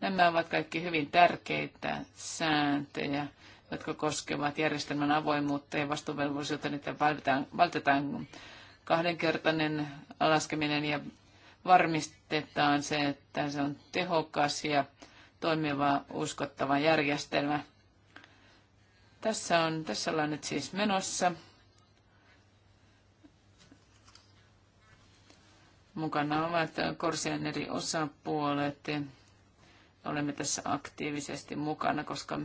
Nämä ovat kaikki hyvin tärkeitä sääntöjä jotka koskevat järjestelmän avoimuutta ja vastuuvelvollisuutta, niitä vältetään, vältetään kahdenkertainen laskeminen ja varmistetaan se, että se on tehokas ja toimiva, uskottava järjestelmä. Tässä, on, tässä ollaan nyt siis menossa. Mukana ovat korsien eri osapuolet. Olemme tässä aktiivisesti mukana, koska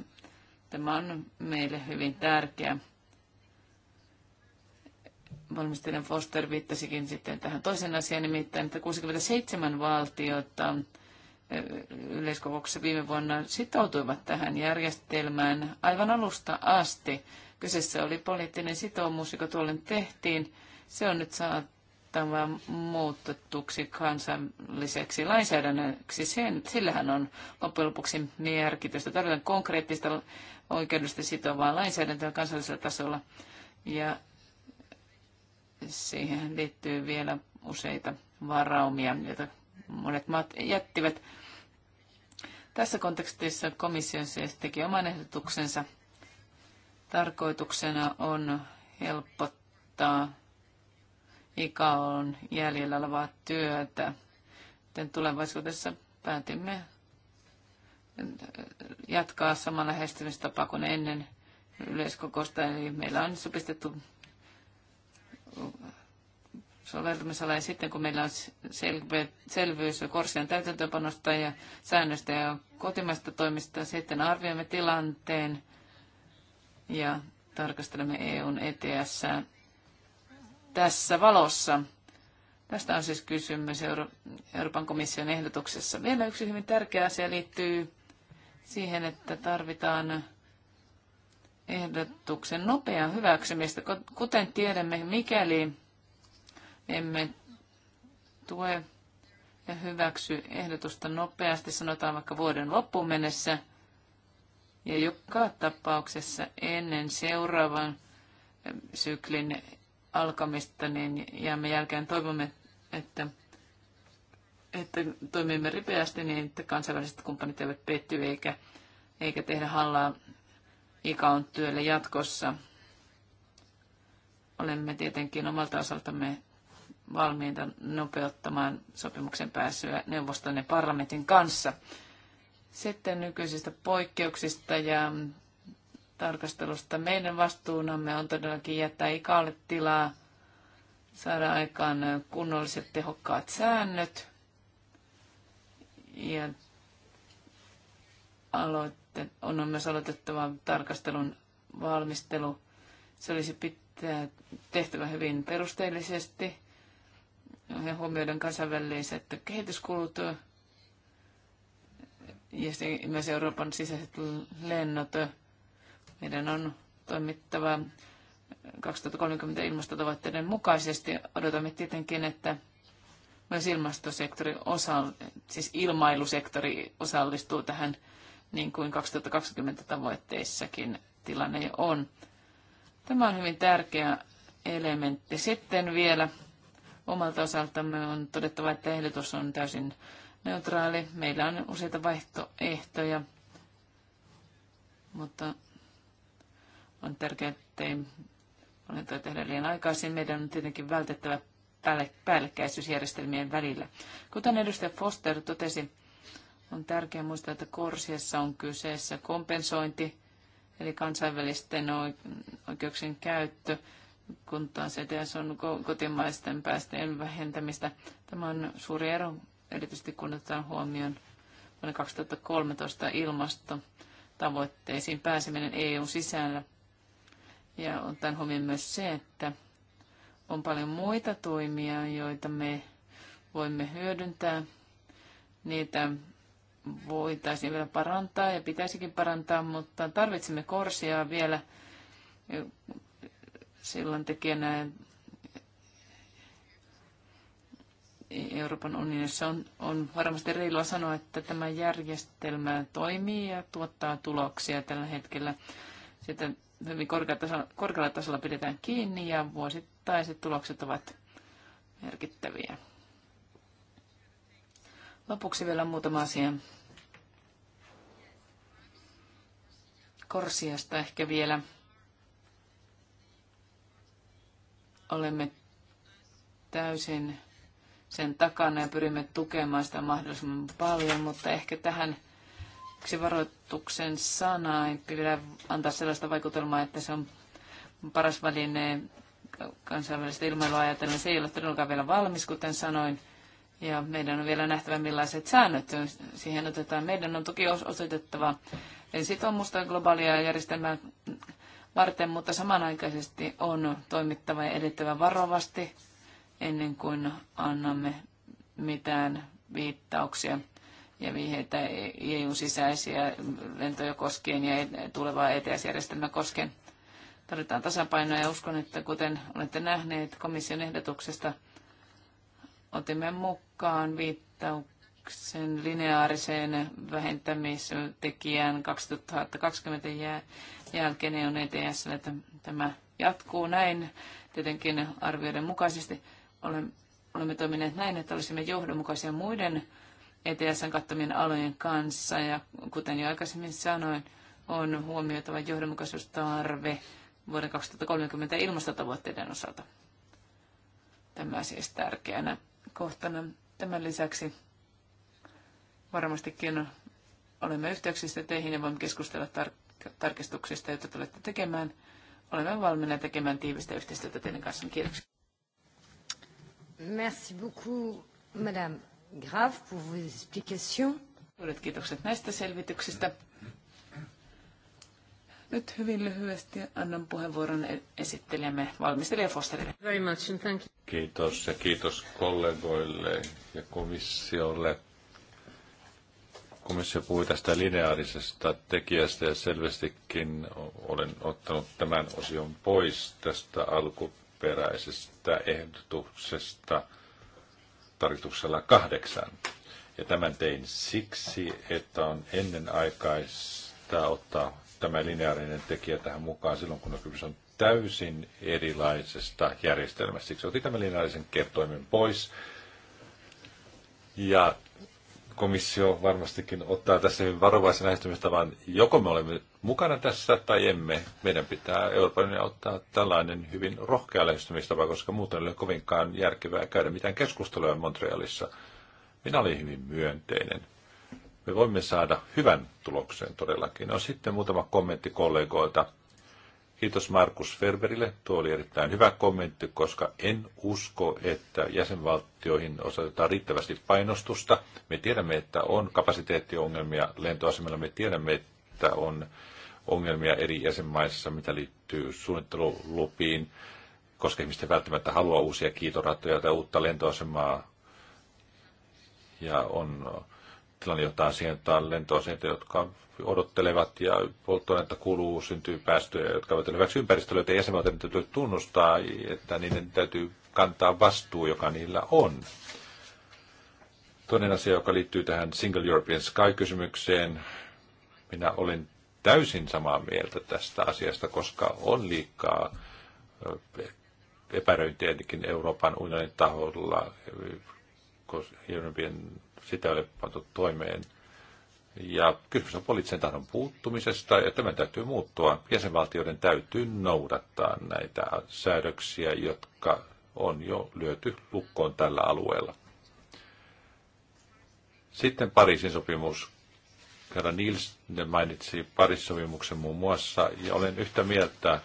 Tämä on meille hyvin tärkeä. Valmistajan Foster viittasikin sitten tähän toisen asiaan, nimittäin, että 67 valtiota äh, yleiskokouksessa viime vuonna sitoutuivat tähän järjestelmään aivan alusta asti. Kyseessä oli poliittinen sitoumus, joka tuolle tehtiin. Se on nyt saatava muutettuksi kansalliseksi lainsäädännöksi. Sen, sillähän on loppujen lopuksi merkitystä. Tarvitaan konkreettista oikeudellisesti sitovaa lainsäädäntöä kansallisella tasolla. Ja siihen liittyy vielä useita varaumia, joita monet maat jättivät. Tässä kontekstissa komissio siis teki oman ehdotuksensa. Tarkoituksena on helpottaa ICAOn jäljellä olevaa työtä. Joten tulevaisuudessa päätimme jatkaa sama lähestymistapa kuin ennen yleiskokousta. Eli meillä on supistettu soveltamisala ja sitten kun meillä on selve, selvyys Korsian täytäntöönpanosta ja säännöstä ja kotimaista toimista, sitten arvioimme tilanteen ja tarkastelemme EUn ETS tässä valossa. Tästä on siis kysymys Euro- Euroopan komission ehdotuksessa. Vielä yksi hyvin tärkeä asia liittyy siihen, että tarvitaan ehdotuksen nopea hyväksymistä. Kuten tiedämme, mikäli emme tue ja hyväksy ehdotusta nopeasti, sanotaan vaikka vuoden loppuun mennessä, ja joka tapauksessa ennen seuraavan syklin alkamista, niin jäämme jälkeen toivomme, että että toimimme ripeästi niin, että kansainväliset kumppanit eivät petty eikä, eikä tehdä hallaa ikaon työlle jatkossa. Olemme tietenkin omalta osaltamme valmiita nopeuttamaan sopimuksen pääsyä neuvoston ja parlamentin kanssa. Sitten nykyisistä poikkeuksista ja tarkastelusta. Meidän vastuunamme on todellakin jättää ikalle tilaa, saada aikaan kunnolliset tehokkaat säännöt ja aloitte, on myös aloitettava tarkastelun valmistelu. Se olisi pitää tehtävä hyvin perusteellisesti ja huomioiden kansainväliset kehityskulut ja myös Euroopan sisäiset lennot. Meidän on toimittava 2030 ilmastotavoitteiden mukaisesti. Odotamme tietenkin, että myös ilmastosektori osa, siis ilmailusektori osallistuu tähän niin kuin 2020 tavoitteissakin tilanne on. Tämä on hyvin tärkeä elementti. Sitten vielä omalta osaltamme on todettava, että ehdotus on täysin neutraali. Meillä on useita vaihtoehtoja, mutta on tärkeää, ei valintoja tehdä liian aikaisin. Meidän on tietenkin vältettävä päällekkäisyysjärjestelmien välillä. Kuten edustaja Foster totesi, on tärkeää muistaa, että Korsiassa on kyseessä kompensointi, eli kansainvälisten oikeuksien käyttö, kun taas ETS on kotimaisten päästöjen vähentämistä. Tämä on suuri ero, erityisesti kun otetaan huomioon vuonna 2013 ilmastotavoitteisiin pääseminen eu sisällä. Ja otan huomioon myös se, että on paljon muita toimia, joita me voimme hyödyntää. Niitä voitaisiin vielä parantaa ja pitäisikin parantaa, mutta tarvitsemme korsia vielä silloin tekijänä Euroopan unionissa on, on varmasti reilua sanoa, että tämä järjestelmä toimii ja tuottaa tuloksia tällä hetkellä. Sitä hyvin korkealla tasolla, korkealla tasolla pidetään kiinni ja vuosittain kohtaiset tulokset ovat merkittäviä. Lopuksi vielä muutama asia. Korsiasta ehkä vielä. Olemme täysin sen takana ja pyrimme tukemaan sitä mahdollisimman paljon, mutta ehkä tähän yksi varoituksen sana. Ei pidä antaa sellaista vaikutelmaa, että se on paras väline kansainvälistä ilmailua ajatellen. Se ei ole todellakaan vielä valmis, kuten sanoin. Ja meidän on vielä nähtävä, millaiset säännöt siihen otetaan. Meidän on toki osoitettava sitoumusta globaalia järjestelmää varten, mutta samanaikaisesti on toimittava ja edettävä varovasti ennen kuin annamme mitään viittauksia ja viheitä eu sisäisiä lentoja koskien ja e- tulevaa ETS-järjestelmää koskien tarvitaan tasapainoa ja uskon, että kuten olette nähneet komission ehdotuksesta, otimme mukaan viittauksen lineaariseen vähentämistekijään 2020 jälkeen on ETS, että tämä jatkuu näin tietenkin arvioiden mukaisesti. Olemme toimineet näin, että olisimme johdonmukaisia muiden ETSn kattamien alojen kanssa ja kuten jo aikaisemmin sanoin, on huomioitava johdonmukaisuustarve vuoden 2030 ilmastotavoitteiden osalta. Tämä siis tärkeänä kohtana. Tämän lisäksi varmastikin olemme yhteyksissä teihin ja voimme keskustella tar- tarkistuksista, joita tulette tekemään. Olemme valmiina tekemään tiivistä yhteistyötä teidän kanssa. Kiitoksia.
Merci beaucoup, Madame
pour vos explications. Suuret kiitokset näistä selvityksistä. Nyt hyvin lyhyesti annan puheenvuoron e- esittelemme valmistelija Fosterille. Very much and thank you.
Kiitos ja kiitos kollegoille ja komissiolle. Komissio puhui tästä lineaarisesta tekijästä ja selvästikin olen ottanut tämän osion pois tästä alkuperäisestä ehdotuksesta tarkoituksella kahdeksan. Ja tämän tein siksi, että on ennenaikaista ottaa tämä lineaarinen tekijä tähän mukaan silloin, kun kysymys on täysin erilaisesta järjestelmästä. Siksi otin tämän lineaarisen kertoimen pois. Ja komissio varmastikin ottaa tässä hyvin varovaisen vaan Joko me olemme mukana tässä tai emme. Meidän pitää Euroopan ottaa tällainen hyvin rohkea lähestymistapa, koska muuten ei ole kovinkaan järkevää käydä mitään keskustelua Montrealissa. Minä olin hyvin myönteinen me voimme saada hyvän tuloksen todellakin. No sitten muutama kommentti kollegoilta. Kiitos Markus Ferberille. Tuo oli erittäin hyvä kommentti, koska en usko, että jäsenvaltioihin osoitetaan riittävästi painostusta. Me tiedämme, että on kapasiteettiongelmia lentoasemilla. Me tiedämme, että on ongelmia eri jäsenmaissa, mitä liittyy suunnittelulupiin, koska ihmiset välttämättä halua uusia kiitoratoja tai uutta lentoasemaa. Ja on tilanne johtaa siihen, että on lentoaseita, jotka odottelevat ja polttoainetta kuluu, syntyy päästöjä, jotka ovat hyväksi ympäristölle, joten jäsenvaltioiden täytyy tunnustaa, että niiden täytyy kantaa vastuu, joka niillä on. Toinen asia, joka liittyy tähän Single European Sky-kysymykseen, minä olen täysin samaa mieltä tästä asiasta, koska on liikaa epäröintiä Euroopan unionin taholla, European sitä ei ole pantu toimeen. Ja kysymys on poliittisen tahdon puuttumisesta, ja tämän täytyy muuttua. Jäsenvaltioiden täytyy noudattaa näitä säädöksiä, jotka on jo lyöty lukkoon tällä alueella. Sitten Pariisin sopimus. Kerran Nils mainitsi Pariisin sopimuksen muun muassa, ja olen yhtä mieltä,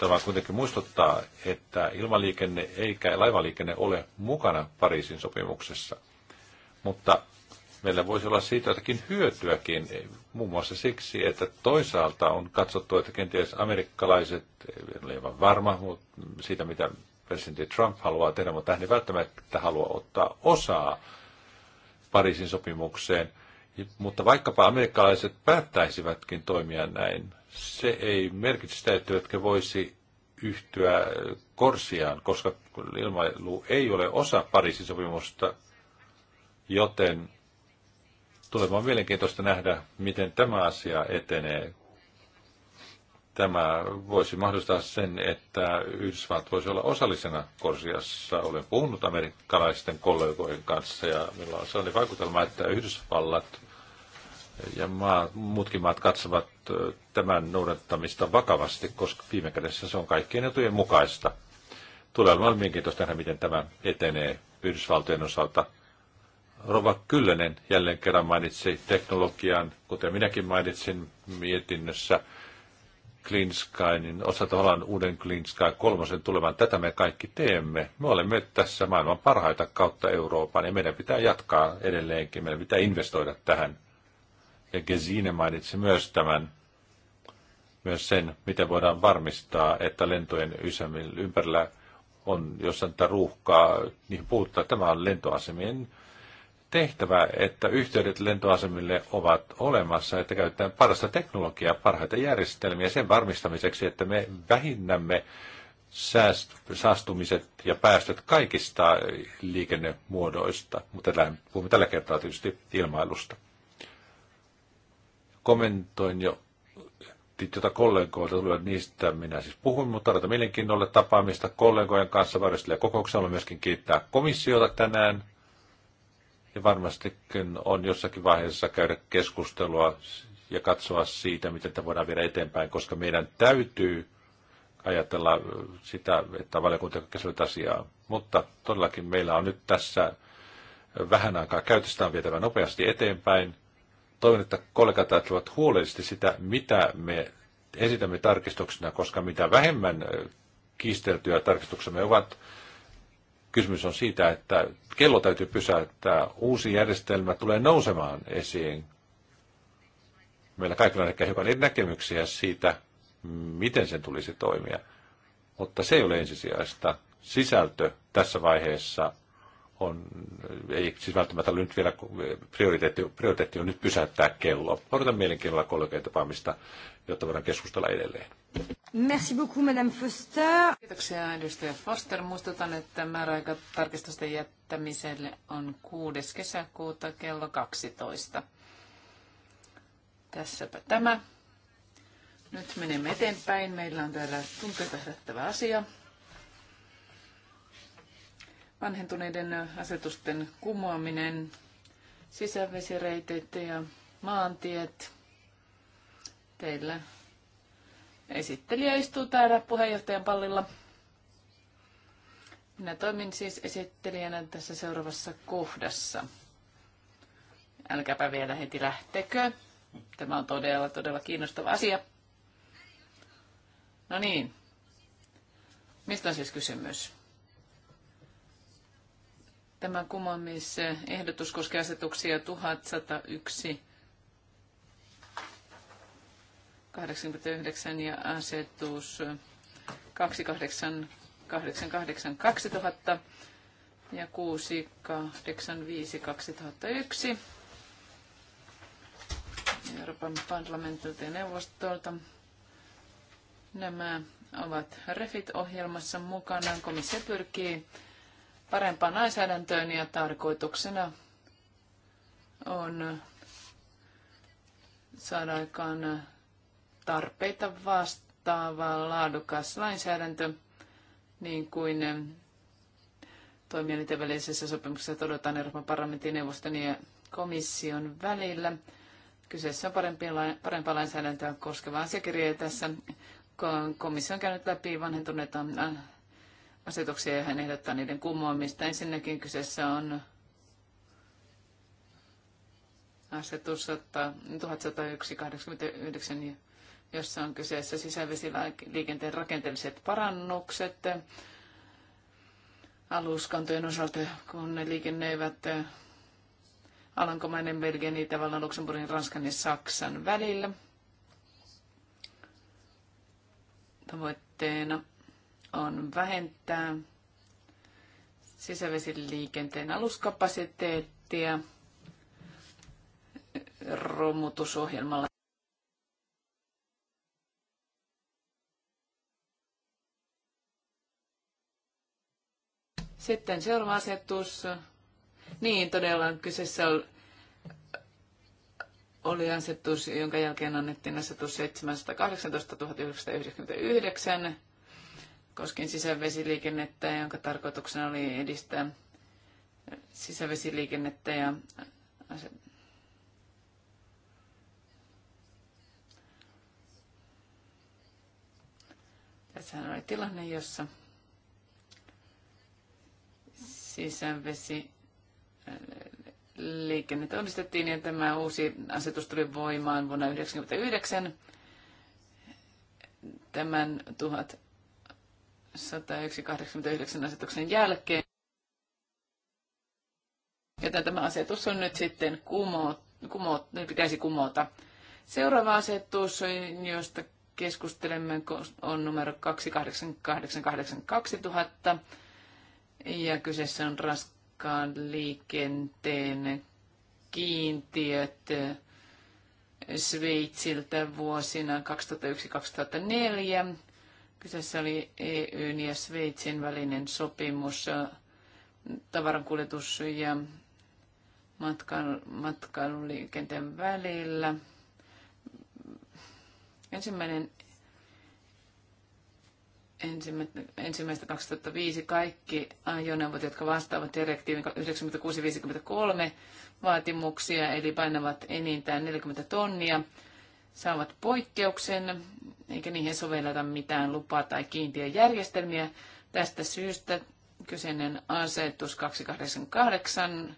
tämä kuitenkin muistuttaa, että ilmaliikenne eikä laivaliikenne ole mukana Pariisin sopimuksessa – mutta meillä voisi olla siitä jotakin hyötyäkin, muun muassa siksi, että toisaalta on katsottu, että kenties amerikkalaiset, en ole aivan varma mutta siitä, mitä presidentti Trump haluaa tehdä, mutta hän ei välttämättä halua ottaa osaa Pariisin sopimukseen. Mutta vaikkapa amerikkalaiset päättäisivätkin toimia näin, se ei merkitse sitä, että voisi yhtyä Korsiaan, koska ilmailu ei ole osa Pariisin sopimusta, Joten tulemaan mielenkiintoista nähdä, miten tämä asia etenee. Tämä voisi mahdollistaa sen, että Yhdysvallat voisi olla osallisena Korsiassa. Olen puhunut amerikkalaisten kollegojen kanssa ja minulla on sellainen vaikutelma, että Yhdysvallat ja maa, muutkin maat katsovat tämän noudattamista vakavasti, koska viime kädessä se on kaikkien etujen mukaista. Tulee olemaan mielenkiintoista nähdä, miten tämä etenee Yhdysvaltojen osalta – Rova Kyllönen jälleen kerran mainitsi teknologian, kuten minäkin mainitsin mietinnössä, Clean Sky, niin osa tavallaan uuden Clean Sky kolmosen tulevan. Tätä me kaikki teemme. Me olemme tässä maailman parhaita kautta Euroopan ja meidän pitää jatkaa edelleenkin. Meidän pitää investoida tähän. Ja Gesine mainitsi myös tämän, myös sen, miten voidaan varmistaa, että lentojen ympärillä on, jossain tätä ruuhkaa, niin puuttaa. Tämä on lentoasemien tehtävä, että yhteydet lentoasemille ovat olemassa, että käytetään parasta teknologiaa, parhaita järjestelmiä sen varmistamiseksi, että me vähinnämme saastumiset ja päästöt kaikista liikennemuodoista, mutta puhumme tällä kertaa tietysti ilmailusta. Kommentoin jo tuota kollegoilta tulee, niistä minä siis puhun, mutta odotan mielenkiinnolle tapaamista kollegojen kanssa varjostelijakokouksessa. Haluan myöskin kiittää komissiota tänään ja varmastikin on jossakin vaiheessa käydä keskustelua ja katsoa siitä, miten tämä voidaan viedä eteenpäin, koska meidän täytyy ajatella sitä, että valiokunta käsitellyt asiaa. Mutta todellakin meillä on nyt tässä vähän aikaa käytöstä on vietävä nopeasti eteenpäin. Toivon, että kollegat ajattelevat huolellisesti sitä, mitä me esitämme tarkistuksena, koska mitä vähemmän kiisteltyjä tarkistuksemme ovat, kysymys on siitä, että kello täytyy pysäyttää. Uusi järjestelmä tulee nousemaan esiin. Meillä kaikilla on ehkä hiukan näkemyksiä siitä, miten sen tulisi toimia. Mutta se ei ole ensisijaista. Sisältö tässä vaiheessa on, ei siis välttämättä ole nyt vielä prioriteetti, prioriteetti on nyt pysäyttää kello. Odotan mielenkiinnolla kollegojen tapaamista, jotta voidaan keskustella edelleen.
Merci beaucoup, Madame Foster. Kiitoksia,
edustaja Foster. Muistutan, että määräaika tarkistusten jättämiselle on 6. kesäkuuta kello 12. Tässäpä tämä. Nyt menemme eteenpäin. Meillä on täällä tunteita herättävä asia vanhentuneiden asetusten kumoaminen, sisävesireiteet ja maantiet. Teillä esittelijä istuu täällä puheenjohtajan pallilla. Minä toimin siis esittelijänä tässä seuraavassa kohdassa. Älkääpä vielä heti lähtekö. Tämä on todella, todella kiinnostava asia. No niin. Mistä on siis kysymys? Tämä kumoamisehdotus koskee asetuksia 1101 89 ja asetus 2888 2000 ja 685 2001 Euroopan parlamentilta ja neuvostolta. Nämä ovat REFIT-ohjelmassa mukana. Komissio pyrkii parempaan lainsäädäntöön ja tarkoituksena on saada aikaan tarpeita vastaava laadukas lainsäädäntö, niin kuin toimielinten välisessä sopimuksessa todetaan Euroopan parlamentin neuvoston ja komission välillä. Kyseessä on parempaa lainsäädäntöä koskeva asiakirja tässä komissio on käynyt läpi vanhentuneita äh, asetuksia ja hän ehdottaa niiden kumoamista. Ensinnäkin kyseessä on asetus 1189, jossa on kyseessä sisävesiliikenteen rakenteelliset parannukset aluskantojen osalta, kun ne liikennöivät Alankomainen, Belgian, Itävallan, Luxemburgin, Ranskan ja Saksan välillä. Tavoitteena on vähentää sisävesiliikenteen aluskapasiteettia romutusohjelmalla. Sitten seuraava asetus. Niin, todella kyseessä on oli asetus, jonka jälkeen annettiin asetus 718 koskien sisävesiliikennettä, jonka tarkoituksena oli edistää sisävesiliikennettä ja Tässä oli tilanne, jossa sisävesi liikenne todistettiin ja tämä uusi asetus tuli voimaan vuonna 1999. Tämän 1000 189 asetuksen jälkeen. Joten tämä asetus on nyt sitten kumo, kumo, niin pitäisi kumota. Seuraava asetus, josta keskustelemme, on numero 28882 ja kyseessä on raskaan liikenteen kiintiöt Sveitsiltä vuosina 2001-2004. Kyseessä oli EUn ja Sveitsin välinen sopimus äh, tavarankuljetus- ja matkailuliikenteen välillä. Ensimmäinen ensimmäistä 2005 kaikki ajoneuvot, jotka vastaavat direktiivin 9653 vaatimuksia, eli painavat enintään 40 tonnia, saavat poikkeuksen, eikä niihin sovelleta mitään lupaa tai kiintiöjärjestelmiä. Tästä syystä kyseinen asetus 288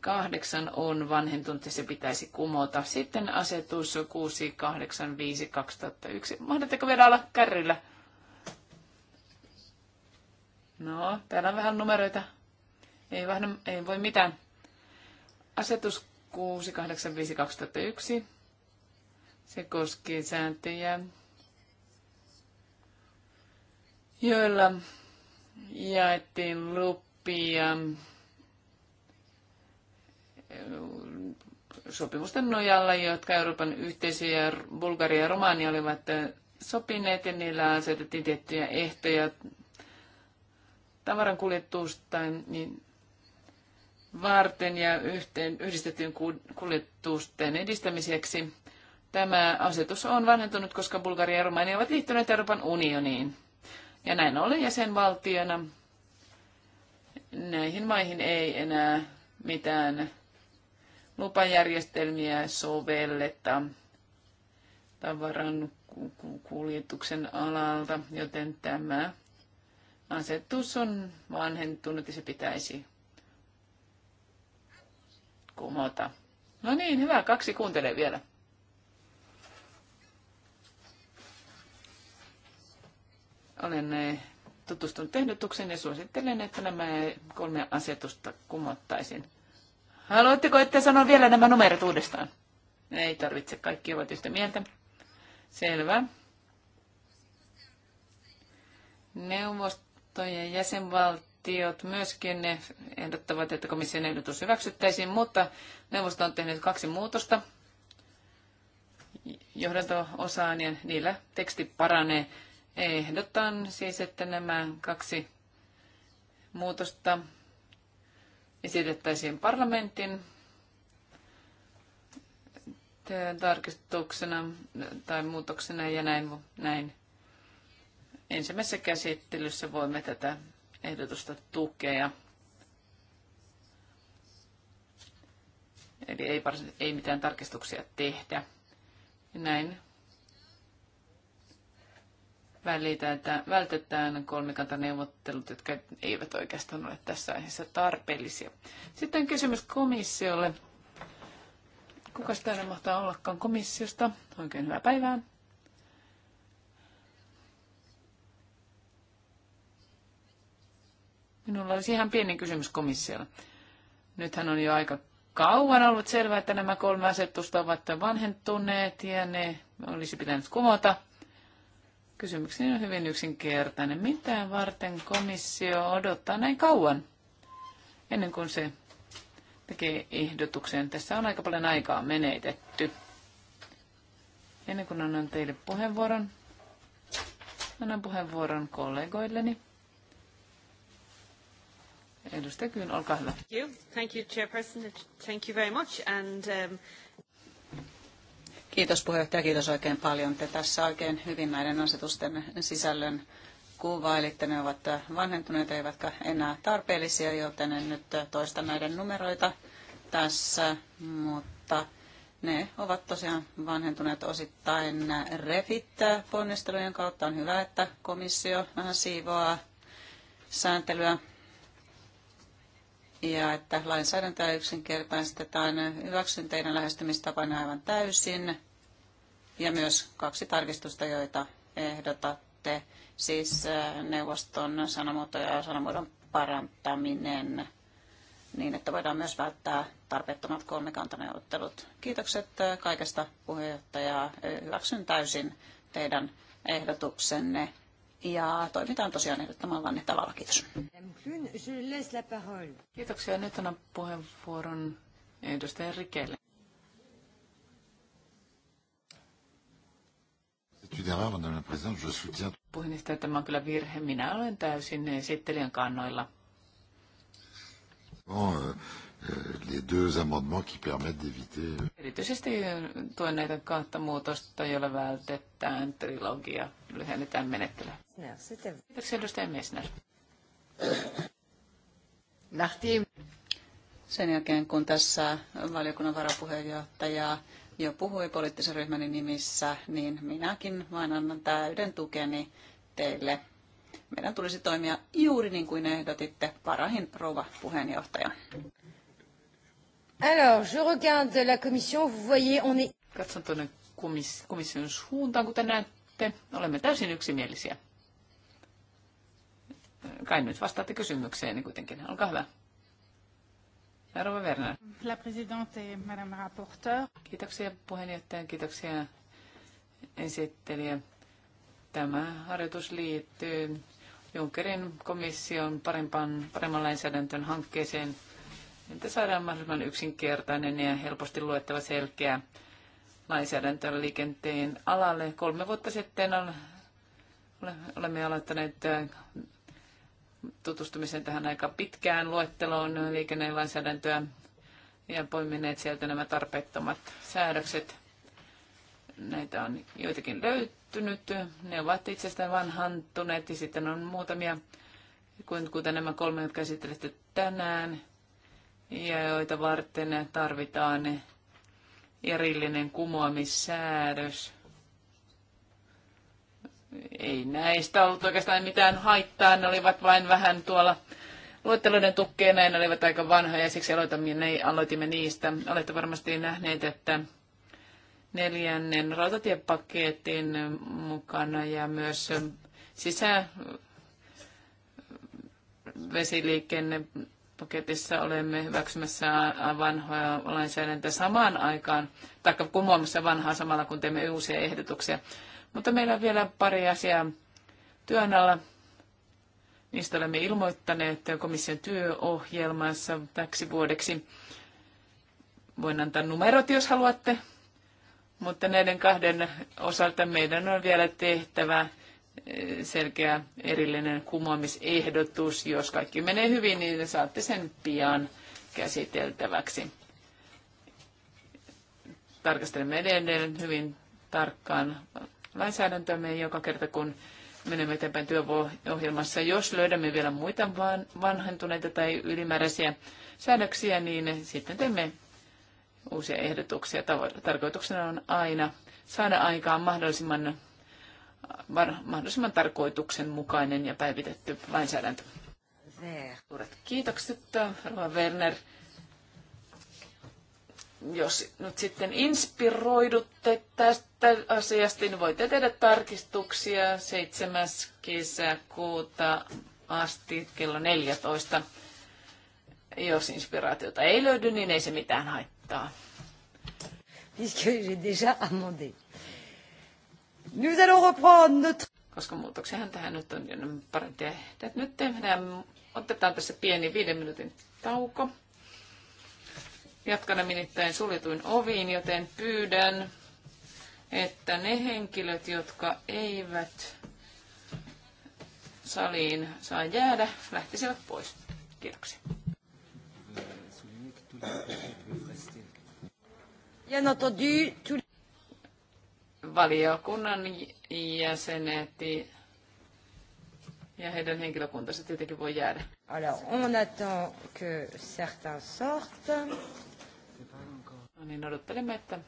8 on vanhentunut ja se pitäisi kumota. Sitten asetus 685 2001. Mahdatteko vielä olla kärryllä? No, täällä on vähän numeroita. Ei, vähän, ei voi mitään. Asetus 685 2001 se koskee sääntöjä, joilla jaettiin lupia sopimusten nojalla, jotka Euroopan yhteisö ja Bulgaria ja Romania olivat sopineet ja niillä asetettiin tiettyjä ehtoja tavaran kuljetusta niin varten ja yhteen yhdistettyjen kuljetusten edistämiseksi. Tämä asetus on vanhentunut, koska Bulgaria ja Romania ovat liittyneet Euroopan unioniin. Ja näin ollen jäsenvaltiona näihin maihin ei enää mitään lupajärjestelmiä sovelleta tavaran kuljetuksen alalta, joten tämä asetus on vanhentunut ja se pitäisi kumota. No niin, hyvä, kaksi kuuntelee vielä. Olen eh, tutustunut ehdotukseen ja suosittelen, että nämä kolme asetusta kumottaisin. Haluatteko, että sanon vielä nämä numerot uudestaan? Ei tarvitse, kaikki ovat yhtä mieltä. Selvä. Neuvostojen jäsenvaltiot myöskin ne ehdottavat, että komission ehdotus hyväksyttäisiin, mutta neuvosto on tehnyt kaksi muutosta johdanto-osaan ja niillä teksti paranee. Ehdotan siis, että nämä kaksi muutosta esitettäisiin parlamentin tarkistuksena tai muutoksena ja näin, näin ensimmäisessä käsittelyssä voimme tätä ehdotusta tukea. Eli ei, ei mitään tarkistuksia tehdä. Näin että vältetään kolmikantaneuvottelut, jotka eivät oikeastaan ole tässä aiheessa tarpeellisia. Sitten kysymys komissiolle. Kuka täällä mahtaa ollakaan komissiosta? Oikein hyvää päivää. Minulla olisi ihan pieni kysymys komissiolle. Nythän on jo aika kauan ollut selvää, että nämä kolme asetusta ovat vanhentuneet ja ne olisi pitänyt kumota. Kysymykseni on hyvin yksinkertainen. Mitä varten komissio odottaa näin kauan ennen kuin se tekee ehdotuksen? Tässä on aika paljon aikaa menetetty. Ennen kuin annan teille puheenvuoron, annan puheenvuoron kollegoilleni. Edustaja Kyyn, olkaa hyvä. Thank
you, Thank you Chairperson. Thank you very much. And, um...
Kiitos puheenjohtaja, kiitos
oikein paljon. Te tässä oikein hyvin näiden asetusten sisällön kuvailitte. Ne ovat vanhentuneet eivätkä enää tarpeellisia, joten en nyt toista näiden numeroita tässä, mutta ne ovat tosiaan vanhentuneet osittain refittää ponnistelujen kautta. On hyvä, että komissio vähän siivoaa sääntelyä ja että lainsäädäntöä yksinkertaistetaan teidän lähestymistapan aivan täysin ja myös kaksi tarkistusta, joita ehdotatte, siis äh, neuvoston sanamuoto ja sanamuodon parantaminen niin, että voidaan myös välttää tarpeettomat kolmikantaneuvottelut. Kiitokset äh, kaikesta puheenjohtajaa. Hyväksyn täysin teidän ehdotuksenne ja toimitaan tosiaan ehdottamallanne
tavalla. Kiitos. Je laisse la parole. Kiitoksia. Nyt annan puheenvuoron edustaja Rikelle. Puheenjohtaja, tämä on kyllä virhe. Minä olen täysin esittelijän kannoilla.
Bon, euh, euh, les deux amendements qui permettent d'éviter... Euh,
Erityisesti äh, tuen näitä kahta muutosta, joilla vältetään trilogia. Lyhennetään menettelyä. Kiitoksia edustaja Messner. Sen jälkeen,
kun tässä valiokunnan varapuheenjohtaja jo puhui poliittisen ryhmäni nimissä, niin minäkin vain annan täyden tukeni teille. Meidän tulisi toimia juuri niin kuin ehdotitte, parahin rouva puheenjohtaja.
Alors, je regarde la commission, vous voyez, on est...
Katson tuonne komission suuntaan, kuten näette. Olemme täysin yksimielisiä kai nyt vastaatte kysymykseen niin kuitenkin. Olkaa hyvä. Rova Werner. La présidente et madame rapporteur. Kiitoksia puheenjohtaja, kiitoksia esittelijä. Tämä harjoitus liittyy Junckerin komission parempaan, paremman lainsäädäntön hankkeeseen, että saadaan mahdollisimman yksinkertainen ja helposti luettava selkeä lainsäädäntö liikenteen alalle. Kolme vuotta sitten olemme aloittaneet tutustumisen tähän aika pitkään luetteloon liikennelainsäädäntöä ja poimineet sieltä nämä tarpeettomat säädökset. Näitä on joitakin löytynyt. Ne ovat itsestään vanhantuneet ja sitten on muutamia, kuten nämä kolme, jotka esittelette tänään ja joita varten tarvitaan erillinen kumoamissäädös – ei näistä ollut oikeastaan mitään haittaa. Ne olivat vain vähän tuolla luetteloiden tukkeena ja ne olivat aika vanhoja ja siksi aloitamme, aloitimme niistä. Olette varmasti nähneet, että neljännen rautatiepaketin mukana ja myös sisä vesiliikennepaketissa olemme hyväksymässä vanhoja lainsäädäntöä samaan aikaan, taikka kumoamassa vanhaa samalla kun teemme uusia ehdotuksia. Mutta meillä on vielä pari asiaa työn alla. Niistä olemme ilmoittaneet komission työohjelmassa täksi vuodeksi. Voin antaa numerot, jos haluatte, mutta näiden kahden osalta meidän on vielä tehtävä eh, selkeä erillinen kumoamisehdotus. Jos kaikki menee hyvin, niin saatte sen pian käsiteltäväksi. Tarkastelemme edelleen hyvin tarkkaan lainsäädäntömme joka kerta, kun menemme eteenpäin työohjelmassa. Jos löydämme vielä muita vanhentuneita tai ylimääräisiä säädöksiä, niin sitten teemme uusia ehdotuksia. Tarkoituksena on aina saada aikaan mahdollisimman, mahdollisimman tarkoituksenmukainen ja päivitetty lainsäädäntö. Suuret kiitokset, Rova Werner. Jos nyt sitten inspiroidutte tästä asiasta, niin voitte tehdä tarkistuksia 7. kesäkuuta asti kello 14. Jos inspiraatiota ei löydy, niin ei se mitään haittaa. Nous allons reprendre notre... Koska muutoksenhan tähän nyt on jo parempi tehdä. Nyt tehdään, otetaan tässä pieni viiden minuutin tauko. Jatkan nimittäin suljetuin oviin, joten pyydän, että ne henkilöt, jotka eivät saliin saa jäädä, lähtisivät pois. Kiitoksia. Valiokunnan jäsenet ja heidän henkilökuntansa tietenkin voi jäädä. Alors, on attend que certains sortent. No niin, odottelemme, että,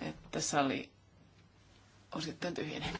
että sali osittain tyhjenee.